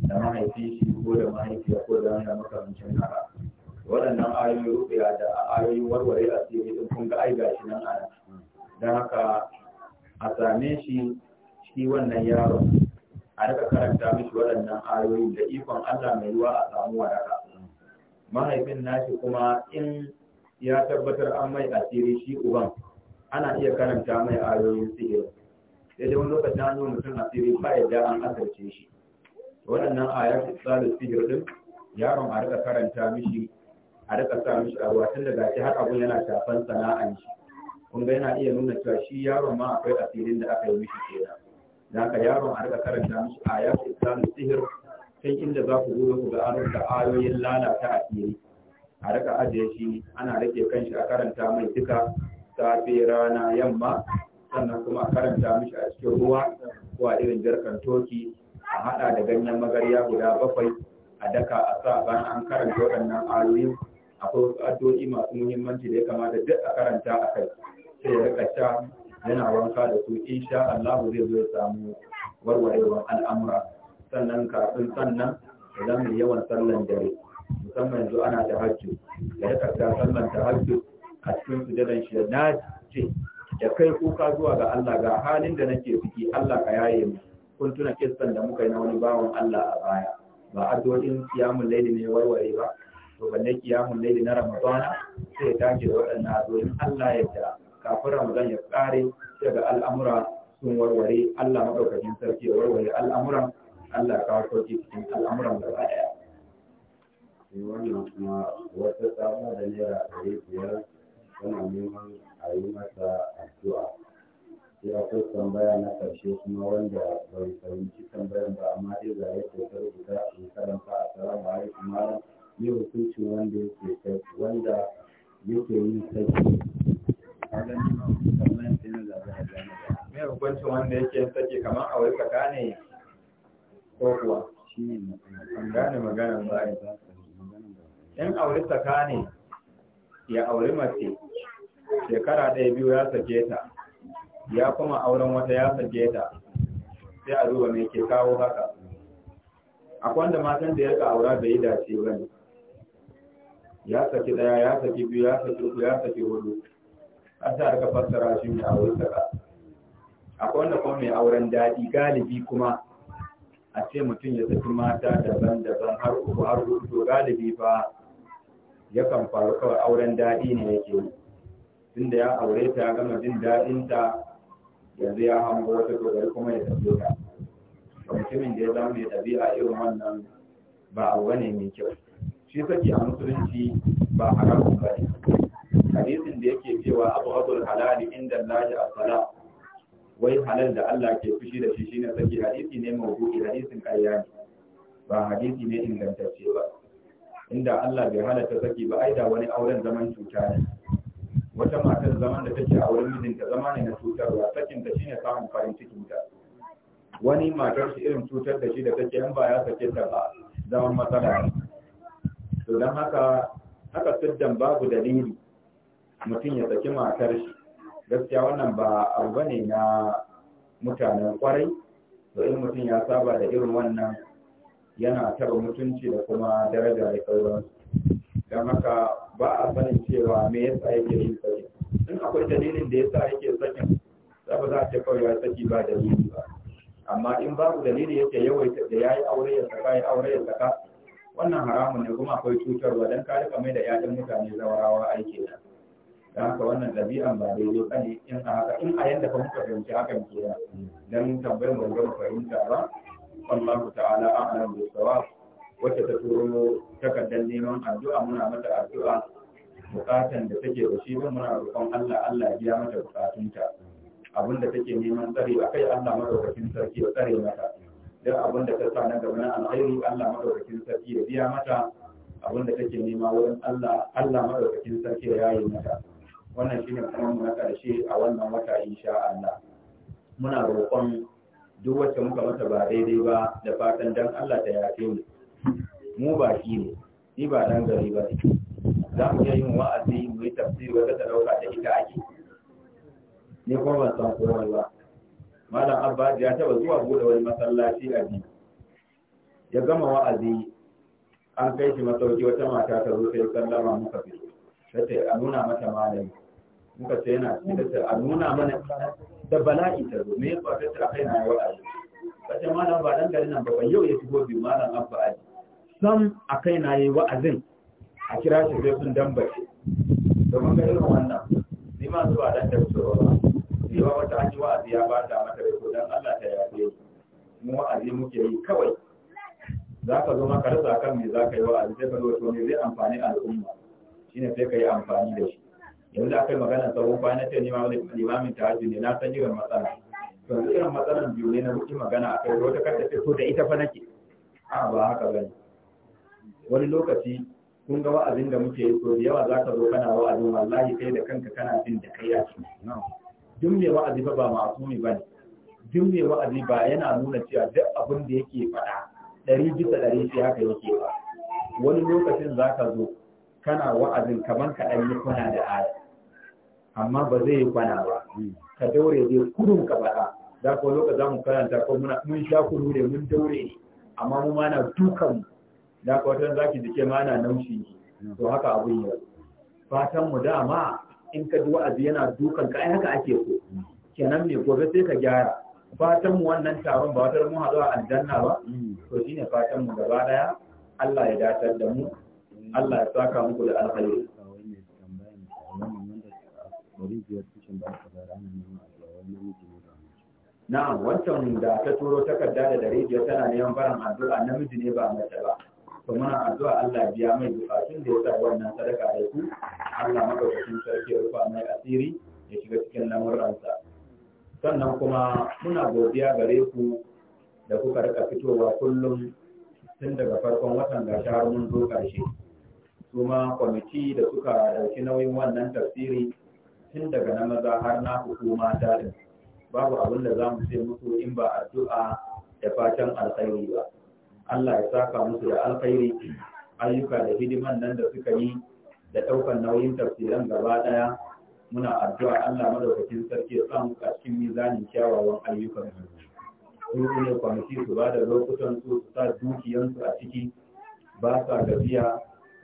da mahaifin shi ko da mahaifiya ko da wanda makamancin haka waɗannan ayoyin rufiya da ayoyin warware a sihiri din kun ga ai gashi nan a don haka a same shi shi wannan yaron a rika karanta mishi waɗannan ayoyi da ikon Allah mai ruwa a samu waraka mahaifin nashi kuma in ya tabbatar an mai asiri shi uban ana iya karanta mai ayoyin sihiri sai dai wani lokacin an yi mutum asiri ba yadda an asarce shi waɗannan ayar tsari sihir ɗin? yaron a rika karanta mishi a rika sa mishi a ruwa tun daga shi har abun yana shafan sana'an shi kun ga yana iya nuna cewa shi yaron ma akwai asirin da aka yi mishi kenan da ka yaron a riga karanta musu ayatul islamu sihir sai inda za ku zo ku ga an da ayoyin lalata a fili a rika ajiye shi ana rike kanshi a karanta mai duka safe rana yamma sannan kuma a karanta mishi a cikin ruwa ko a irin jarkan toki a hada da ganyen magarya guda bakwai a daka a sa bayan an karanta waɗannan ayoyi akwai wasu addu'o'i masu muhimmanci da ya kamata duk a karanta a kai sai ya rika ta. yana wanka da su insha Allah zai zo ya samu warwarewar al'amura sannan kafin sannan idan mai yawan sallan dare musamman yanzu ana da hajji da ya karta sallan ta hajji a cikin sujadan shi na ce da kai kuka zuwa ga Allah ga halin da nake ciki Allah ka yaye mu kun tuna kissan da muka yi na wani bawan Allah a baya ba addu'o'in kiyamun laili ne warware ba to banne kiyamun laili na Ramadana sai ya tashi da waɗannan addu'o'in Allah ya da kafin ramadan ya kare daga al'amura sun warware Allah maɗaukacin sarki ya warware al'amura Allah ka kawo sauki cikin al'amuran gaba daya ɗaya. Eh, wannan kuma wata sabuwa da naira ɗari biyar tana neman a yi masa addu'a sai akwai tambaya na ƙarshe kuma wanda bai fahimci tambayan ba amma dai ga yadda ta rubuta in karanta ba alaikum kuma ne hukuncin wanda yake wanda yake yin sarki mai hukuncin wanda yake sake kamar a wai ne ko kuwa in aure saka ne ya auri mace shekara ɗaya biyu ya sake ta ya kuma auren wata ya sake ta sai a duba mai ke kawo haka akwai wanda matan da ya ka aura bai dace ba ya saki ɗaya ya saki biyu ya saki uku ya saki hudu Asa aka fassara shi ne a wurin saka akwai wanda kuma mai auren daɗi galibi kuma a ce mutum ya tafi mata daban-daban har uku har uku to galibi fa ya kan faru kawai auren daɗi ne yake yi tunda ya aure ta gama jin daɗinta yanzu ya hango wata dogari kuma ya tafi ta ba mutumin da ya zama mai ɗabi'a irin wannan ba abu ne mai kyau shi saki a musulunci ba haramun ba ne hadisin da yake cewa abu abul halali inda lahi asala wai halal da Allah ke fushi da shi shine saki hadisi ne mawdu'i hadisin ƙarya ne ba hadisi ne ingantacce ba inda Allah bai halatta saki ba ai da wani auren zaman cuta ne wata matar zaman da take auren mijinta zama ne na cutarwa sakin ta shine samun farin cikin ta wani matar shi irin cutar da shi da take in ba ya sake ta ba zaman matsala to dan haka haka siddan babu dalili mutum ya saki matar shi gaskiya wannan ba abu bane na mutanen kwarai to in mutum ya saba da irin wannan yana taba mutunci da kuma daraja da sauransu don haka ba a sanin cewa me yasa yake yin sakin in akwai dalilin da yasa yake sakin za ba za a ce kawai ya saki ba dalili ba amma in babu dalili yake yawaita da yayi aure ya saka ya aure ya saka wannan haramun ne kuma akwai cutarwa don ka rika mai da 'ya'yan mutane zawarawa aiki na da haka wannan ɗabi'an ba daidai ba ne in a haka in a yadda ba muka fahimci hakan ke da dan tambayar mu ga fahimta ba Allah ta'ala a'lam bis sawab wacce ta turo takardar neman addu'a muna mata addu'a bukatan da take da shi muna roƙon Allah Allah ya mata bukatunta abin da take neman tsare a kai Allah madaukakin sarki ya tsare mata duk abin da ta sa na gaba na alkhairi Allah madaukakin sarki ya biya mata abin da take nema wurin Allah Allah madaukakin sarki ya yi mata wannan shine kuma mu na ƙarshe a wannan wata insha Allah muna roƙon duk wacce muka mata ba daidai ba da fatan dan Allah ta yafe mu mu shi ne ni ba dan gari ba ne za mu iya yin wa'azi mu yi tafsiri wata ta dauka da ita ake ne kuma ban san komai ba malam abba ya taba zuwa buɗe wani masallaci a biyu ya gama wa'azi an kai shi masauki wata mata ta zo yi sallama muka fito sai ta a nuna mata malami muka ce yana cikin a nuna mana da bala'i ta zo me ya kwafe ta kai na wa'azi kace malam ba dan garin nan ba yau ya shigo bi malam abba ali sam a kai na yi wa'azin a kira shi zai sun dambace domin ga irin wannan ni ma zuwa dan da su ba ni ba wata an yi wa'azi ya ba ta mata rai ko dan Allah ta yafe mu wa'azi muke yi kawai za ka zo maka rasa kan me za ka yi wa'azi sai ka zo to me zai amfani al'umma shine sai ka yi amfani da shi yanzu yi magana tsawon na ce ne ma wani limamin ta hajji ne na san irin matsala yanzu irin matsalan biyu ne na muke magana a kai wata kanta ce ko da ita fa nake a ba haka ba ne. wani lokaci kun ga wa'azin da muke yi so da yawa za ka zo kana wa'azin wallahi kai da kanka kana jin da kai ya ci duk mai wa'azi ba ba ma'asumi ba ne duk mai wa'azi ba yana nuna cewa duk abin da yake faɗa ɗari bisa ɗari sai haka yake ba wani lokacin za ka zo kana wa'azin kamar ka ɗan yi kuna da aya amma ba zai yi kwana ba ka daure dai kudun ka faɗa da ko lokacin za mu karanta ko muna mun sha kudu ne mun daure ne amma mu ma na dukan da ko wata zaki jike ma na naushi ne to haka abin yau fatan mu dama in ka ji wa'azi yana dukan ka ai haka ake so kenan me gobe sai ka gyara fatan mu wannan taron ba wata mu haɗu a aljanna ba to shine fatan mu gaba daya Allah ya datar da mu Allah ya saka muku da alkhairi ɗari biyar cikin da aka bayar ana neman addu'a miji ne ba mace na'am wancan da ta turo takarda da ɗari biyar tana neman barin addu'a namiji ne ba mace ba to muna addu'a Allah biya mai bukatun da ya sa wannan sadaka da ku Allah madaukakin sarki rufa mai asiri ya shiga cikin lamuransa sannan kuma muna godiya gare ku da kuka rika fitowa kullum tun daga farkon watan ga shahar mun zo ƙarshe kuma kwamiti da suka ɗauki nauyin wannan tafsiri tun daga na maza har na hudu mata da babu abin da za mu ce musu in ba addu'a da fatan alkhairi ba Allah ya saka musu da alkhairi ayyuka da hidiman nan da suka yi da ɗaukan nauyin tafsiran gaba daya muna addu'a Allah madaukakin sarki ya samu a cikin mizanin kyawawan ayyukan su su ne kwamiti su ba da lokutan su su sa dukiyansu a ciki ba sa gajiya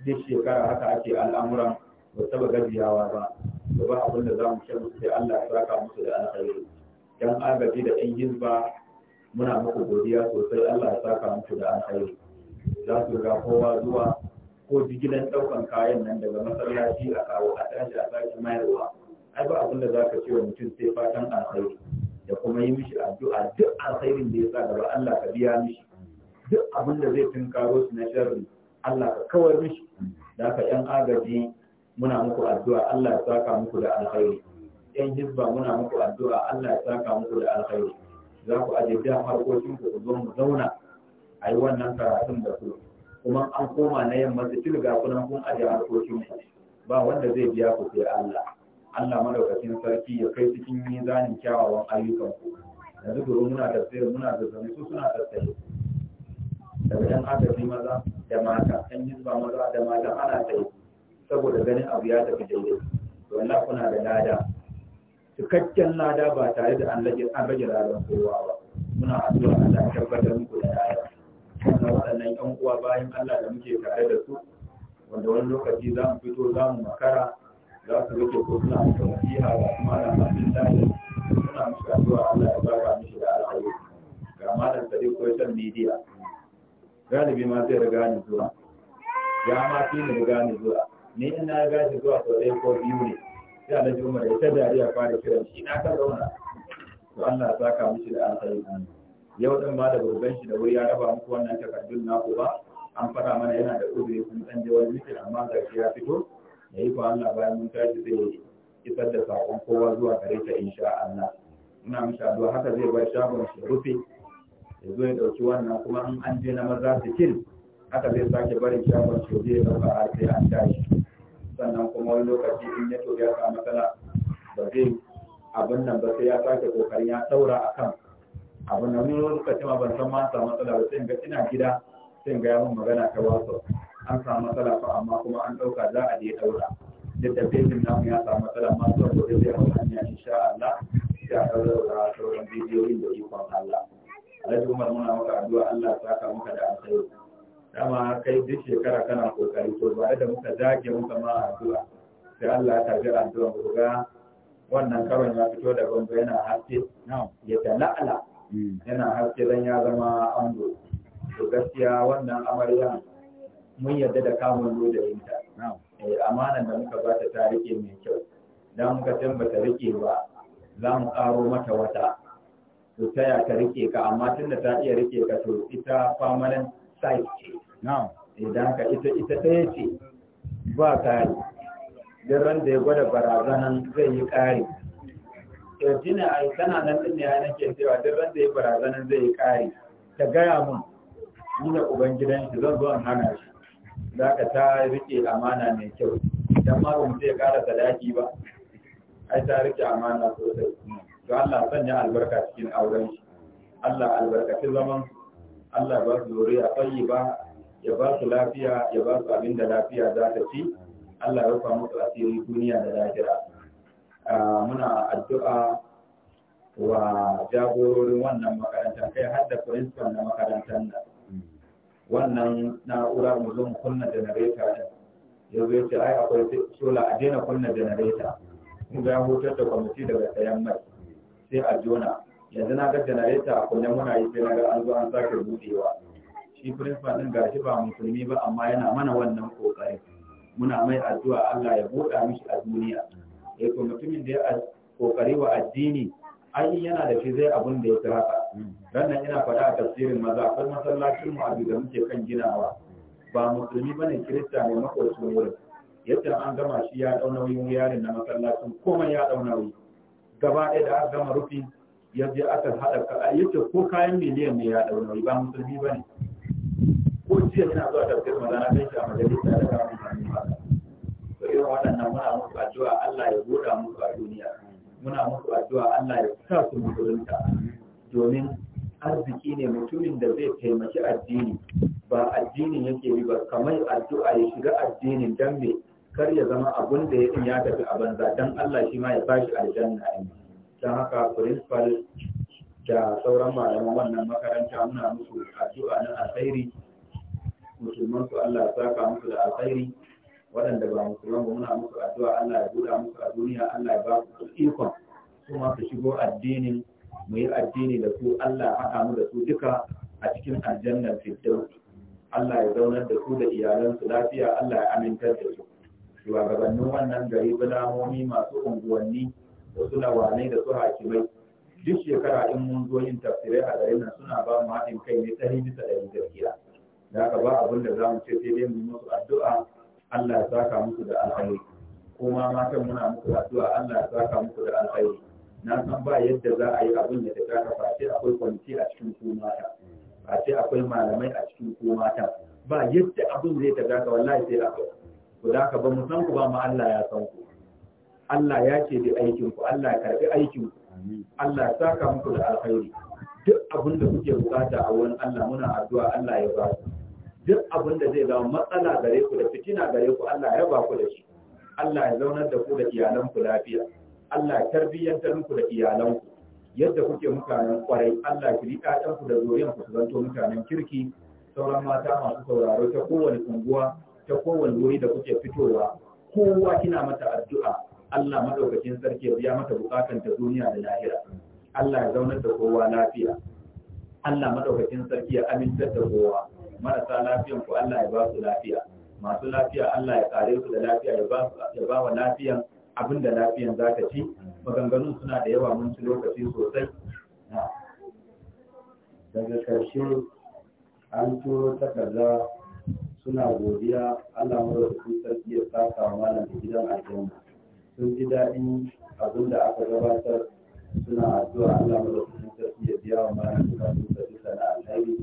duk shekara haka ake al'amuran ba taɓa gajiyawa ba da abin da za mu da alkhairi dan agaji da ɗan hizba muna muku godiya sosai Allah ya saka musu da alkhairi za su ga kowa zuwa ko jigilan ɗaukan kayan nan daga masallaci a kawo a tashi a sake mayarwa ai ba abin da za ka ce wa mutum sai fatan alkhairi da kuma yi mishi addu'a duk alkhairin da ya sa gaba Allah ka biya mishi duk abin da zai tunkaro su na sharri Allah ka kawar mishi da ka yan agaji muna muku addu'a Allah ya saka muku da alkhairi yan hizba muna muku addu'a Allah ya saka muku da alkhairi za ku aje da harkokin ku ku zo mu zauna a yi wannan karatun da su. kuma an koma na yamma su ci ga kunan kun aje harkokin ku ba wanda zai biya ku sai Allah Allah madaukakin sarki ya kai cikin mizanin kyawawan ayyukan ku yanzu guru muna tafsiri muna zazzabi su suna tafsiri daga aka agaji maza da mata yan hizba maza da mata ana tsaye saboda ganin abu ya tafi daidai wallahi kuna da lada cikakken lada ba tare da an rage an rage ladan kowa ba muna addu'a Allah ya tabbatar muku da lada wannan wadannan ƴan uwa bayan Allah da muke tare da su wanda wani lokaci za mu fito za mu makara za su rike ko suna da nasiha ga kuma da masu Muna suna musu addu'a Allah ya baka mishi da alheri ga malam Sadiq social media galibi ma zai riga ni zuwa ya ma fi ni riga ni zuwa ni ina gashi zuwa sau ɗaya ko biyu ne sai a lajin umar ya ta dariya fara kiran shi na ka zauna to Allah ya saka mishi da alheri yau din ba da gurban shi da wuri ya raba muku wannan takardun naku ba an faɗa mana yana da uzuri kun ɗan je wani mutum amma gashi ya fito ya yi Allah bayan mun tashi zai isar da saƙon kowa zuwa gare ta insha Allah ina mishi addu'a haka zai bar shagon shi rufe ya zo ya ɗauki wannan kuma an je na maza su haka zai sake barin shagon shi zai ɗauka sai an tashi sannan kuma wani lokaci in ya to ya samu matsala ba zai abin nan ba sai ya sake kokarin ya saura a kan abin nan wani lokaci ma ban san ma samu matsala ba sai ga ina gida sai ga yawan magana ta wasu an samu matsala fa amma kuma an ɗauka za a je ɗaura duk da fejin namu ya samu matsala ma zuwa gobe zai hau hanya insha Allah sai a ɗaura sauran bidiyoyin da ikon Allah. Alhaji Umar muna maka addu'a Allah ya saka maka da alkhairi. dama kai duk shekara kana kokari to ba da muka dage muka ma addu'a sai Allah ta ji addu'a ku ga wannan karon ya fito da bango yana haske ya tala'ala hmm. yana haske dan ya zama ango to gaskiya wannan amarya mun yarda da kamun da yinta eh, amanan da muka ba ta tarike mai kyau dan muka tambata rike ba za mu karo mata wata to taya ta rike ka amma tunda ta iya rike ka to ita permanent site ce idan ka ita ita ɗaya ce ba kari don ran da ya gwada barazanan zai yi kari tina a tana nan ɗin ya nake cewa don ran da ya barazanan zai yi kari ta gaya mun ni da ubangidan shi zan zo in hana shi za ka ta rike amana mai kyau idan ma ba mu sai ƙara sadaki ba ai ta rike amana sosai to Allah sanya albarka cikin auren shi Allah albarkaci zaman Allah ba su zuriya ba. ya ba su lafiya ya ba su abin da lafiya za ta ci Allah ya rufa musu asiri duniya da lahira muna addu'a wa jagororin wannan makarantar kai har da principal na makarantar nan wannan na'ura mu zo mu kunna generator din ya zo ce ai akwai sola a daina kunna janareta mu ga hutar da kwamiti daga sayan mai sai a jona yanzu na ga janareta a kunne muna yi sai na ga an zo an sake budewa shi principal din gashi ba musulmi ba amma yana mana wannan kokari muna mai addu'a Allah ya buɗa mishi a duniya eh ko mutumin da ya kokari wa addini ai yana da shi zai abun da ya tsara nan ina faɗa a tafsirin maza akwai masallacin mu abu da muke kan ginawa ba musulmi bane kirista ne makwacin wurin yadda an gama shi ya dau nauyin yarin na masallacin komai ya dau nauyi gaba ɗaya da aka gama rufi ya je aka haɗa ka yake ko kayan miliyan ne ya dau nauyi ba musulmi bane jiya suna zuwa tafsir magana kan shi a majalisa da kama mutane ba to irin waɗannan muna musu addu'a Allah ya buɗa musu a duniya muna musu addu'a Allah ya sa su musulunta domin arziki ne mutumin da zai taimaki addini ba addinin yake yi ba kamar addu'a ya shiga addinin dan me kar ya zama abun da ya ya tafi a banza dan Allah shi ma ya bashi aljanna ne dan haka principal da sauran malaman wannan makaranta muna musu addu'a na alkhairi musulman su Allah ya saka musu da alkhairi waɗanda ba musulman ba muna musu addu'a Allah ya buɗa musu a duniya Allah ya ba su ikon kuma su shigo addinin mu yi addini da su Allah haɗa mu da su duka a cikin aljannar firdaus Allah ya zaunar da su da iyalansu lafiya Allah ya amintar da su shugabannin wannan gari bulamomi masu unguwanni da su lawanai da su hakimai duk shekara in mun zo yin tafsirai a garin nan suna ba mu haɗin kai ne ɗari bisa ɗari gaskiya da ka ba abin da za mu ce sai dai mu musu addu'a Allah ya saka musu da alkhairi kuma matan muna musu addu'a Allah ya saka musu da alkhairi na san ba yadda za a yi abin da ta ka face akwai kwanci a cikin ku mata face akwai malamai a cikin ku mata ba yadda abin zai ta ga wallahi sai akwai ku da ka ba mu san ku ba mu Allah ya san ku Allah ya ce da aikin ku Allah ya karbi aikin ku Allah ya saka muku da alkhairi duk abin da kuke bukata a wurin Allah muna addu'a Allah ya ba ku duk abin da zai zama matsala gare ku da fitina gare ku Allah ya raba ku da shi Allah ya zaunar da ku da iyalanku lafiya Allah ya tarbiyyantar ku da iyalanku yadda kuke mutanen kwarai Allah ki rika ku da zuriyar ku zanto mutanen kirki sauran mata masu sauraro ta kowane unguwa ta kowane wuri da kuke fitowa kowa kina mata addu'a Allah madaukakin sarki ya biya mata bukatan ta duniya da lahira Allah ya zaunar da kowa lafiya Allah madaukakin sarki ya amintar da kowa marasa lafiyan ku Allah ya ba su lafiya masu lafiya Allah ya kare su da lafiya ya ba wa lafiyan abinda lafiyan za ka ci maganganun suna da yawa mun ci lokaci sosai daga karshe an turo takarda suna godiya Allah su sarki ya saka malam da gidan aljanna sun ji daɗin abin aka gabatar suna addu'a Allah su sarki ya biya wa malam da kasu na alheri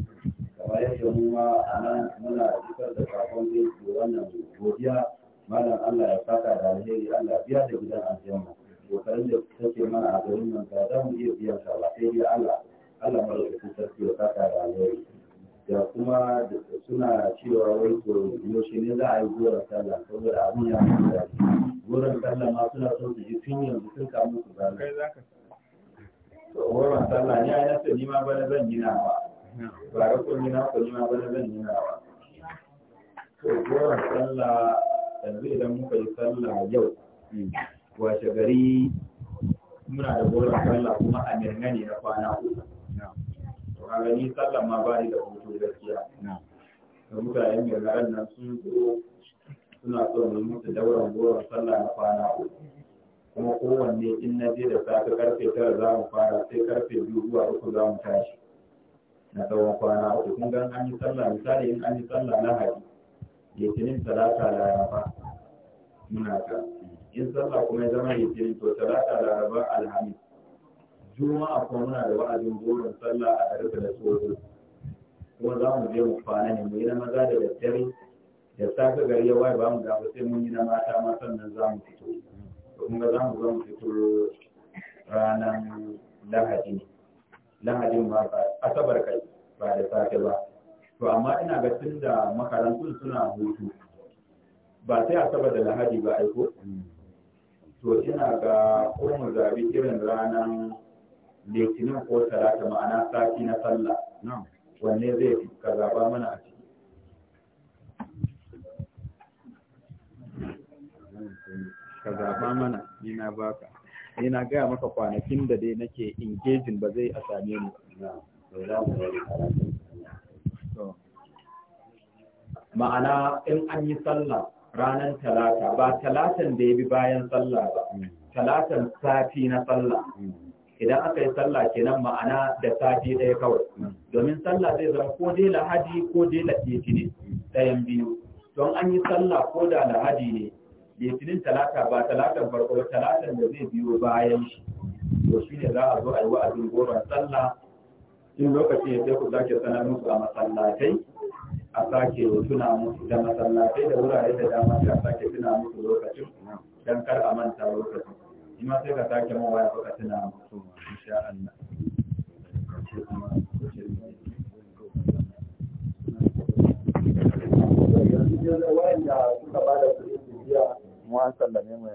kamar yadda mu ma a nan muna jikar da sakon zai da wannan godiya malam Allah ya saka da alheri Allah biya da gidan aljanna kokarin da take mana a garin nan ga za mu iya biyan sa ba sai dai Allah Allah madaukakin sarki ya saka da alheri da kuma suna cewa wai to yaushe ne za a yi goron sallah saboda abin ya fi da goron sallah ma suna son su ji tun yanzu sun kamu su zama goron sallah ne a yi nasa ni ma bana zan gina ba ba ga kun na ku ma ba zan yi na to gora sallah yanzu idan muka yi sallah yau washe gari muna da gora sallah kuma a mirgani na kwana uku to ka gani sallah ma ba ni da hutu gaskiya da mutane mirgaran nan sun zo suna so mu mutu dauran goron sallah na kwana uku kuma kowanne in na je da safe karfe tara za mu fara sai karfe biyu zuwa uku za mu tashi na tsawon kwana uku kun gan an yi sallah misali in an yi sallah lahadi litinin talata laraba muna ka in sallah kuma ya zama litinin to talata laraba alhamis juma'a kuma muna da wa'azin goron sallah a rufe da tsoro kuma za mu je mu kwana ne mu yi na maza da daddare da safe gari ya waye ba mu dafa sai mun yi na mata ma sannan za mu fito to kuma ga za mu zo mu fito ranar lahadi ne lahadin ma asabar kai ba da safe ba to amma ina ga tun da makarantun suna hutu ba sai asabar da lahadi ba aiko to ina ga kuma zabi irin ranar litinin ko talata ma'ana sati na sallah wanne zai ka zaba mana a ciki ka zaba mana ni na baka ne na gaya maka kwanakin da dai nake engaging ba zai a same ni ma'ana in an yi sallah ranar talata ba talatan da ya bi bayan sallah ba talatan sati na sallah idan aka yi sallah kenan ma'ana da safi ɗaya kawai domin sallah zai zama ko dai lahadi ko dai latiti ne ɗayan biyu don an yi sallah ko da lahadi ne litinin talata ba talatan farko ba talatan da zai biyo bayan shi to shi ne za a zo a yi wa'azin goma sallah in lokaci ya sai ku sake sanar musu a masallatai a sake tuna musu da masallatai da wurare da dama sai a sake tuna musu lokacin dan kar a manta lokacin in ma sai ka sake mawa ya ka tuna musu insha Allah Yeah. mu an sallame mu